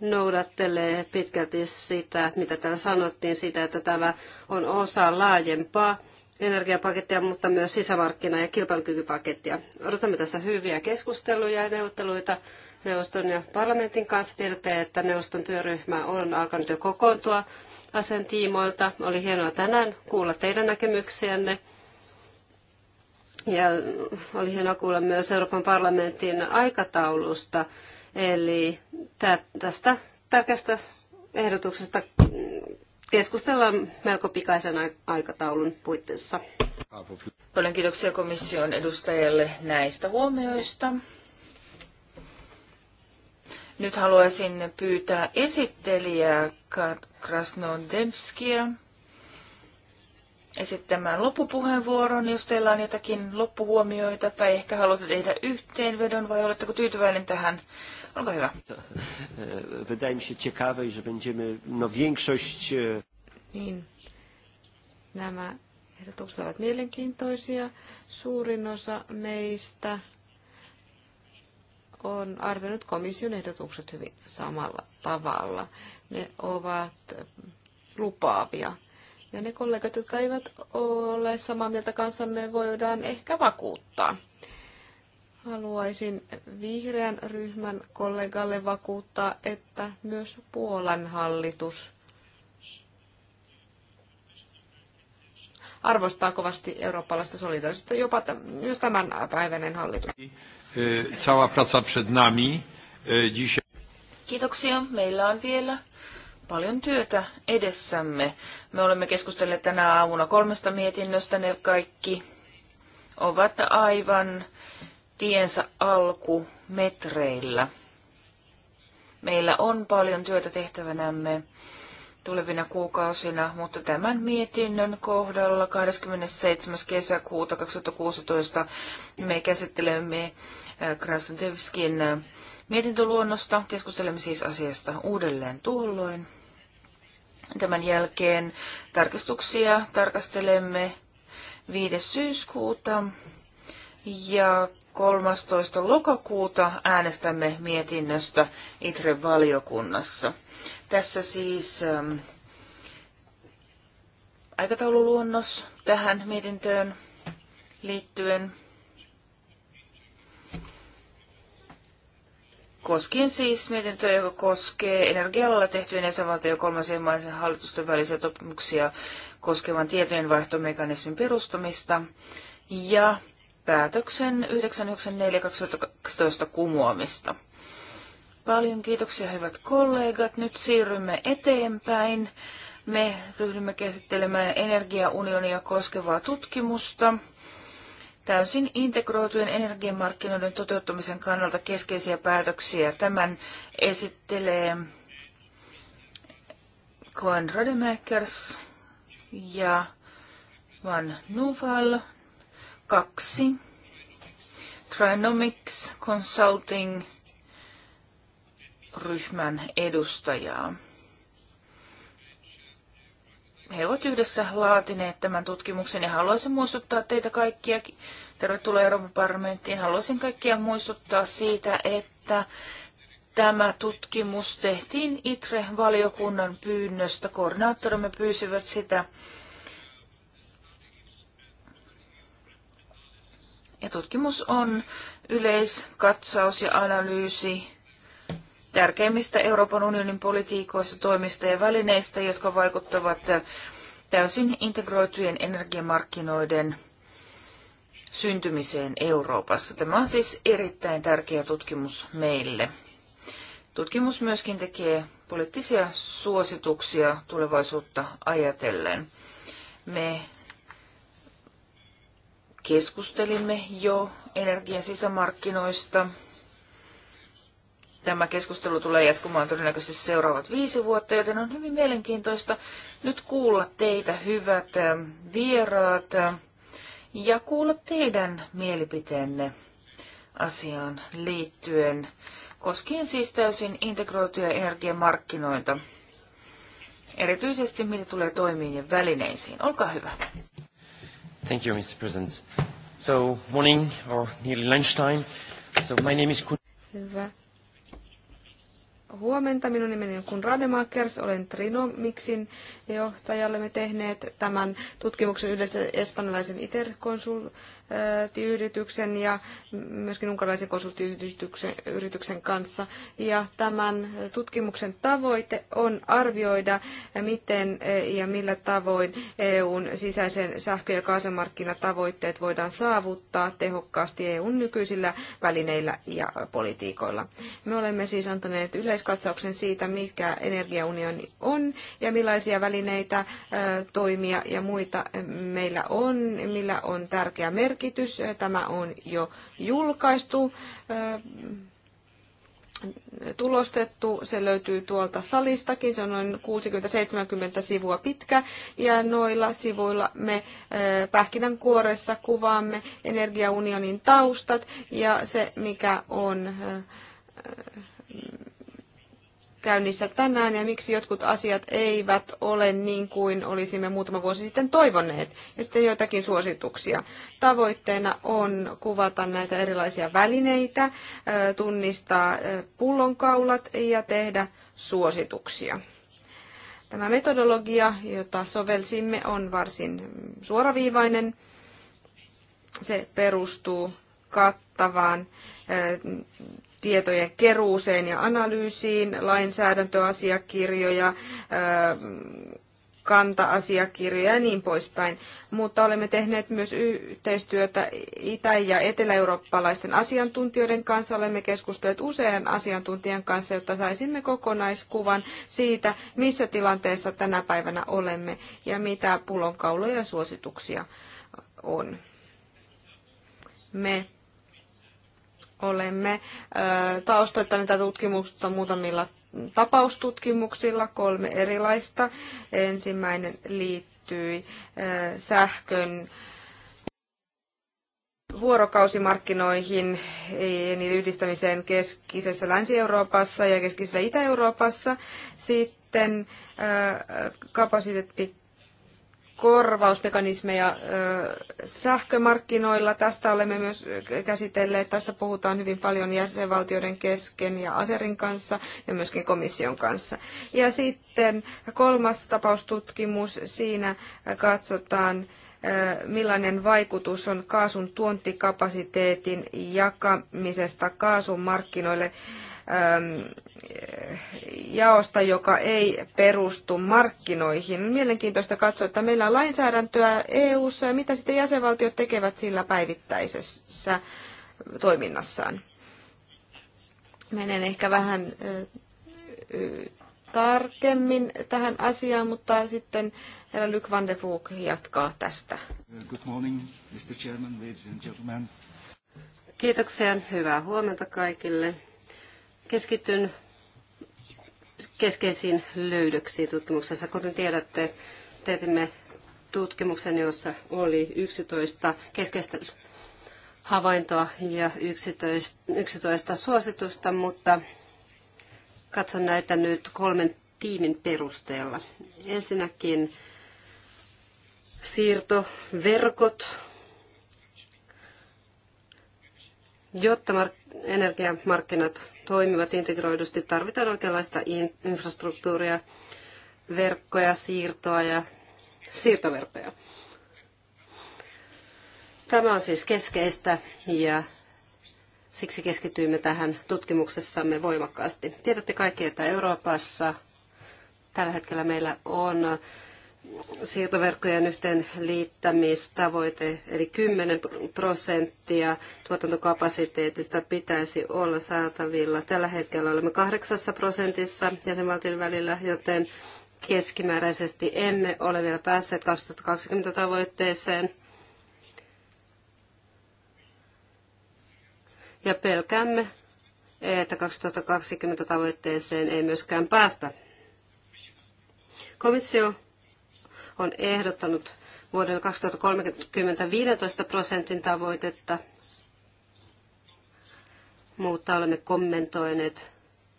noudattelee pitkälti sitä, mitä täällä sanottiin, sitä, että tämä on osa laajempaa energiapakettia, mutta myös sisämarkkina- ja kilpailukykypakettia. Odotamme tässä hyviä keskusteluja ja neuvotteluita neuvoston ja parlamentin kanssa. Tiedätte, että neuvoston työryhmä on alkanut jo kokoontua asian tiimoilta. Oli hienoa tänään kuulla teidän näkemyksiänne. Ja oli hienoa kuulla myös Euroopan parlamentin aikataulusta Eli tästä tärkeästä ehdotuksesta keskustellaan melko pikaisen aikataulun puitteissa. Paljon kiitoksia komission edustajalle näistä huomioista. Nyt haluaisin pyytää esittelijää Krasnodemskia esittämään loppupuheenvuoron, jos teillä on jotakin loppuhuomioita tai ehkä haluatte tehdä yhteenvedon vai oletteko tyytyväinen tähän Olkaa hyvä. E, wydaje mi się ciekawe, że będziemy, no większość... E, niin, nämä ehdotukset ovat mielenkiintoisia. Suurin osa meistä on arvenut komission ehdotukset hyvin samalla tavalla. Ne ovat lupaavia. Ja ne kollegat, jotka eivät ole samaa mieltä kanssamme, voidaan ehkä vakuuttaa. Haluaisin vihreän ryhmän kollegalle vakuuttaa, että myös Puolan hallitus arvostaa kovasti eurooppalaista solidaarisuutta, jopa myös tämän päiväinen hallitus. Kiitoksia. Meillä on vielä paljon työtä edessämme. Me olemme keskustelleet tänä aamuna kolmesta mietinnöstä. Ne kaikki ovat aivan tiensä alkumetreillä. Meillä on paljon työtä tehtävänämme tulevina kuukausina, mutta tämän mietinnön kohdalla 27. kesäkuuta 2016 me käsittelemme äh, Krasnodevskin äh, mietintöluonnosta. Keskustelemme siis asiasta uudelleen tuolloin. Tämän jälkeen tarkistuksia tarkastelemme 5. syyskuuta ja 13. lokakuuta äänestämme mietinnöstä ITRE valiokunnassa. Tässä siis ähm, aikataululuonnos tähän mietintöön liittyen. Koskien siis mietintöä, joka koskee energialalla tehtyjen ja kolmansien maisen hallitusten välisiä sopimuksia koskevan tietojenvaihtomekanismin perustamista ja päätöksen 994-2012 kumoamista. Paljon kiitoksia hyvät kollegat. Nyt siirrymme eteenpäin. Me ryhdymme käsittelemään energiaunionia koskevaa tutkimusta. Täysin integroitujen energiamarkkinoiden toteuttamisen kannalta keskeisiä päätöksiä. Tämän esittelee Cohen Rademakers ja Van Nuval kaksi. Trinomics Consulting ryhmän edustajaa. He ovat yhdessä laatineet tämän tutkimuksen ja haluaisin muistuttaa teitä kaikkia. Tervetuloa Euroopan parlamenttiin. Haluaisin kaikkia muistuttaa siitä, että tämä tutkimus tehtiin ITRE-valiokunnan pyynnöstä. Koordinaattorimme pyysivät sitä Ja tutkimus on yleiskatsaus ja analyysi tärkeimmistä Euroopan unionin politiikoista, toimista ja välineistä, jotka vaikuttavat täysin integroitujen energiamarkkinoiden syntymiseen Euroopassa. Tämä on siis erittäin tärkeä tutkimus meille. Tutkimus myöskin tekee poliittisia suosituksia tulevaisuutta ajatellen. Me Keskustelimme jo energian sisämarkkinoista. Tämä keskustelu tulee jatkumaan todennäköisesti seuraavat viisi vuotta, joten on hyvin mielenkiintoista nyt kuulla teitä, hyvät ähm, vieraat, äh, ja kuulla teidän mielipiteenne asiaan liittyen, koskien siis täysin integroituja energiamarkkinoita, erityisesti mitä tulee toimiin ja välineisiin. Olkaa hyvä. Thank you, Mr. President. So, morning or nearly lunchtime. So, my name is Kun. Hyvä. Huomenta, minun nimeni on Kun Rademakers, olen Trinomixin johtajallemme tehneet tämän tutkimuksen yhdessä espanjalaisen ITER-konsulttiyrityksen ja myöskin unkarilaisen konsulttiyrityksen kanssa. Ja tämän tutkimuksen tavoite on arvioida, miten ja millä tavoin EUn sisäisen sähkö- ja kaasumarkkinatavoitteet voidaan saavuttaa tehokkaasti EUn nykyisillä välineillä ja politiikoilla. Me olemme siis antaneet yleiskatsauksen siitä, mikä energiaunioni on ja millaisia välineitä välineitä, toimia ja muita meillä on, millä on tärkeä merkitys. Tämä on jo julkaistu, tulostettu, se löytyy tuolta salistakin, se on noin 60-70 sivua pitkä ja noilla sivuilla me pähkinänkuoressa kuvaamme energiaunionin taustat ja se mikä on käynnissä tänään ja miksi jotkut asiat eivät ole niin kuin olisimme muutama vuosi sitten toivoneet. Ja sitten joitakin suosituksia. Tavoitteena on kuvata näitä erilaisia välineitä, tunnistaa pullonkaulat ja tehdä suosituksia. Tämä metodologia, jota sovelsimme, on varsin suoraviivainen. Se perustuu kattavaan tietojen keruuseen ja analyysiin, lainsäädäntöasiakirjoja, kanta-asiakirjoja ja niin poispäin. Mutta olemme tehneet myös yhteistyötä Itä- ja Etelä-eurooppalaisten asiantuntijoiden kanssa. Olemme keskustelleet usean asiantuntijan kanssa, jotta saisimme kokonaiskuvan siitä, missä tilanteessa tänä päivänä olemme ja mitä pullonkauloja ja suosituksia on. Me olemme taustoittaneet tätä tutkimusta muutamilla tapaustutkimuksilla, kolme erilaista. Ensimmäinen liittyi sähkön vuorokausimarkkinoihin ja e, niiden yhdistämiseen keskisessä Länsi-Euroopassa ja keskisessä Itä-Euroopassa. Sitten kapasiteetti korvausmekanismeja sähkömarkkinoilla. Tästä olemme myös käsitelleet. Tässä puhutaan hyvin paljon jäsenvaltioiden kesken ja Aserin kanssa ja myöskin komission kanssa. Ja sitten kolmas tapaustutkimus. Siinä katsotaan millainen vaikutus on kaasun tuontikapasiteetin jakamisesta kaasumarkkinoille Ähm, jaosta, joka ei perustu markkinoihin. Mielenkiintoista katsoa, että meillä on lainsäädäntöä EU-ssa ja mitä sitten jäsenvaltiot tekevät sillä päivittäisessä toiminnassaan. Menen ehkä vähän tarkemmin tähän asiaan, mutta sitten herra Luc van de Voog jatkaa tästä. Good morning, Mr. Chairman, ladies and gentlemen. Kiitoksia, hyvää huomenta kaikille. Keskityn keskeisiin löydöksiin tutkimuksessa. Kuten tiedätte, teetimme tutkimuksen, jossa oli 11 keskeistä havaintoa ja 11, 11 suositusta, mutta katson näitä nyt kolmen tiimin perusteella. Ensinnäkin siirtoverkot, jotta mark- energiamarkkinat toimivat integroidusti, tarvitaan oikeanlaista infrastruktuuria, verkkoja, siirtoa ja siirtoverkkoja. Tämä on siis keskeistä ja siksi keskityimme tähän tutkimuksessamme voimakkaasti. Tiedätte kaikki, että Euroopassa tällä hetkellä meillä on siirtoverkkojen yhteenliittämistavoite, eli 10 prosenttia tuotantokapasiteetista pitäisi olla saatavilla. Tällä hetkellä olemme 8 prosentissa jäsenvaltion välillä, joten keskimääräisesti emme ole vielä päässeet 2020 tavoitteeseen. Ja pelkäämme, että 2020 tavoitteeseen ei myöskään päästä. Komissio on ehdottanut vuoden 2030 15 prosentin tavoitetta, mutta olemme kommentoineet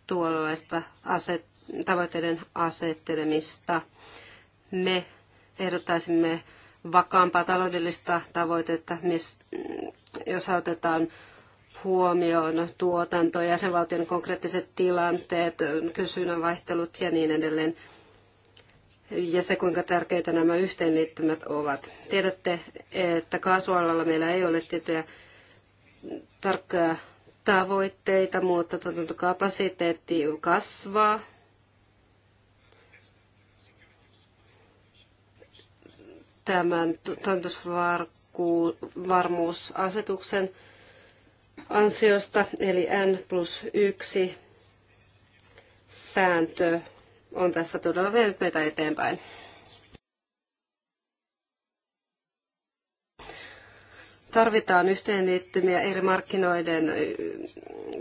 tuollaista aset, tavoitteiden asettelemista. Me ehdottaisimme vakaampaa taloudellista tavoitetta, jossa otetaan huomioon tuotanto, jäsenvaltion konkreettiset tilanteet, kysynnän vaihtelut ja niin edelleen ja se, kuinka tärkeitä nämä yhteenliittymät ovat. Tiedätte, että kaasualalla meillä ei ole tiettyjä tarkkoja tavoitteita, mutta tuotantokapasiteetti kasvaa. Tämän toimitusvarmuusasetuksen ansiosta, eli N plus 1 sääntö on tässä todella velpeitä eteenpäin. Tarvitaan yhteenliittymiä eri markkinoiden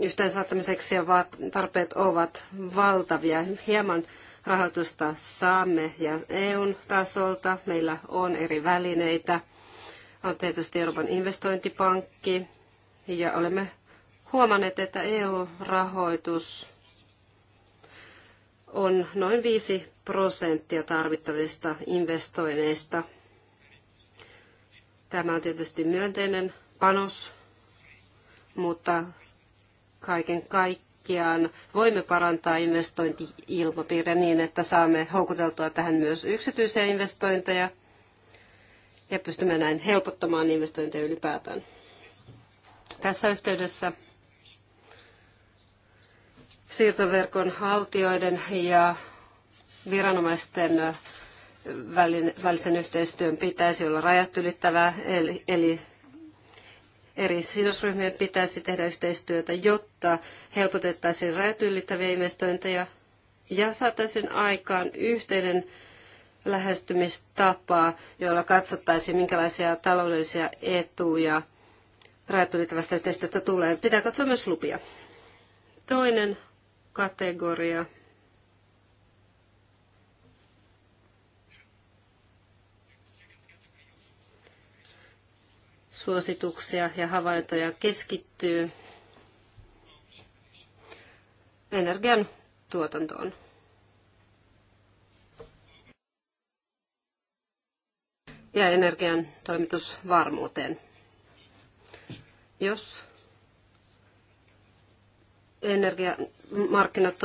yhteensaattamiseksi ja tarpeet ovat valtavia. Hieman rahoitusta saamme ja EUn tasolta. Meillä on eri välineitä. On tietysti Euroopan investointipankki ja olemme huomanneet, että EU-rahoitus on noin 5 prosenttia tarvittavista investoinneista. Tämä on tietysti myönteinen panos, mutta kaiken kaikkiaan voimme parantaa investointiilmapiiriä niin, että saamme houkuteltua tähän myös yksityisiä investointeja ja pystymme näin helpottamaan investointeja ylipäätään. Tässä yhteydessä siirtoverkon haltijoiden ja viranomaisten välisen yhteistyön pitäisi olla rajat ylittävää, eli, eli eri sidosryhmien pitäisi tehdä yhteistyötä, jotta helpotettaisiin rajat ylittäviä investointeja ja saataisiin aikaan yhteinen lähestymistapa, jolla katsottaisiin, minkälaisia taloudellisia etuja rajat ylittävästä yhteistyötä tulee. Pitää katsoa myös lupia. Toinen kategoria. Suosituksia ja havaintoja keskittyy energian tuotantoon. ja energian toimitusvarmuuteen. Jos energia, markkinat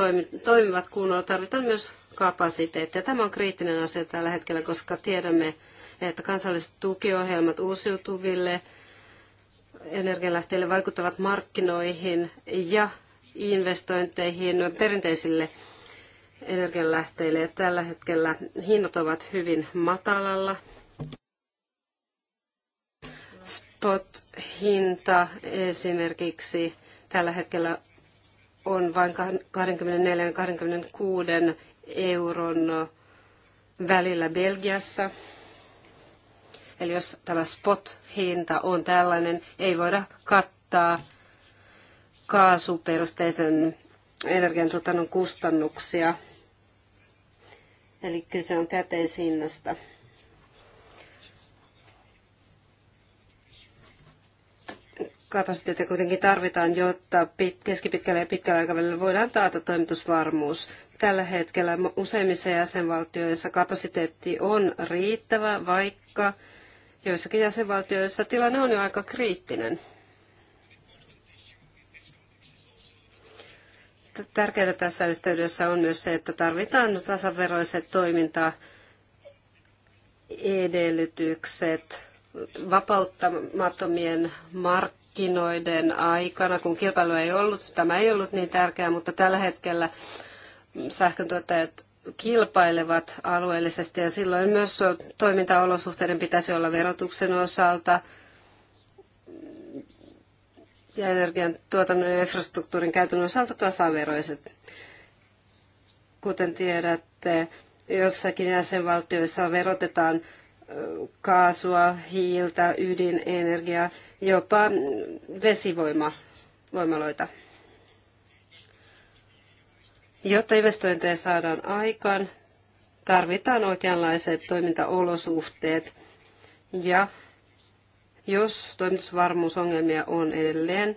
toimivat kunnolla, tarvitaan myös kapasiteettia. Tämä on kriittinen asia tällä hetkellä, koska tiedämme, että kansalliset tukiohjelmat uusiutuville energialähteille vaikuttavat markkinoihin ja investointeihin perinteisille energialähteille. Ja tällä hetkellä hinnat ovat hyvin matalalla. Spot-hinta esimerkiksi tällä hetkellä on vain 24-26 euron välillä Belgiassa. Eli jos tämä spot-hinta on tällainen, ei voida kattaa kaasuperusteisen energiantuotannon kustannuksia. Eli kyse on käteishinnasta. kapasiteettia kuitenkin tarvitaan, jotta keskipitkällä ja pitkällä aikavälillä voidaan taata toimitusvarmuus. Tällä hetkellä useimmissa jäsenvaltioissa kapasiteetti on riittävä, vaikka joissakin jäsenvaltioissa tilanne on jo aika kriittinen. Tärkeää tässä yhteydessä on myös se, että tarvitaan tasaveroiset toimintaa edellytykset vapauttamattomien markkinoiden markkinoiden aikana, kun kilpailu ei ollut, tämä ei ollut niin tärkeää, mutta tällä hetkellä sähköntuottajat kilpailevat alueellisesti ja silloin myös toimintaolosuhteiden pitäisi olla verotuksen osalta ja energian tuotannon ja infrastruktuurin käytön osalta tasaveroiset. Kuten tiedätte, jossakin jäsenvaltioissa verotetaan kaasua, hiiltä, ydinenergiaa jopa vesivoimaloita. Jotta investointeja saadaan aikaan, tarvitaan oikeanlaiset toimintaolosuhteet. Ja jos toimitusvarmuusongelmia on edelleen,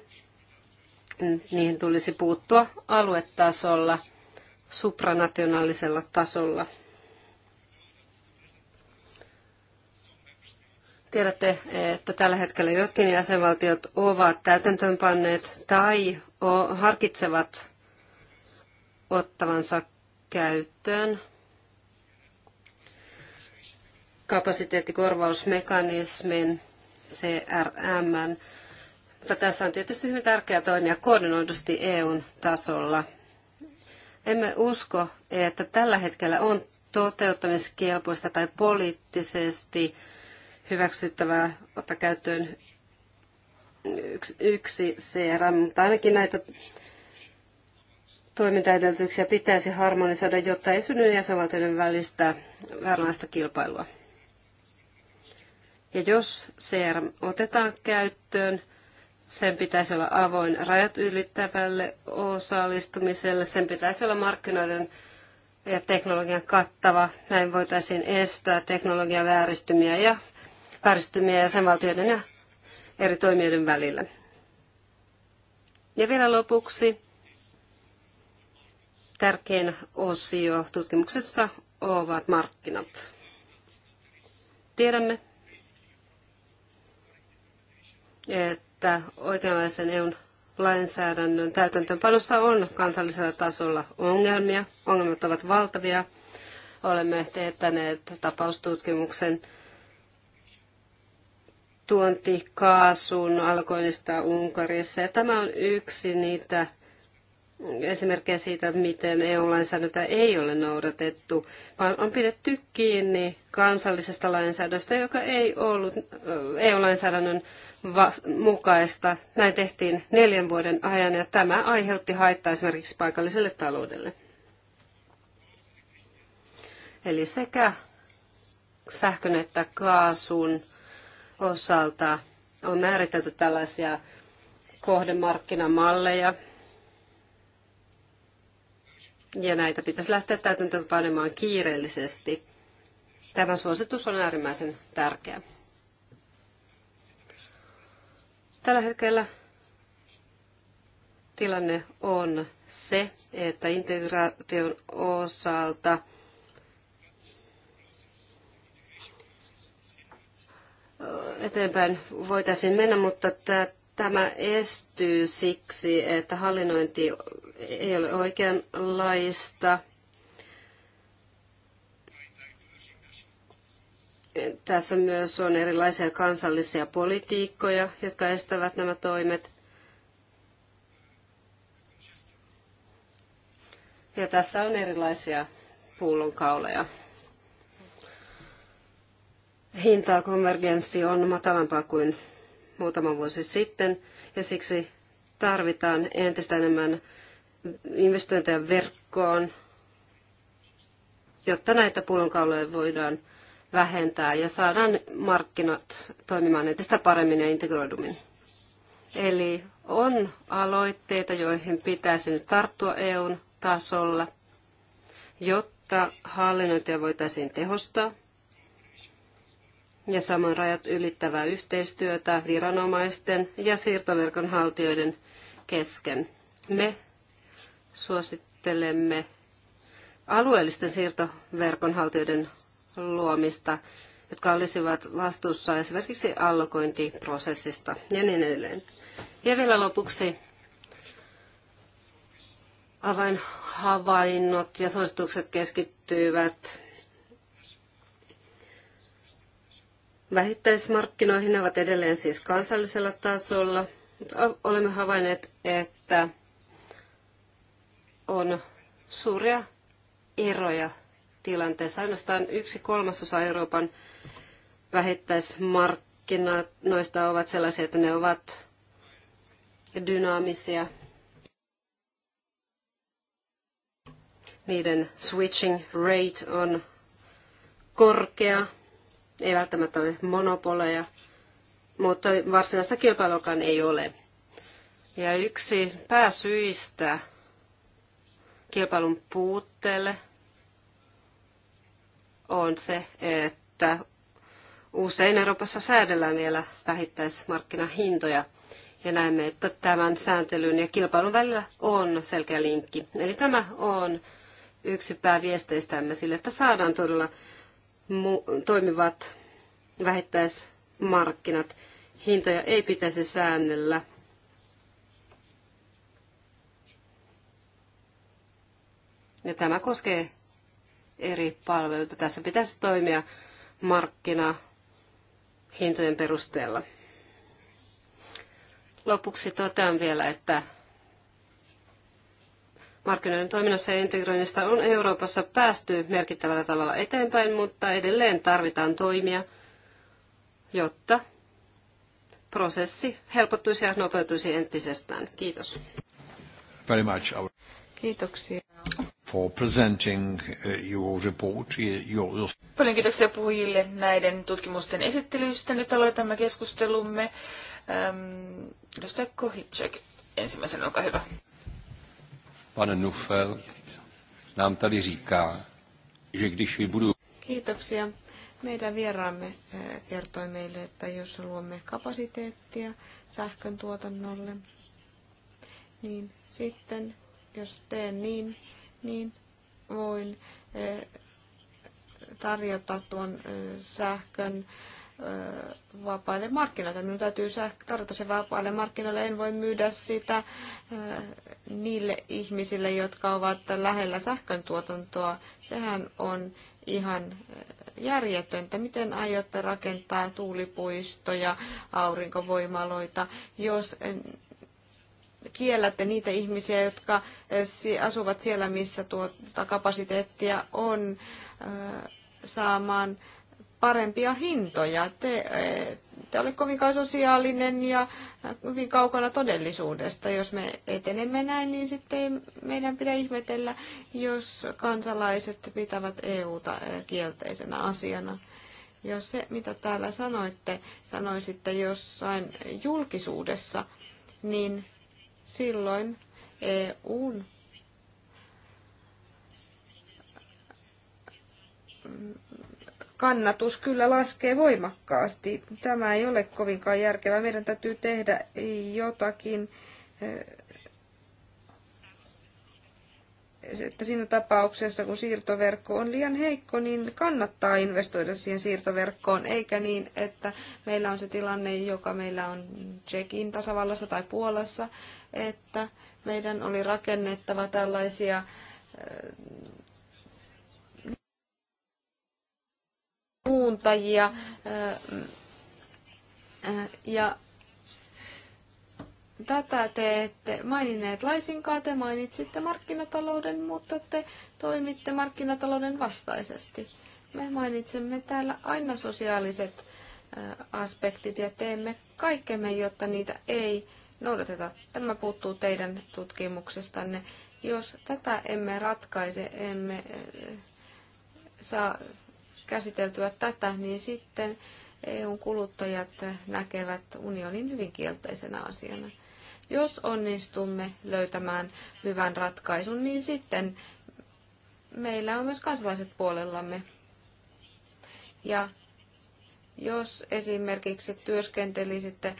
niihin tulisi puuttua aluetasolla, supranationaalisella tasolla. Tiedätte, että tällä hetkellä jotkin jäsenvaltiot ovat täytäntöönpanneet tai harkitsevat ottavansa käyttöön kapasiteettikorvausmekanismin CRM. Mutta tässä on tietysti hyvin tärkeää toimia koordinoidusti EUn tasolla. Emme usko, että tällä hetkellä on toteuttamiskelpoista tai poliittisesti hyväksyttävää ottaa käyttöön yksi, yksi CRM, mutta ainakin näitä toimintaedellytyksiä pitäisi harmonisoida, jotta ei synny jäsenvaltioiden välistä vääränlaista kilpailua. Ja jos CRM otetaan käyttöön, sen pitäisi olla avoin rajat ylittävälle osallistumiselle, sen pitäisi olla markkinoiden ja teknologian kattava. Näin voitaisiin estää teknologian vääristymiä ja vääristymiä jäsenvaltioiden ja eri toimijoiden välillä. Ja vielä lopuksi tärkein osio tutkimuksessa ovat markkinat. Tiedämme, että oikeanlaisen EUn lainsäädännön täytäntöönpanossa on kansallisella tasolla ongelmia. Ongelmat ovat valtavia. Olemme teettäneet tapaustutkimuksen tuontikaasun alkoinnista Unkarissa. Ja tämä on yksi niitä esimerkkejä siitä, miten EU-lainsäädäntöä ei ole noudatettu, vaan on pidetty kiinni kansallisesta lainsäädännöstä, joka ei ollut EU-lainsäädännön mukaista. Näin tehtiin neljän vuoden ajan ja tämä aiheutti haittaa esimerkiksi paikalliselle taloudelle. Eli sekä sähkön että kaasun osalta on määritelty tällaisia kohdemarkkinamalleja, ja näitä pitäisi lähteä täytäntöön panemaan kiireellisesti. Tämä suositus on äärimmäisen tärkeä. Tällä hetkellä tilanne on se, että integraation osalta – eteenpäin voitaisiin mennä, mutta tämä estyy siksi, että hallinnointi ei ole oikeanlaista. Tässä myös on erilaisia kansallisia politiikkoja, jotka estävät nämä toimet. Ja tässä on erilaisia pullonkauloja hintaa konvergenssi on matalampaa kuin muutama vuosi sitten ja siksi tarvitaan entistä enemmän investointeja verkkoon, jotta näitä pullonkauloja voidaan vähentää ja saadaan markkinat toimimaan entistä paremmin ja integroidummin. Eli on aloitteita, joihin pitäisi nyt tarttua EUn tasolla, jotta hallinnointia voitaisiin tehostaa – ja samoin rajat ylittävää yhteistyötä viranomaisten ja siirtoverkon haltijoiden kesken. Me suosittelemme alueellisten siirtoverkon haltijoiden luomista, jotka olisivat vastuussa esimerkiksi allokointiprosessista ja niin edelleen. Ja vielä lopuksi avainhavainnot ja suositukset keskittyvät Vähittäismarkkinoihin ne ovat edelleen siis kansallisella tasolla. Olemme havainneet, että on suuria eroja tilanteessa. Ainoastaan yksi kolmasosa Euroopan vähittäismarkkinoista ovat sellaisia, että ne ovat dynaamisia. Niiden switching rate on korkea ei välttämättä ole monopoleja, mutta varsinaista kilpailuakaan ei ole. Ja yksi pääsyistä kilpailun puutteelle on se, että usein Euroopassa säädellään vielä vähittäismarkkinahintoja. Ja näemme, että tämän sääntelyn ja kilpailun välillä on selkeä linkki. Eli tämä on yksi pääviesteistämme sille, että saadaan todella toimivat vähittäismarkkinat. Hintoja ei pitäisi säännellä. Ja tämä koskee eri palveluita. Tässä pitäisi toimia markkina hintojen perusteella. Lopuksi totean vielä, että Markkinoiden toiminnassa ja integroinnista on Euroopassa päästy merkittävällä tavalla eteenpäin, mutta edelleen tarvitaan toimia, jotta prosessi helpottuisi ja nopeutuisi entisestään. Kiitos. Very much. Kiitoksia. For presenting uh, your report, uh, your... Paljon kiitoksia puhujille näiden tutkimusten esittelyistä. Nyt aloitamme keskustelumme. Ähm, edustaja Kohitsek, ensimmäisenä, olkaa hyvä pan Nufel nám tady říká, že když vybudu... Kiitoksia. Meidän vieraamme eh, kertoi meille, että jos luomme kapasiteettia sähkön tuotannolle, niin sitten jos teen niin, niin voin eh, tarjota tuon eh, sähkön vapaille markkinoille. Minun täytyy tarjota se vapaille markkinoille. En voi myydä sitä niille ihmisille, jotka ovat lähellä sähkön tuotantoa. Sehän on ihan järjetöntä. Miten aiotte rakentaa tuulipuistoja, aurinkovoimaloita, jos kiellätte niitä ihmisiä, jotka asuvat siellä, missä tuota kapasiteettia on saamaan parempia hintoja. Te eh, te olette kovinkaan sosiaalinen ja hyvin kaukana todellisuudesta. Jos me etenemme näin, niin sitten meidän pidä ihmetellä, jos kansalaiset pitävät EUta eh, kielteisenä asiana. Jos se, mitä täällä sanoitte, sanoisitte jossain julkisuudessa, niin silloin EUn kannatus kyllä laskee voimakkaasti. Tämä ei ole kovinkaan järkevää. Meidän täytyy tehdä jotakin, eh, että siinä tapauksessa, kun siirtoverkko on liian heikko, niin kannattaa investoida siihen siirtoverkkoon, eikä niin, että meillä on se tilanne, joka meillä on Tsekin tasavallassa tai Puolassa, että meidän oli rakennettava tällaisia eh, suuntajia ja tätä te ette maininneet laisinkaan, te mainitsitte markkinatalouden, mutta te toimitte markkinatalouden vastaisesti. Me mainitsemme täällä aina sosiaaliset aspektit ja teemme kaikkemme, jotta niitä ei noudateta. Tämä puuttuu teidän tutkimuksestanne. Jos tätä emme ratkaise, emme saa käsiteltyä tätä, niin sitten EUn kuluttajat näkevät unionin hyvin kielteisenä asiana. Jos onnistumme löytämään hyvän ratkaisun, niin sitten meillä on myös kansalaiset puolellamme. Ja jos esimerkiksi työskentelisitte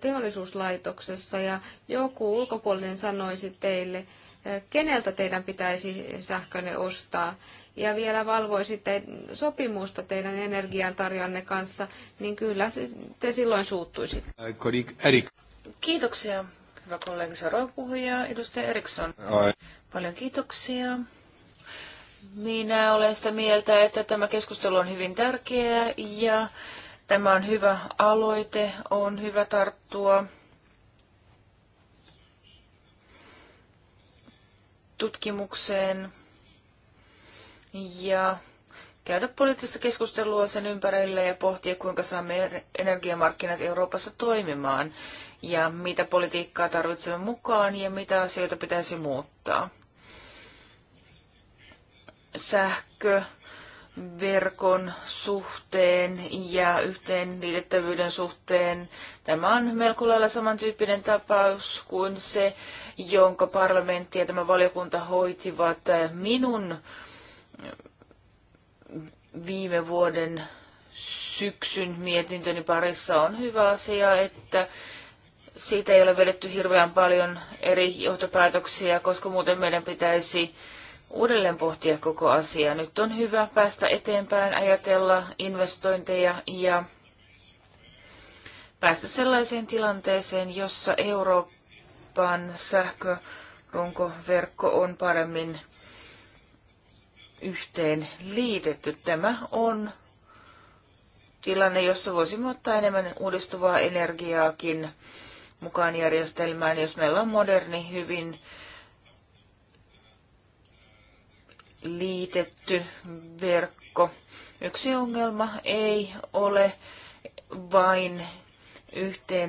teollisuuslaitoksessa ja joku ulkopuolinen sanoisi teille, keneltä teidän pitäisi sähköne ostaa, ja vielä valvoisitte sopimusta teidän energiantarjonne kanssa, niin kyllä te silloin suuttuisitte. Äh, kiitoksia, hyvä kollega Saro puhuja, edustaja Eriksson. Paljon kiitoksia. Minä olen sitä mieltä, että tämä keskustelu on hyvin tärkeä ja tämä on hyvä aloite, on hyvä tarttua tutkimukseen ja käydä poliittista keskustelua sen ympärille ja pohtia, kuinka saamme energiamarkkinat Euroopassa toimimaan ja mitä politiikkaa tarvitsemme mukaan ja mitä asioita pitäisi muuttaa. Sähkö, verkon suhteen ja yhteenliitettävyyden suhteen. Tämä on melko lailla samantyyppinen tapaus kuin se, jonka parlamentti ja tämä valiokunta hoitivat minun viime vuoden syksyn mietintöni parissa on hyvä asia, että siitä ei ole vedetty hirveän paljon eri johtopäätöksiä, koska muuten meidän pitäisi uudelleen pohtia koko asiaa. Nyt on hyvä päästä eteenpäin, ajatella investointeja ja päästä sellaiseen tilanteeseen, jossa Euroopan sähkörunkoverkko on paremmin yhteen liitetty. Tämä on tilanne, jossa voisimme ottaa enemmän uudistuvaa energiaakin mukaan järjestelmään, jos meillä on moderni, hyvin liitetty verkko. Yksi ongelma ei ole vain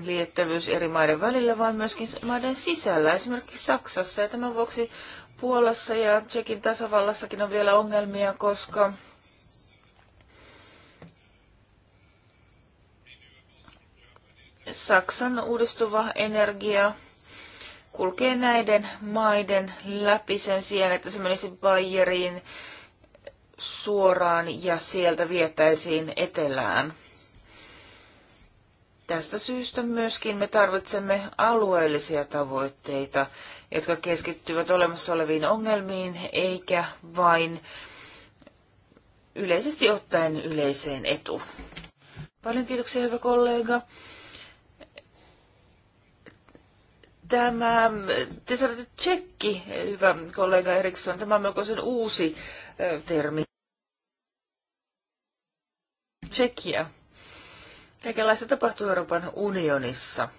liittävyys eri maiden välillä, vaan myöskin maiden sisällä, esimerkiksi Saksassa. Ja tämän vuoksi Puolassa ja Tsekin tasavallassakin on vielä ongelmia, koska Saksan uudistuva energia kulkee näiden maiden läpi sen sijaan, että se menisi Bayeriin suoraan ja sieltä vietäisiin etelään. Tästä syystä myöskin me tarvitsemme alueellisia tavoitteita jotka keskittyvät olemassa oleviin ongelmiin, eikä vain yleisesti ottaen yleiseen etuun. Paljon kiitoksia, hyvä kollega. Tämä, te sanotte tsekki, hyvä kollega Eriksson, tämä on melkoisen uusi termi. Tsekkiä. Kaikenlaista tapahtuu Euroopan unionissa.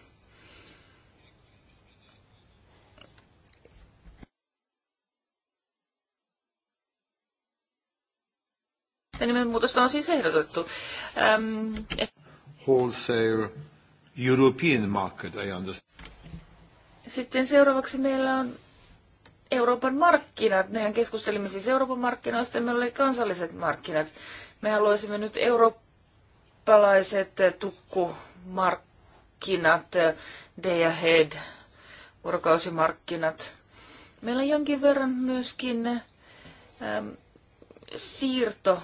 Ja nimenmuutosta on siis ehdotettu. Ähm, et... Wholesale European market, I understand. Sitten seuraavaksi meillä on Euroopan markkinat. Mehän keskustelimme siis Euroopan markkinoista ja meillä oli kansalliset markkinat. Me haluaisimme nyt eurooppalaiset tukkumarkkinat, day ahead, vuorokausimarkkinat. E meillä on jonkin verran myöskin ähm, siirto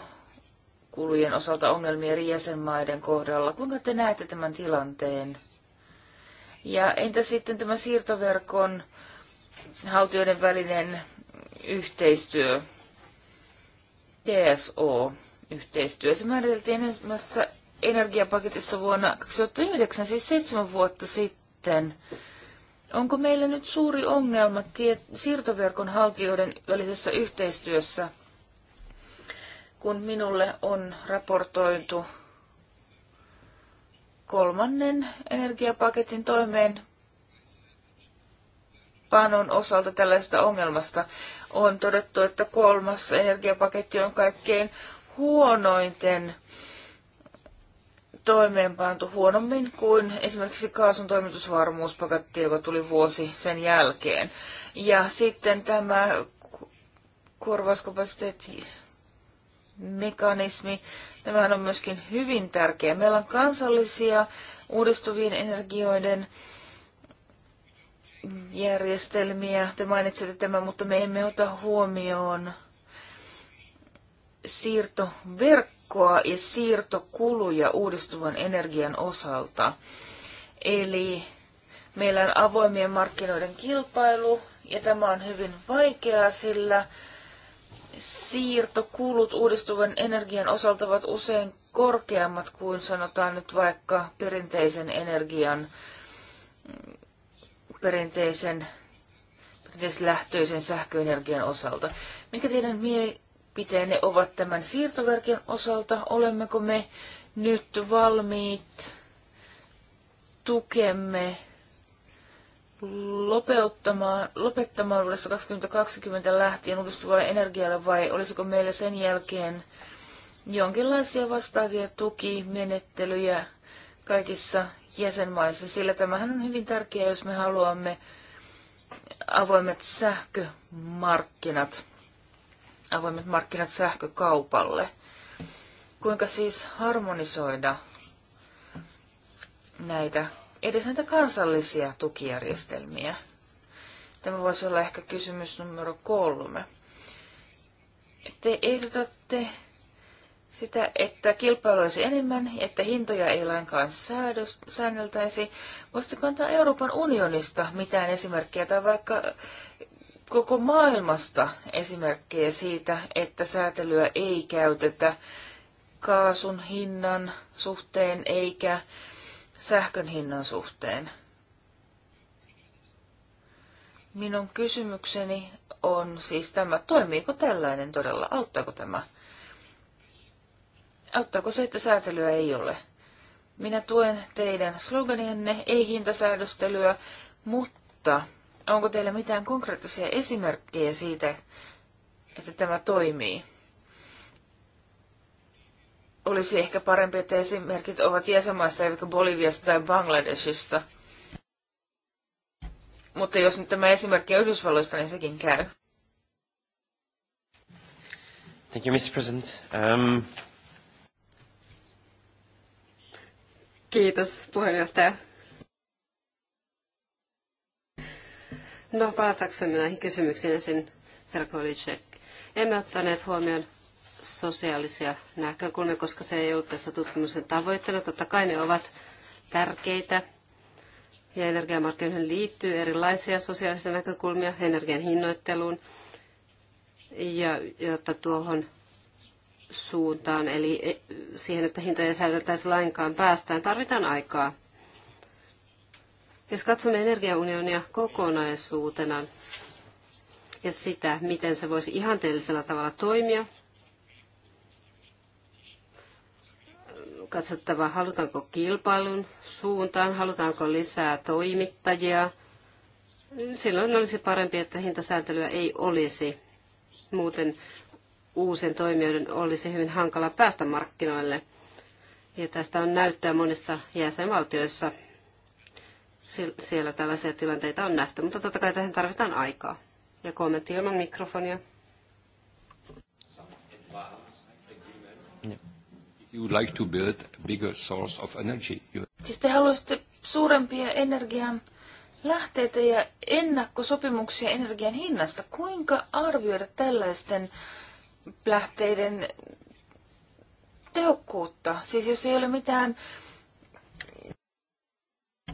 kulujen osalta ongelmia eri jäsenmaiden kohdalla. Kuinka te näette tämän tilanteen? Ja entä sitten tämä siirtoverkon haltijoiden välinen yhteistyö, TSO-yhteistyö? Se määriteltiin ensimmäisessä energiapaketissa vuonna 2009, siis seitsemän vuotta sitten. Onko meillä nyt suuri ongelma siirtoverkon haltijoiden välisessä yhteistyössä? kun minulle on raportoitu kolmannen energiapaketin toimeen panon osalta tällaista ongelmasta on todettu, että kolmas energiapaketti on kaikkein huonointen toimeenpantu huonommin kuin esimerkiksi kaasun toimitusvarmuuspaketti, joka tuli vuosi sen jälkeen. Ja sitten tämä korvauskapasiteetti mekanismi. tämä on myöskin hyvin tärkeä. Meillä on kansallisia uudistuvien energioiden järjestelmiä. Te mainitsette tämän, mutta me emme ota huomioon siirtoverkkoa ja siirtokuluja uudistuvan energian osalta. Eli meillä on avoimien markkinoiden kilpailu, ja tämä on hyvin vaikeaa, sillä siirtokulut uudistuvan energian osalta ovat usein korkeammat kuin sanotaan nyt vaikka perinteisen energian, mm, perinteisen, perinteislähtöisen sähköenergian osalta. Mikä teidän mielipiteenne ovat tämän siirtoverkin osalta? Olemmeko me nyt valmiit tukemme Lopettamaan lopettamaan vuodesta 2020 lähtien uudistuvalle energialle vai olisiko meillä sen jälkeen jonkinlaisia vastaavia tukimenettelyjä kaikissa jäsenmaissa, sillä tämähän on hyvin tärkeää, jos me haluamme avoimet sähkömarkkinat, avoimet markkinat sähkökaupalle. Kuinka siis harmonisoida näitä edes näitä kansallisia tukijärjestelmiä. Tämä voisi olla ehkä kysymys numero kolme. Te ehdotatte sitä, että kilpailu olisi enemmän, että hintoja ei lainkaan säänneltäisi. Voisitteko antaa Euroopan unionista mitään esimerkkejä tai vaikka koko maailmasta esimerkkejä siitä, että säätelyä ei käytetä kaasun hinnan suhteen eikä sähkön hinnan suhteen. Minun kysymykseni on siis tämä, toimiiko tällainen todella, auttaako tämä? Auttaako se, että säätelyä ei ole? Minä tuen teidän sloganienne, ei hintasäädöstelyä, mutta onko teillä mitään konkreettisia esimerkkejä siitä, että tämä toimii? olisi ehkä parempi, että esimerkit ovat jäsenmaista eivätkä Boliviasta tai Bangladesista. Mutta jos nyt tämä esimerkki on Yhdysvalloista, niin sekin käy. Thank you, Mr. President. Um... Kiitos, puheenjohtaja. No, palataksemme näihin kysymyksiin ensin, Herra Kolicek. Emme ottaneet huomioon sosiaalisia näkökulmia, koska se ei ollut tässä tutkimuksen tavoitteena. Totta kai ne ovat tärkeitä ja energiamarkkinoihin liittyy erilaisia sosiaalisia näkökulmia energian hinnoitteluun ja jotta tuohon suuntaan, eli e, siihen, että hintoja ei säädeltäisi lainkaan päästään, tarvitaan aikaa. Jos katsomme energiaunionia kokonaisuutena ja sitä, miten se voisi ihanteellisella tavalla toimia, katsottava, halutaanko kilpailun suuntaan, halutaanko lisää toimittajia. Silloin olisi parempi, että hintasääntelyä ei olisi. Muuten uusien toimijoiden olisi hyvin hankala päästä markkinoille. Ja tästä on näyttöä monissa jäsenvaltioissa. Siellä tällaisia tilanteita on nähty, mutta totta kai tähän tarvitaan aikaa. Ja kommentti ilman mikrofonia. You would like to build a bigger source of energy. Siis te haluaisitte suurempia energian lähteitä ja ennakkosopimuksia energian hinnasta. Kuinka arvioida tällaisten lähteiden tehokkuutta? Siis jos ei ole mitään äh,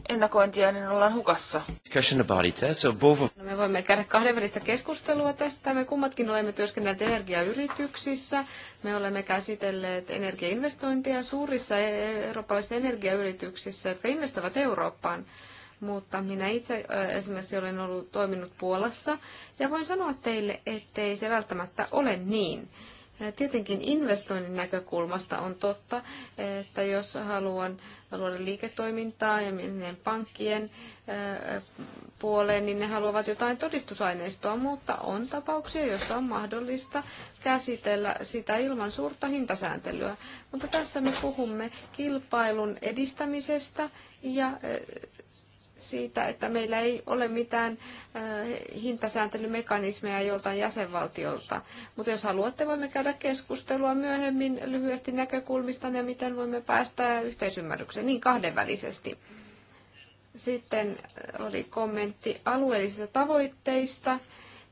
ennakointia, niin ollaan hukassa. Eh? No, me voimme käydä välistä keskustelua tästä. Me kummatkin olemme työskennelleet energiayrityksissä. Me olemme käsitelleet energiainvestointeja suurissa e- eurooppalaisissa energiayrityksissä, jotka investoivat Eurooppaan mutta minä itse esimerkiksi olen ollut toiminut Puolassa ja voin sanoa teille, ettei se välttämättä ole niin. Tietenkin investoinnin näkökulmasta on totta, että jos haluan luoda liiketoimintaa ja menneen pankkien puoleen, niin ne haluavat jotain todistusaineistoa, mutta on tapauksia, joissa on mahdollista käsitellä sitä ilman suurta hintasääntelyä. Mutta tässä me puhumme kilpailun edistämisestä ja siitä, että meillä ei ole mitään hintasääntelymekanismeja joltain jäsenvaltiolta. Mutta jos haluatte, voimme käydä keskustelua myöhemmin lyhyesti näkökulmista ja miten voimme päästä yhteisymmärrykseen, niin kahdenvälisesti. Sitten oli kommentti alueellisista tavoitteista.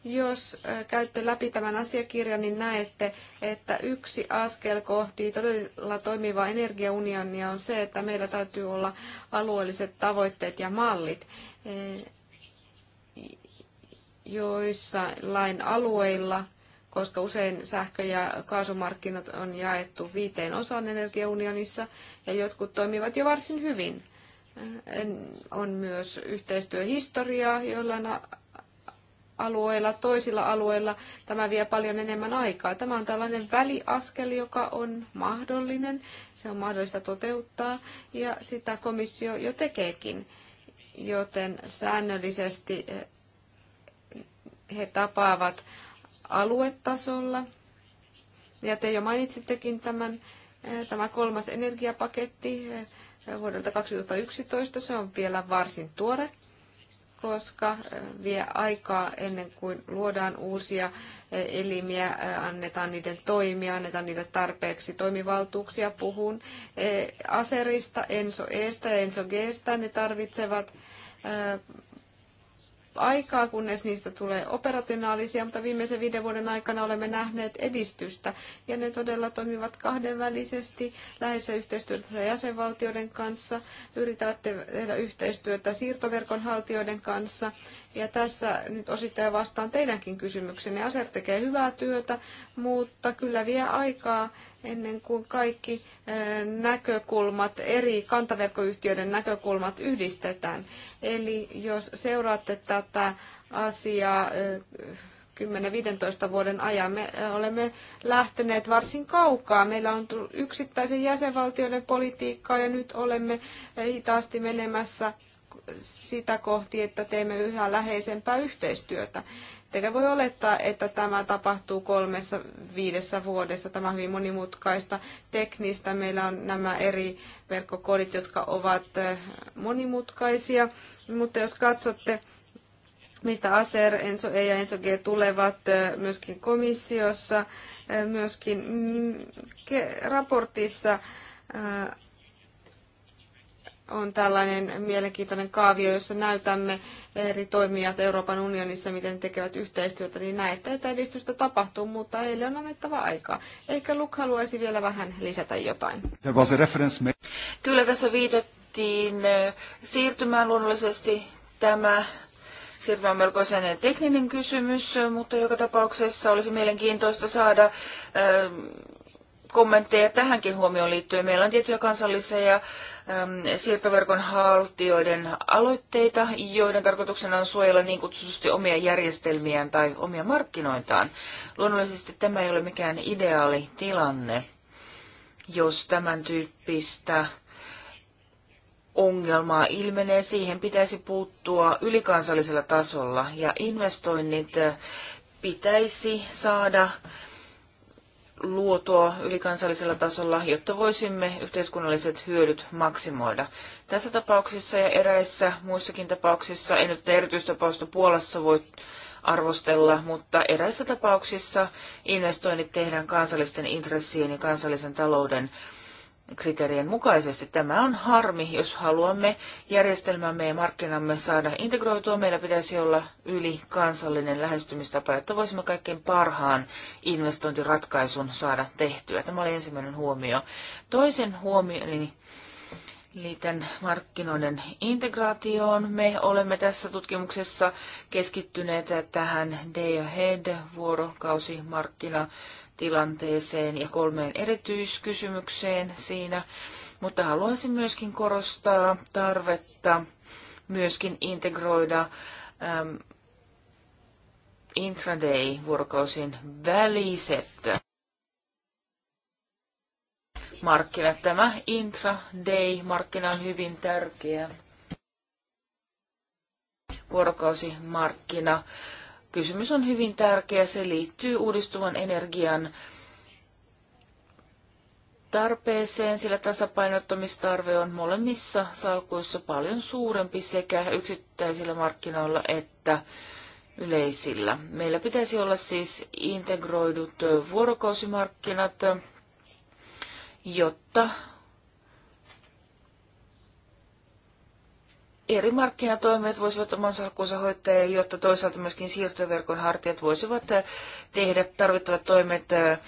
Jos käytte läpi tämän asiakirjan, niin näette, että yksi askel kohti todella toimivaa energiaunionia on se, että meillä täytyy olla alueelliset tavoitteet ja mallit. E, joissa lain alueilla koska usein sähkö- ja kaasumarkkinat on jaettu viiteen osaan energiaunionissa ja jotkut toimivat jo varsin hyvin. On myös yhteistyöhistoriaa joillain alueilla, toisilla alueilla tämä vie paljon enemmän aikaa. Tämä on tällainen väliaskel, joka on mahdollinen, se on mahdollista toteuttaa ja sitä komissio jo tekeekin, joten säännöllisesti eh, he tapaavat aluetasolla. Ja te jo mainitsittekin tämän, eh, tämä kolmas energiapaketti eh, vuodelta 2011, se on vielä varsin tuore koska äh, vie aikaa ennen kuin luodaan uusia äh, elimiä, äh, annetaan niiden toimia, annetaan niille tarpeeksi toimivaltuuksia. Puhun Aserista, Enso Eestä ja Enso Geestä. Ne tarvitsevat aikaa, kunnes niistä tulee operationaalisia, mutta viimeisen viiden vuoden aikana olemme nähneet edistystä. Ja ne todella toimivat kahdenvälisesti läheisessä yhteistyössä jäsenvaltioiden kanssa, yrittävät tehdä yhteistyötä siirtoverkon haltijoiden kanssa. Ja tässä nyt osittain vastaan teidänkin kysymyksenne. Aser tekee hyvää työtä, mutta kyllä vie aikaa ennen kuin kaikki näkökulmat, eri kantaverkkoyhtiöiden näkökulmat yhdistetään. Eli jos seuraatte tätä asiaa 10-15 vuoden ajan. Me olemme lähteneet varsin kaukaa. Meillä on tullut yksittäisen jäsenvaltioiden politiikkaa ja nyt olemme hitaasti menemässä sitä kohti, että teemme yhä läheisempää yhteistyötä. Ettekä voi olettaa, että tämä tapahtuu kolmessa viidessä vuodessa. Tämä on hyvin monimutkaista teknistä. Meillä on nämä eri verkkokodit, jotka ovat eh, monimutkaisia. Mutta jos katsotte, mistä ASER, Enso E ja Enso G tulevat eh, myöskin komissiossa, eh, myöskin mm, raportissa on tällainen mielenkiintoinen kaavio, jossa näytämme eri toimijat Euroopan unionissa, miten tekevät yhteistyötä, niin näette, että edistystä tapahtuu, mutta heille on annettava aikaa. Ehkä Luke haluaisi vielä vähän lisätä jotain. Kyllä tässä viitattiin siirtymään luonnollisesti tämä Sirpa on melkoisen tekninen kysymys, mutta joka tapauksessa olisi mielenkiintoista saada kommentteja tähänkin huomioon liittyen. Meillä on tiettyjä kansallisia ähm, siirtoverkon haltijoiden aloitteita, joiden tarkoituksena on suojella niin kutsutusti omia järjestelmiään tai omia markkinoitaan. Luonnollisesti tämä ei ole mikään ideaali tilanne, jos tämän tyyppistä ongelmaa ilmenee, siihen pitäisi puuttua ylikansallisella tasolla ja investoinnit pitäisi saada luotua ylikansallisella tasolla, jotta voisimme yhteiskunnalliset hyödyt maksimoida. Tässä tapauksessa ja eräissä muissakin tapauksissa, en nyt erityistapausta Puolassa voi arvostella, mutta eräissä tapauksissa investoinnit tehdään kansallisten intressien ja kansallisen talouden kriteerien mukaisesti. Tämä on harmi, jos haluamme järjestelmämme ja markkinamme saada integroitua. Meillä pitäisi olla yli kansallinen lähestymistapa, jotta voisimme kaikkein parhaan investointiratkaisun saada tehtyä. Tämä oli ensimmäinen huomio. Toisen huomioni liitän markkinoiden integraatioon. Me olemme tässä tutkimuksessa keskittyneet tähän day ahead vuorokausimarkkina tilanteeseen ja kolmeen erityiskysymykseen siinä, mutta haluaisin myöskin korostaa tarvetta myöskin integroida ähm, intraday vuorokausin väliset markkinat. Tämä intraday-markkina on hyvin tärkeä vuorokausimarkkina. markkina kysymys on hyvin tärkeä. Se liittyy uudistuvan energian tarpeeseen, sillä tasapainottamistarve on molemmissa salkuissa paljon suurempi sekä yksittäisillä markkinoilla että yleisillä. Meillä pitäisi olla siis integroidut vuorokausimarkkinat, jotta eri markkinatoimijat voisivat oman salkkunsa hoitaa, jotta toisaalta myöskin siirtoverkon hartiat voisivat äh, tehdä tarvittavat toimet äh,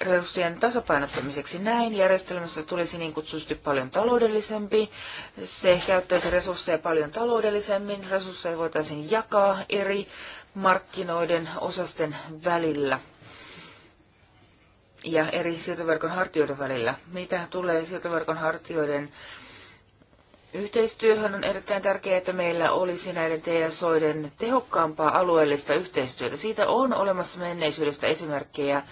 resurssien tasapainottamiseksi näin. Järjestelmästä tulisi niin kutsusti paljon taloudellisempi. Se käyttäisi resursseja paljon taloudellisemmin. Resursseja voitaisiin jakaa eri markkinoiden osasten välillä ja eri siirtoverkon hartioiden välillä. Mitä tulee siirtoverkon hartioiden Yhteistyöhön on erittäin tärkeää, että meillä olisi näiden TSOiden tehokkaampaa alueellista yhteistyötä. Siitä on olemassa menneisyydestä esimerkkejä.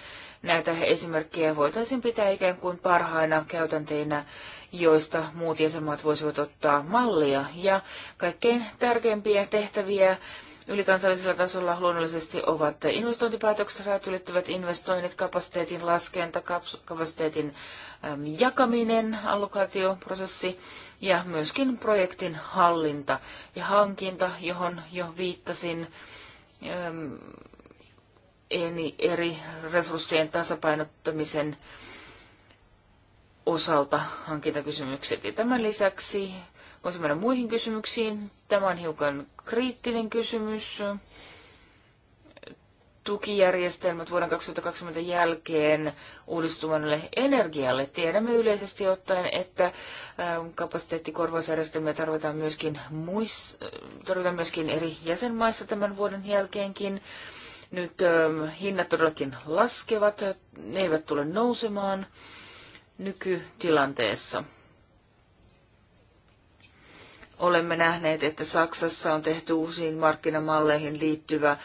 Näitä esimerkkejä voitaisiin pitää ikään kuin parhaina käytänteinä, joista muut jäsenmaat voisivat ottaa mallia. Ja kaikkein tärkeimpiä tehtäviä Ylikansallisella tasolla luonnollisesti ovat investointipäätökset, rajat ylittävät investoinnit, kapasiteetin laskenta, kapasiteetin jakaminen, allokaatioprosessi ja myöskin projektin hallinta ja hankinta, johon jo viittasin, eri resurssien tasapainottamisen osalta hankintakysymykset. Ja tämän lisäksi voisin mennä muihin kysymyksiin. Tämä on hiukan kriittinen kysymys tukijärjestelmät vuoden 2020 jälkeen uudistuvalle energialle. Tiedämme yleisesti ottaen, että ähm, kapasiteettikorvausjärjestelmiä tarvitaan myöskin, muis, tarvitaan myöskin eri jäsenmaissa tämän vuoden jälkeenkin. Nyt ähm, hinnat todellakin laskevat, ne eivät tule nousemaan nykytilanteessa. Olemme nähneet, että Saksassa on tehty uusiin markkinamalleihin liittyvä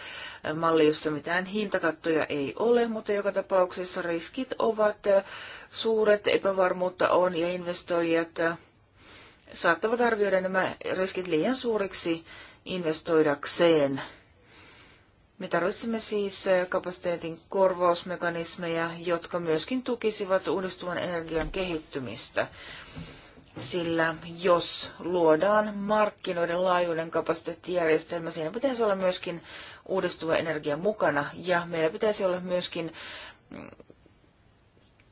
malli, jossa mitään hintakattoja ei ole, mutta joka tapauksessa riskit ovat suuret, epävarmuutta on ja investoijat saattavat arvioida nämä riskit liian suuriksi investoidakseen. Me tarvitsemme siis kapasiteetin korvausmekanismeja, jotka myöskin tukisivat uudistuvan energian kehittymistä. Sillä jos luodaan markkinoiden laajuinen kapasiteettijärjestelmä, siinä pitäisi olla myöskin uudistuva energia mukana ja meillä pitäisi olla myöskin mm,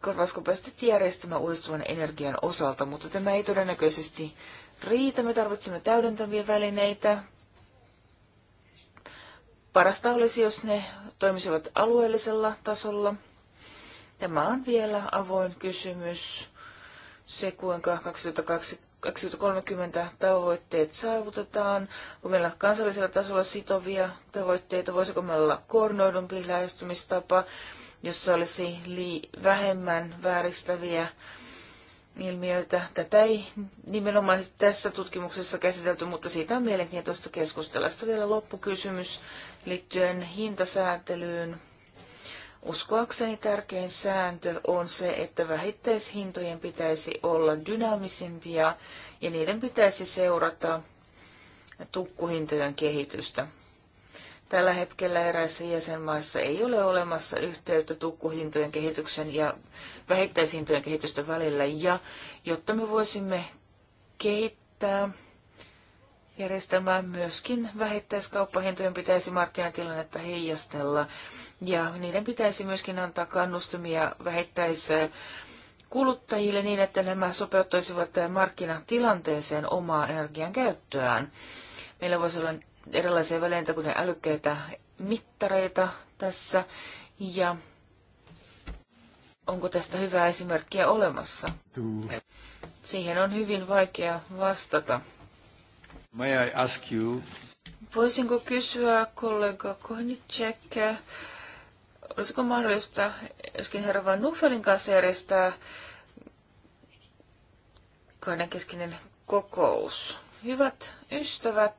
korvauskapasiteettijärjestelmä uudistuvan energian osalta, mutta tämä ei todennäköisesti riitä. Me tarvitsemme täydentäviä välineitä. Parasta olisi, jos ne toimisivat alueellisella tasolla. Tämä on vielä avoin kysymys. Se, kuinka 2020 2030 tavoitteet saavutetaan? Onko meillä kansallisella tasolla sitovia tavoitteita? Voisiko meillä olla koordinoidumpi lähestymistapa, jossa olisi vähemmän vääristäviä ilmiöitä? Tätä ei nimenomaan tässä tutkimuksessa käsitelty, mutta siitä on mielenkiintoista keskustella. Sitten vielä loppukysymys liittyen hintasäätelyyn Uskoakseni tärkein sääntö on se, että vähittäishintojen pitäisi olla dynaamisempia ja niiden pitäisi seurata tukkuhintojen kehitystä. Tällä hetkellä eräissä jäsenmaissa ei ole olemassa yhteyttä tukkuhintojen kehityksen ja vähittäishintojen kehitysten välillä, ja jotta me voisimme kehittää järjestelmää. Myöskin vähittäiskauppahintojen pitäisi markkinatilannetta heijastella ja niiden pitäisi myöskin antaa kannustumia vähittäiseen kuluttajille niin, että nämä sopeuttaisivat markkinatilanteeseen omaa energian käyttöään. Meillä voisi olla erilaisia välineitä, kuten älykkäitä mittareita tässä, ja onko tästä hyvää esimerkkiä olemassa? Siihen on hyvin vaikea vastata. May I ask you? Voisinko kysyä kollega Kohnicek, olisiko mahdollista, joskin herra Van Nuffelin kanssa järjestää kahdenkeskinen kokous. Hyvät ystävät,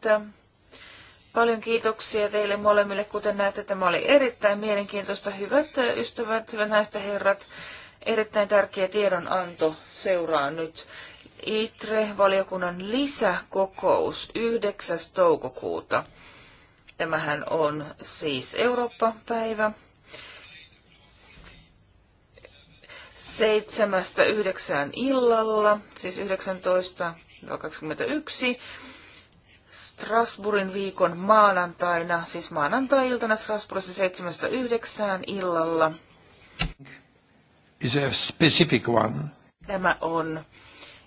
Paljon kiitoksia teille molemmille. Kuten näette, tämä oli erittäin mielenkiintoista. Hyvät ystävät, hyvät näistä herrat, erittäin tärkeä tiedonanto seuraa nyt. ITRE-valiokunnan lisäkokous 9. toukokuuta. Tämähän on siis Eurooppa-päivä. 7.9. illalla, siis 19.21. Strasbourgin viikon maanantaina, siis maanantai-iltana Strasbourgissa 7.9. illalla. Is a specific one. Tämä on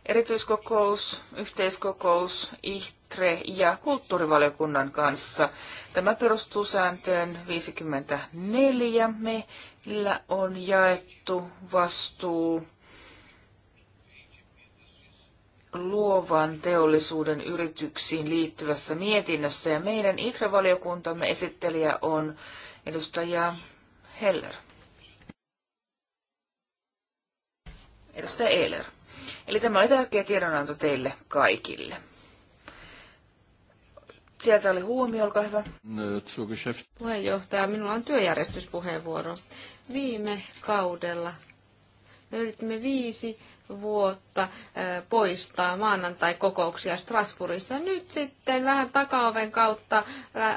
erityiskokous, yhteiskokous, IHTRE ja kulttuurivaliokunnan kanssa. Tämä perustuu sääntöön 54. Meillä on jaettu vastuu luovan teollisuuden yrityksiin liittyvässä mietinnössä ja meidän ITRE-valiokuntamme esittelijä on edustaja Heller. Edustaja Eiler. Eli tämä oli tärkeä tiedonanto teille kaikille. Sieltä oli huomio, olkaa hyvä. Puheenjohtaja, minulla on työjärjestyspuheenvuoro. Viime kaudella me viisi vuotta poistaa maanantai-kokouksia Strasbourgissa. Nyt sitten vähän takaoven kautta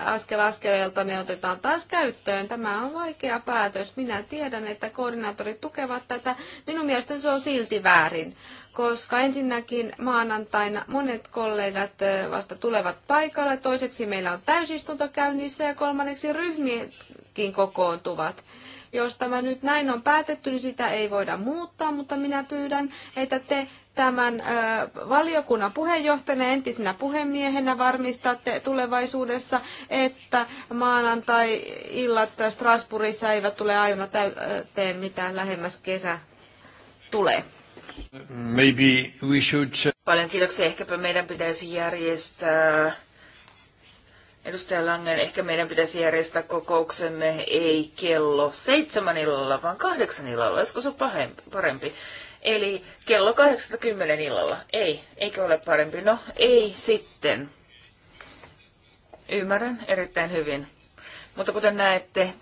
askel askeleelta ne otetaan taas käyttöön. Tämä on vaikea päätös. Minä tiedän, että koordinaattorit tukevat tätä. Minun mielestäni se on silti väärin, koska ensinnäkin maanantaina monet kollegat vasta tulevat paikalle. Toiseksi meillä on täysistunto käynnissä ja kolmanneksi ryhmiäkin kokoontuvat. Jos tämä nyt näin on päätetty, niin sitä ei voida muuttaa, mutta minä pyydän, että te tämän valiokunnan puheenjohtajana entisenä puhemiehenä varmistatte tulevaisuudessa, että maanantai-illat Strasbourgissa eivät tule aina täyteen mitään lähemmäs kesä tulee. Maybe we should... Paljon kiitoksia. Ehkäpä meidän pitäisi järjestää Edustaja Langen, ehkä meidän pitäisi järjestää kokouksemme ei kello seitsemän illalla, vaan kahdeksan illalla. Olisiko se parempi? Eli kello 8.10 illalla. Ei, eikö ole parempi? No, ei sitten. Ymmärrän erittäin hyvin. Mutta kuten näette,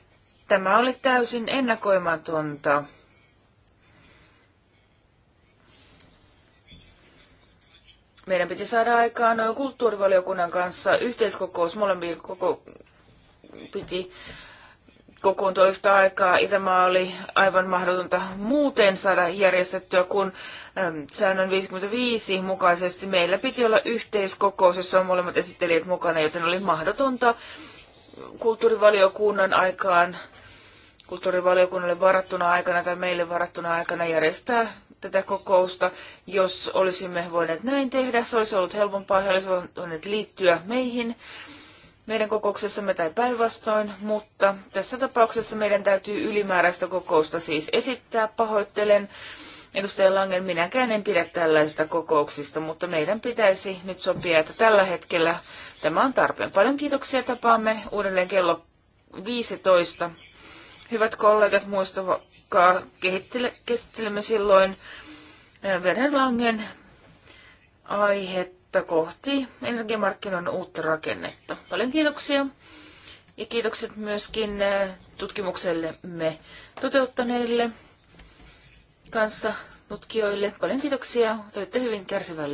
tämä oli täysin ennakoimatonta. Meidän piti saada aikaan kulttuurivaliokunnan kanssa yhteiskokous. Molempien koko piti kokoontua yhtä aikaa. Itämaa oli aivan mahdotonta muuten saada järjestettyä, kun säännön 55 mukaisesti meillä piti olla yhteiskokous, jossa on molemmat esittelijät mukana, joten oli mahdotonta kulttuurivaliokunnan aikaan, kulttuurivaliokunnalle varattuna aikana tai meille varattuna aikana järjestää tätä kokousta. Jos olisimme voineet näin tehdä, se olisi ollut helpompaa, he olisivat voineet liittyä meihin meidän kokouksessamme tai päinvastoin, mutta tässä tapauksessa meidän täytyy ylimääräistä kokousta siis esittää. Pahoittelen, edustaja Langen, minäkään en pidä tällaisista kokouksista, mutta meidän pitäisi nyt sopia, että tällä hetkellä tämä on tarpeen. Paljon kiitoksia, tapaamme uudelleen kello 15. Hyvät kollegat, muistakaa, kehittelemme silloin verenlangen eh, aihetta kohti energiamarkkinoiden uutta rakennetta. Paljon kiitoksia ja kiitokset myöskin eh, tutkimuksellemme toteuttaneille kanssa tutkijoille. Paljon kiitoksia. Toitte hyvin kärsivällisiä.